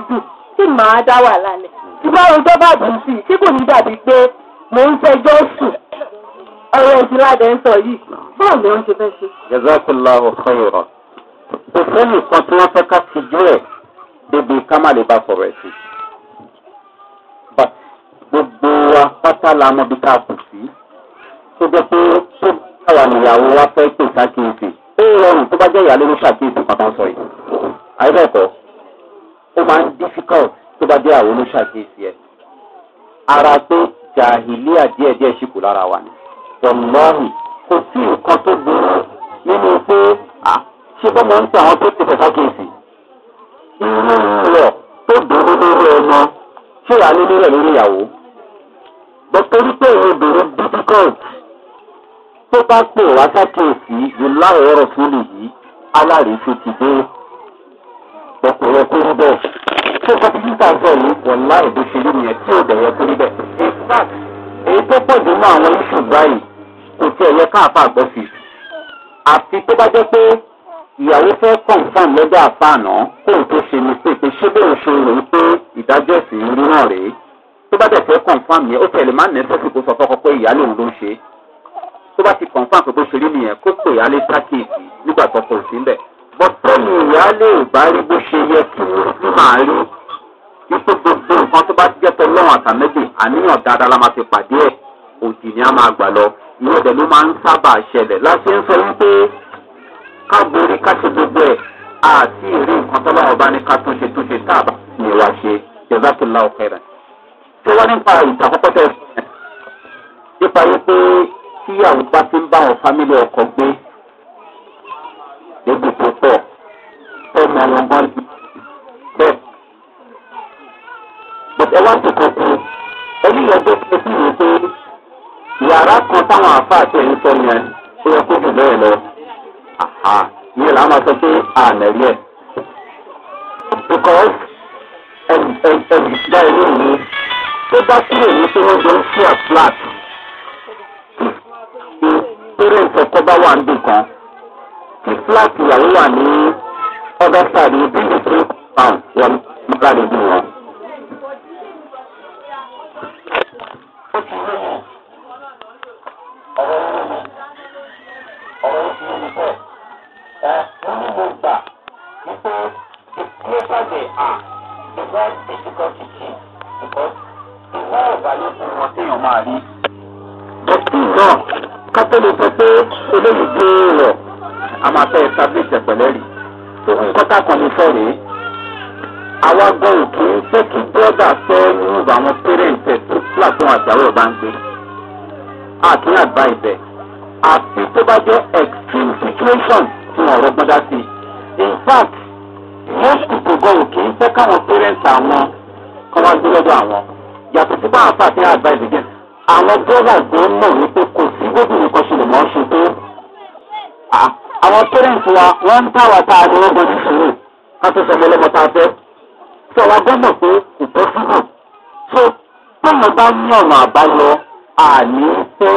tí màá dá wà lálẹ́ bàbá sí i tí kò ọ̀rọ̀ ìdíládẹ ń sọ yìí báwo ni wọ́n ṣe fẹ́ ṣe. jazakallahu khayran kò sẹ́ni kan tí wọ́n fẹ́ ká fi jó ẹ̀ débi ká má lè bá sọ̀rọ̀ ẹ̀ sí. gbogbo wa pátá la mọ bí ká kù sí tó jẹ́ pé tó báwa nìyàwó wa fẹ́ pè sákèéfì ó rọrùn tó bá jẹ́ ìyá lórí sàkèéfì kan sọ yìí. àìbẹ̀kọ́ ó máa ń difficult tó bá jẹ́ àwọn olóṣàkèéfì ẹ̀. ara pé jàhìlíà díẹ̀díẹ̀ ṣì lára wa ni wọ̀lọ́ọ̀rì kò sí nǹkan tó burú nínú pé ṣé bọ́mọ ń tẹ àwọn tó ti fẹ̀fà kéèsì irú rẹ̀ tó dúró lórí ọmọ ṣé wàá ní nílẹ̀ lórí ìyàwó bọ́tọ́rí pé ìwé obìnrin difficult tó bá pè wá sákèèsì ìláwọ̀ ọ̀rọ̀ tó lè yí alárèéfé ti dé ọkùnrin tó rí bẹ́ẹ̀ tó kọ́ títí tá a sọ yìí wọ̀n láì bó ṣe rí nìyẹn tí o dẹ̀ yẹ tó rí bẹ́ẹ̀ in fact èyí tó pọ̀ jù mọ́ àwọn iṣu báyìí kò tiẹ̀ yẹ káàfà gbọ́ sí i àfi tó bá jẹ́ pé ìyàwó fẹ́ kọ̀ǹfàm lọ́jọ́ àfààná kóun tó ṣe ni pé pé ṣé bóun ṣe rò ó pé ìdájọ́ ẹ̀sìn ìlú náà rèé tó bá dẹ̀ fẹ́ kọ̀ǹfàm yẹn ó tẹ̀lé má nẹ́sẹ̀sì kó sọ fọ́kọ pé ìyá lòun ló ń ṣe tó bá ti kọ̀ǹfàm pé bó ṣe rí nìyẹn kó pè á lé sákèèkì nígbà tó kò sí ńbẹ̀ bọ́tọ́ ni ìyá lè bá rí bó ṣe yẹ kí ló máa rí wípé gbogbo nǹkan tó bá jẹ́ tọ́lọ́run àtàmẹ́bì àníyàn dáadáa la máa fi pàdé ẹ̀ òdì ni a máa gbà lọ ìyẹn dẹ̀ ló máa ń sábà ṣẹlẹ̀ láti ń sọ wípé ká borí ká ṣe gbogbo ẹ̀ àti ìrí nǹkan tó láwọn bá ní ká túnṣe túnṣe tá a bá ní wá ṣe jẹ́sàkìlá ọ̀kẹ́rẹ́. tí wọ́n nípa ìtàkọ́kọ́ tẹ̀ nípa wípé tí àwùjọ ti ń bá àwọn fámílì ọkọ̀ gbé ebi tó pọ̀ ọmọ wọn gbọ́n ti bẹ́ẹ̀. bọ̀dẹ̀ wá ti kọ̀ọ̀kan ẹni yẹn gbé pé kí ni pé. yàrá kan táwọn àáfàá tẹ̀ ń sọ yẹn ó yẹ kó jù bẹ́ẹ̀ lọ yìí là á máa sọ pé ẹ̀ because ẹ̀dùnkúdá ilé ìlú tó bá kúrò ní pé wọ́n jọ ń flat bá wà níbì kan tí flat ìyàwó wà ní other side bí ìdílé pound pé the closer they are the more difficult it is because the more valuable wọn téèyàn máa rí. dọ̀tí náà kátólì sọ pé eléyìí gbé rọ̀ a máa fẹ́ establish ẹ̀pẹ̀lẹ́ rí tó nǹkan tá a ní sọ rèé àwa gbọ́ òkè pé kí bọ́dà fẹ́ mú àwọn parents ẹ̀ tó fúlàtún àtàwọn ọ̀bá ń gbé àti àgbá ibẹ̀ àti tó bá jẹ́ extreme situation fún ọ̀rọ̀ gbọ́dá sí in fact most people gbọ́dọ̀ kì í fẹ́ káwọn parents àwọn kọ́ wá gbé lọ́dọ̀ àwọn yàtọ̀ sí báwọn fà fi advice again àwọn brothers ló ń mọ̀ wípé kò sí gbogbo nǹkan ṣe lè mọ́ ṣe tó àwọn parents wa wọ́n ń táwa tá a lè rọ́gbọ́n ní sùúrù ká tó sọmọ ọlọ́mọ tá a fẹ́ sọ wa gbọ́dọ̀ pé ìtọ́ síbù so táwọn bá ní ọ̀nà àbáyọ àní fẹ́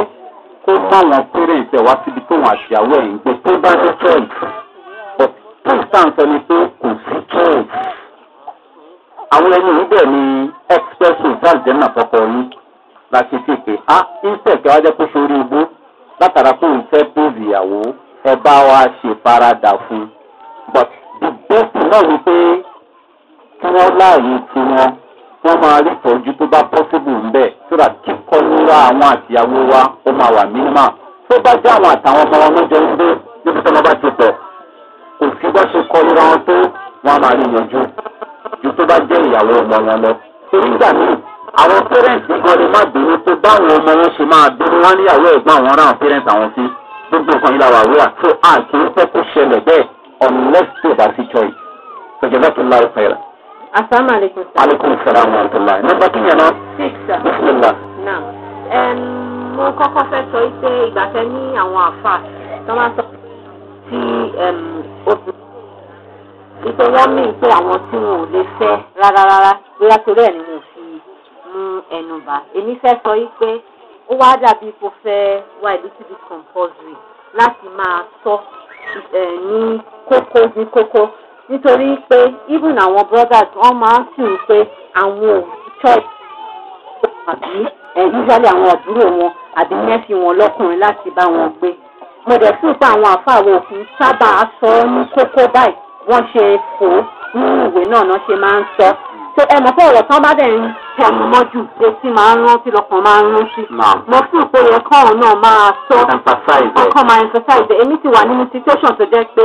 kó bá wọn parents ẹ̀ wá síbi tó wọn àṣìyàwó ẹ̀ ń gbé tó bá ní choice. sáǹsọ ni pé kò sí kéèsì àwọn ẹni níbẹ̀ ni express result jẹ́ nàfọ̀kọ ní láti fèkè a instec wájú kó sórí igbó látara kó ìfẹ́ pèsè ìyàwó ẹ bá wa farada fún but the best náà ni pé kí wọ́n láàyè tiwọn wọ́n máa rí ìtọ́jú tó bá possible kíkọ́ àwọn àtìyàwó wa ó máa wà tó kò sí bá ṣe kọ lóra wọn tó wọn máa rí yanjú ju tó bá jẹ́ ìyàwó ọmọ wọn lọ. torí ìgbà míì àwọn pẹ́rẹ́ǹtì gan lè má bínú tó báwọn ọmọ wọn ṣe máa bínú wọn níyàwó ẹ̀gbọ́n àwọn ráhùn pẹ́rẹ́ǹtì àwọn sí gbogbo nǹkan ìlà wàhálà tó à kì í fẹ́ kó ṣẹlẹ̀ bẹ́ẹ̀ unless tí o bá sí choice. sọjọ́ bá tún láì pẹ́rẹ́. asalaamualeykum. aleykum salaam wa rahmatulah. nọmba kí yẹn náà. six sir. bisimilah. naam mo kọ́kọ́ fẹ́ tí obìnrin wípé wọ́n mí pé àwọn tí wọn ò lè fẹ́ rárá rárá bóyá torí ẹ̀ ni mo fi mú ẹnu bá èmi fẹ́ sọ wípé ó wá dàbí kó fẹ́ wá ìlú tí bí compulsory láti máa sọ ní kókó ní kókó nítorí pé even àwọn brothers wọ́n máa ń sùn pé àwọn ò choice àbí eh, usually àwọn àbúrò wọn àbí nephew wọn lọ́kùnrin láti bá wọn gbé mo dẹ̀ tún pa àwọn àfa àwọn òkun sábà sọ ọ́ ní kókó báyìí wọ́n ṣe fò ó nínú ìwé náà náà ṣe máa ń sọ. ṣé ẹ mọ̀ pé ọ̀rọ̀ tán bá dẹ̀ ń tẹnu mọ́jú etí máa ń rántí lọ́kàn máa ń rántí. mo fún ìpè yẹn káwọn náà máa sọ ọkàn máa emphasize èmi ti wà nínú situation tó jẹ́ pé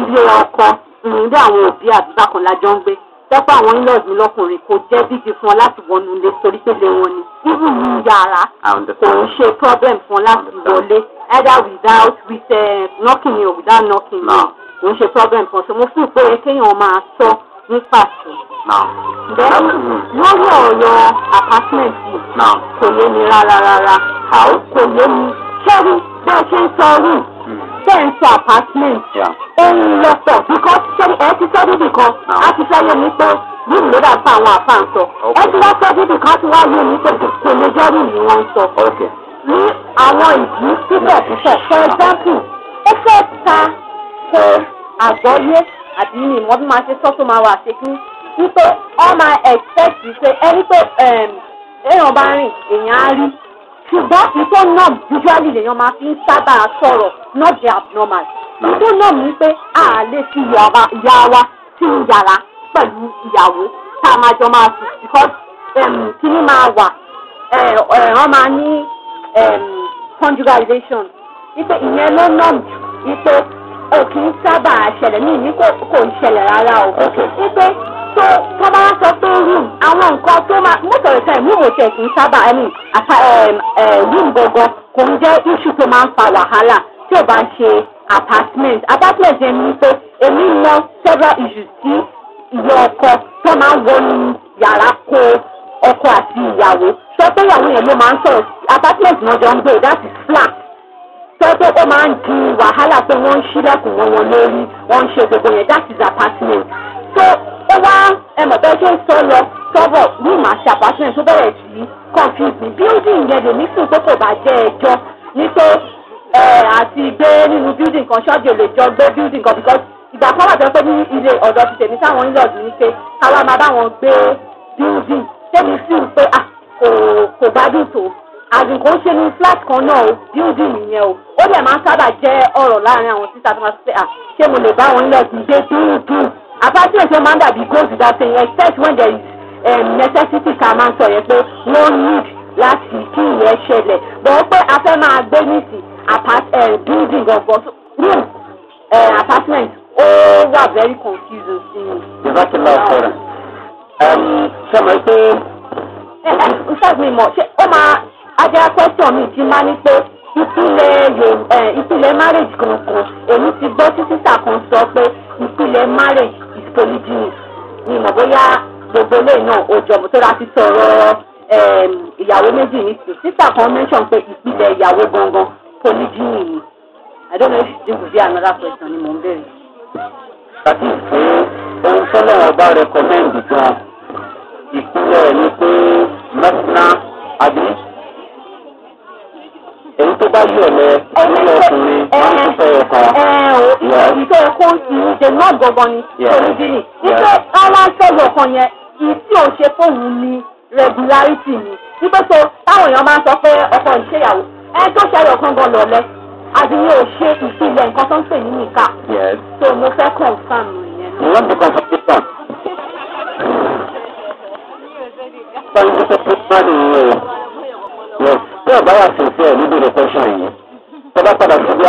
ilé ọkọ ìrìndé àwọn òbí àbí bákan lájọ ń gbé tọ́pọ̀ àwọn in-laws mi lọ́kùnrin kò jẹ́ bíbí fún ọ láti wọnú ilé torí pé lè wọn ni bíbù ní yàrá kò ń ṣe problem fún ọ láti wọlé either without with uh, knocking or without knocking no. kò ń ṣe problem fún ọ so mo fún pé kéèyàn máa sọ ní pàtó. then lórí ọ̀rọ̀ apartment yìí kò lé mi rárá rárá kò lé mi ṣé bẹ́ẹ̀ ṣe ń sọ rúùn fẹ́ǹsì apartment ó ń because ẹ ti sọ́dún nìkan á ti sẹ́yìn mi pé yìí ló dà fún àwọn àfáà ń sọ ẹ ti wá sọ́dún nìkan ti wá yìí ní pé kò lè jẹ́ yìí ni wọ́n ń sọ ní àwọn ìdí síbẹ̀ síbẹ̀ for example ó fẹ́ ta ko àgbọ́yé àbí ní ìmọ̀ bí máa ṣe sọ́ tó máa wà ṣékú wípé ọ máa expect ṣe ẹni pé èèyàn bá rìn èèyàn á rí ṣùgbọ́n kì í tó norm usually lèèyàn máa fi ń sábà sọ̀rọ̀ not the abnormal kì í tó norm ni pé a lè fi ìyá wa sí yàrá pẹ̀lú ìyàwó tá a máa jọ máa sùn because um, kíní máa wà eh, eh, wọ́n máa ní um, conjugal relation wípé ìyẹn ló norm jù wípé o kì í sábà ṣẹlẹ̀ ní ìní kò ń ṣẹlẹ̀ rárá o wípé tó tọ́ba wá sọ pé hmm, àwọn nǹkan tó máa mú sọ̀rọ̀ sẹ́yìn mú mò ṣe kì í sábà ẹni àta rúùm gangan kò ń jẹ́ iṣu tó máa ń fa wàhálà tí ò bá ń ṣe apartment apartment yẹn ni pé èmi mọ several issues tí ìwé ọkọ tó máa ń wọnú yàrá kó ọkọ àti ìyàwó sọ pé ìyàwó yẹn ló máa ń sọ̀rọ̀ apartment náà jọ ń gbé that is flat sọ pé ó máa ń di wàhálà pé wọ́n ń ṣílẹ̀kùn wọn wọn lórí wọ́n ń ṣe gbogbo yẹn that is apartment so ẹ wá ẹ mọ̀ bẹ́ẹ̀ ṣe ń sọ lọ sọ́bọ̀ ní ìmàṣẹ apartment tó bẹ̀rẹ̀ sí confuse building yẹn lèmi sùn pé kò bá jẹ́ ẹjọ́ ní pé ẹ àti gbé nínú building kan ṣọ́ọ̀jì lè jọ gbé building kan because ìgbà kan wà tó pé ní ilé ọ̀dọ̀ ti tèmi táwọn ilé ọ̀dùn ní pé káwá máa bá wọn gbé building tèmi sùn pé à kò kò gbádùn tó àdùnkò ń ṣe ní flat kan náà o building yẹn o ó dẹ̀ máa ń sábà jẹ́ ọ̀rọ̀ láàrin àwọn títà tó máa ń ṣé mo lè bá wọn ilé ọ̀dùn gbé àpáṣẹ ìṣe máa ń dàbí gold dàtẹ yẹn except when there is um, necessity ká máa ń sọ yẹn pé wọ́n need láti kí ìyẹn ṣẹlẹ̀ bọ̀ pé a fẹ́ máa gbé nìsí eh, building ọ̀gbọ́n room eh, apartment ó wà very confusing sí mi. ìbátan náà sọ̀rọ̀ ṣé mo pé. ẹ ẹ n ṣàgbé mọ̀ ṣé ó máa ajá pẹ́sọ̀ mi ti máa ní pé ìpìlẹ̀ ìpìlẹ̀ marriage kankan èmi ti gbọ́ sí sísà kan sọ pé ìpìlẹ̀ marriage torí di ni mo bóyá gbogbo eléyìí náà ó mo tó láti sọ̀rọ̀ ìyàwó méjì ní sùn sísà kan mention pé ìpìlẹ̀ ìyàwó gangan polygyny ni i don't know if you will be another question ni mo ń bèrè. àti pé ohun tó lọ́wọ́ bá recommend gan ìpínlẹ̀ ni pé mẹ́tìnà àbí èyí tó bá yọ̀ lẹ ní ọkùnrin máa ń fẹ́ ọkà. ìṣe ẹ̀kọ́ ti ṣe náà gbọ̀ngàn ni olùdíni wípé àwọn aṣọ́gbọ̀n yẹn ìtí ò fóònù ni regularity ni wípé so táwọn èèyàn máa ń sọ pé ọkọ ìṣèyàwó ẹ tó ṣe ayọ̀ kan gan lọ̀lẹ àti mi ò ìpìlẹ̀ nǹkan tó ń pè ní nìka so mo fẹ́ confam yẹn. mo yes ọba wà sí sí ẹ níbi ìrẹsẹsàn yìí tọba padà síbi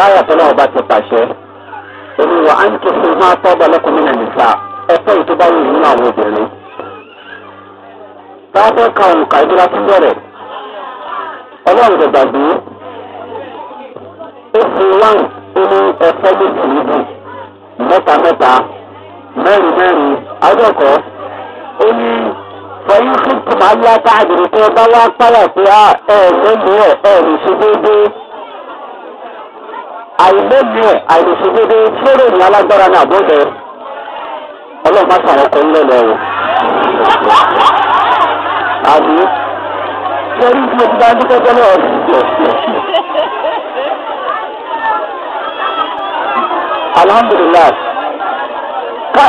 ọba ti pàṣẹ olùwà á ń tó fún máa tọ́ ọba lọ́kùnrin náà nìta ẹ̀fọ́ yìí tó bá wù nínú àwọn obìnrin. táwọn ka òǹkà ibi láti bẹ̀rẹ̀ ọlọ́run ó fi wáǹ ẹ̀fọ́ méjì mẹ́ta mẹ́ta mẹ́rin mẹ́rin ó ní. pẹ̀lú fífún aláta àgbèrè tí wọ́n bá wá pààyà pé a ẹ̀ lónìí ẹ̀ ẹ̀ lè ṣe déédéé. àìlónìí ẹ̀ àìlèṣe déédéé tí ó ròyìn alágbára náà bóde ọlọ́run má sàwọn ọkọ̀ ńlẹ̀ lọ́wọ́. àbí sẹ́rí tí mo ti bá dúpẹ́ tẹ́lẹ̀ ọ̀sìn alhamdulilayi ká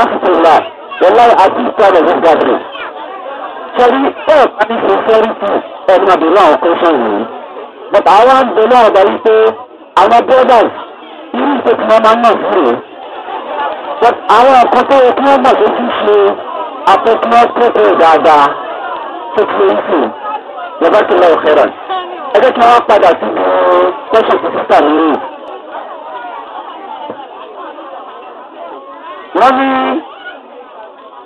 asùnfẹ́ láì wọláyé àti ìpàdé gbàgbé sẹ́rí ẹ̀ pàdé ṣe sẹ́rí tù ẹni àbí láwọn kọ́sán yìí but àwọn àgbẹ̀ náà gbà yí pé àwọn brothers irú ìpè tí wọ́n máa ń mọ̀ sí rè but àwọn ọ̀kan tó yẹ kí wọ́n mọ̀ tó ti ṣe àtẹ̀kùnmọ́ pépè dáadáa tó ti lè ṣe yọ̀bá tó lọ òkèrè ẹ jẹ́ kí wọ́n padà sí kọ́sán tó sísà lórí. wọ́n ní.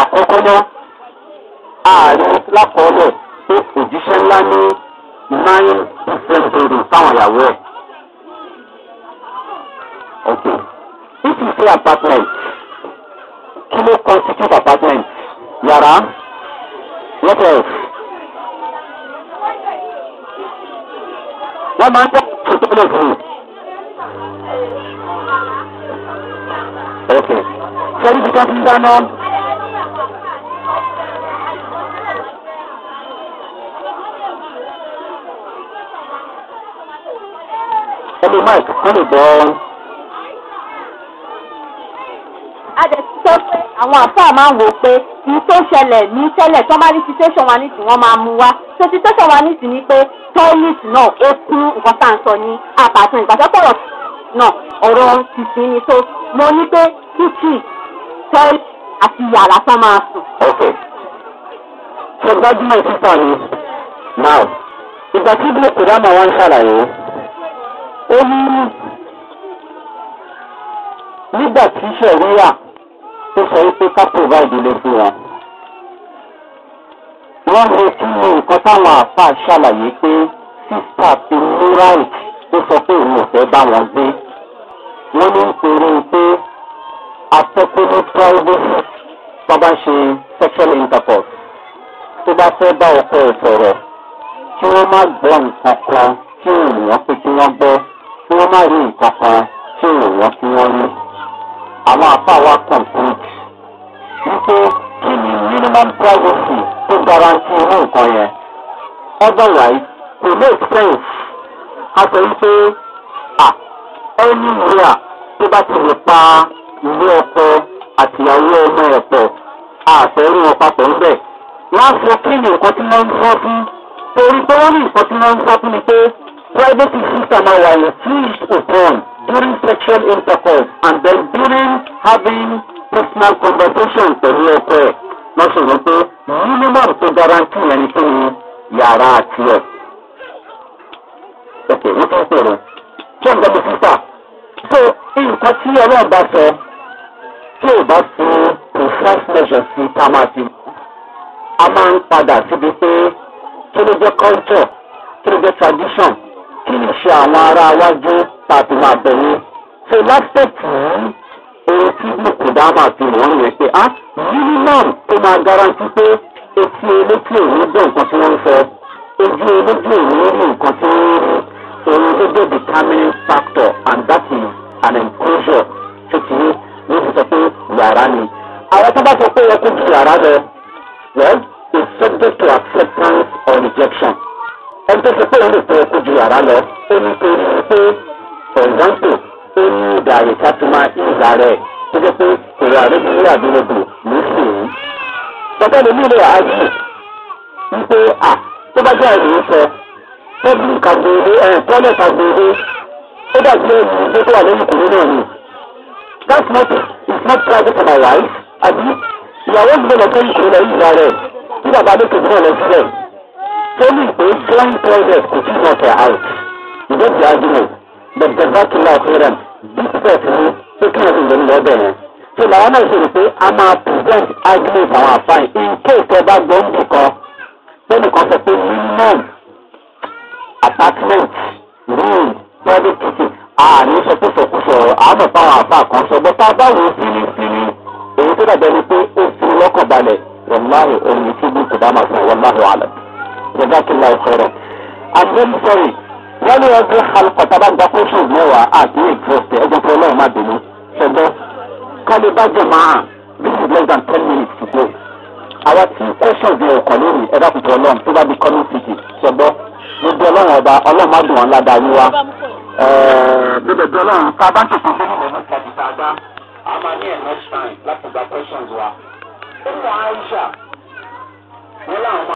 àkọ́kọ́ náà ààrẹ lákọọ́lẹ̀ pé òjíṣẹ́ ńlá ní nine different buildings fáwọn ìyàwó ẹ̀. okay if you say apartment kí ló constitute apartment yàrá what else. wọ́n máa ń tẹ́ ìtọ́lẹ̀ fún mi. okay. sẹ́yìn ti ká dáná. Hello, Mike. A dẹ̀ ti sọ pé àwọn àfáà máa ń wò pé kìí tó ṣẹlẹ̀ ní tẹ́lẹ̀ tó bá ní situation wa nísìn wọ́n máa mú wa. So situation wa ni pé toilet náà ó kún nǹkan tá à ń sọ ní àpàtàn ìgbàsọ́pọ̀rọ̀ náà ọ̀rọ̀ ni tó mo ní pé kíkì toilet àti yàrá tán máa sùn. Ok. Ṣé gbájúmọ̀ ìfúnpá ni? Now, ìgbà tí Bílẹ̀ wá ń ó ní nígbà tí sẹ̀ríyà tó sọ wípé ká provide ilé fún wọn wọ́n retí nǹkan táwọn àáfàá ṣàlàyé pé sísà ti ní ráìtì tó sọ pé òun ò fẹ́ bá wọn gbé wọ́n ní nítorí pé afẹ́fẹ́ ní privacy tó bá ṣe sexual intercourse tó bá fẹ́ bá ọkọ ẹ̀ sọ̀rọ̀ kí wọ́n má gbọ́ nǹkan kan kí ènìyàn pé kí wọ́n gbọ́ wọ́n má rí nǹkan kan tí èèyàn tí wọ́n rí. àwọn àpá wa complete wípé kí ni minimum privacy tó guarantee irú nǹkan yẹn. otherwise it makes sense. a sọ wípé à ẹni ìrìà tó bá ti lè pa ilé ọkọ àtìyàwó ọmọ ẹ̀ pọ̀ àfẹ́rí wọn papọ̀ ń bẹ̀. wọ́n á sọ kí ni nǹkan tí wọ́n ń sọ fún torí pé wọ́n ní nǹkan tí wọ́n ń sọ fún ni pé privacy system our refused upon during sexual intercourse and then during having personal conversation to ọkọ ẹ̀ wọ́n ṣe wọ́n pé minimum tó guarantee yẹn ni kí ni yàrá àti ẹ̀. ok wọ́n fẹ́ sọ̀rọ̀ kí ọ̀gá mi sísà so nǹkan tí ọlọ́run bá sọ tí ò bá fi precise measures sí ká máa fi a máa ń padà síbi pé kí ló jẹ́ culture kí ló jẹ́ tradition kí n ṣe àwọn ará wájú tàbí máa bẹ̀rẹ̀ ṣe lápẹ̀tì ohun tí mùkúdá ah, máa fi wọ́n rẹ̀ pé á yìí náà tó máa garanti pé etí elétí òní gbọ́ nǹkan tí wọ́n ń sọ ojú elétí òní ní nǹkan tí wọ́n ń rí ohun tó jẹ́ determining factor and that is an enclosure tó ti ní ní ti sọ pé yàrá ni àwọn tó bá sọ pé ẹ kó ju yàrá lọ well it's subject to acceptance or rejection ẹni tó ṣe pé òun lè fẹ́ kó ju yàrá lọ ó ní pé ní pé for example ó ní ìdàrí ká tó máa ń ìgbà rẹ̀ tó jẹ́ pé èrò àrẹ́bíyẹ́ àdúrógbò ló sì ń. bàbá mi nílò àjù ń pé à tó bá jẹ́ àìlè sọ tẹ́bùlù kàgbére ẹ̀ tọ́lẹ̀ kàgbére ó dàbí ẹ̀yìn tó tó wà lẹ́yìn kúrò náà ni. that's not it's not private for my wife àbí ìyàwó gbọ́dọ̀ tó ń ṣe lẹ́yìn ìgbà rẹ̀ tí bàbá adé kò gbọ́dọ̀ lọ sílẹ̀. telling a flying project to see what they're out. You get the argument. But the back in our parent, this person, So say, present argument for our fine in case they are going to call. Then the concept is minimum apartment, room, private kitchen. Ah, ní sọ pé sọkúsọ àmọ̀ fáwọn àfa kan sọ bọ́ tá a bá wò ó fínnífínní èyí tó dàbẹ̀ ni pé jẹ́dákìlá ọ̀rọ̀. i'm very sorry wọ́n ní ọdún alùpàá tá a bá gba questions mẹ́wàá àti interest ẹ̀jẹ̀ tó ọlọ́run má bínú ṣẹgbẹ́ kọ́lé bá jẹ̀ máa this is less than ten minutes to go. àwa tí questions yẹn kọ̀ lónìí ẹ̀dá tuntun ọlọ́run tó bá di coming city ṣẹgbẹ́ gbogbo ọlọ́run ọba ọlọ́run má dùn wọn ládàá yín wá. gbogbo eh, ẹ̀dọ́ ọlọ́run tá bá tètè dé nílẹ̀ ní ìtàgé tá a dá a máa ní ẹ̀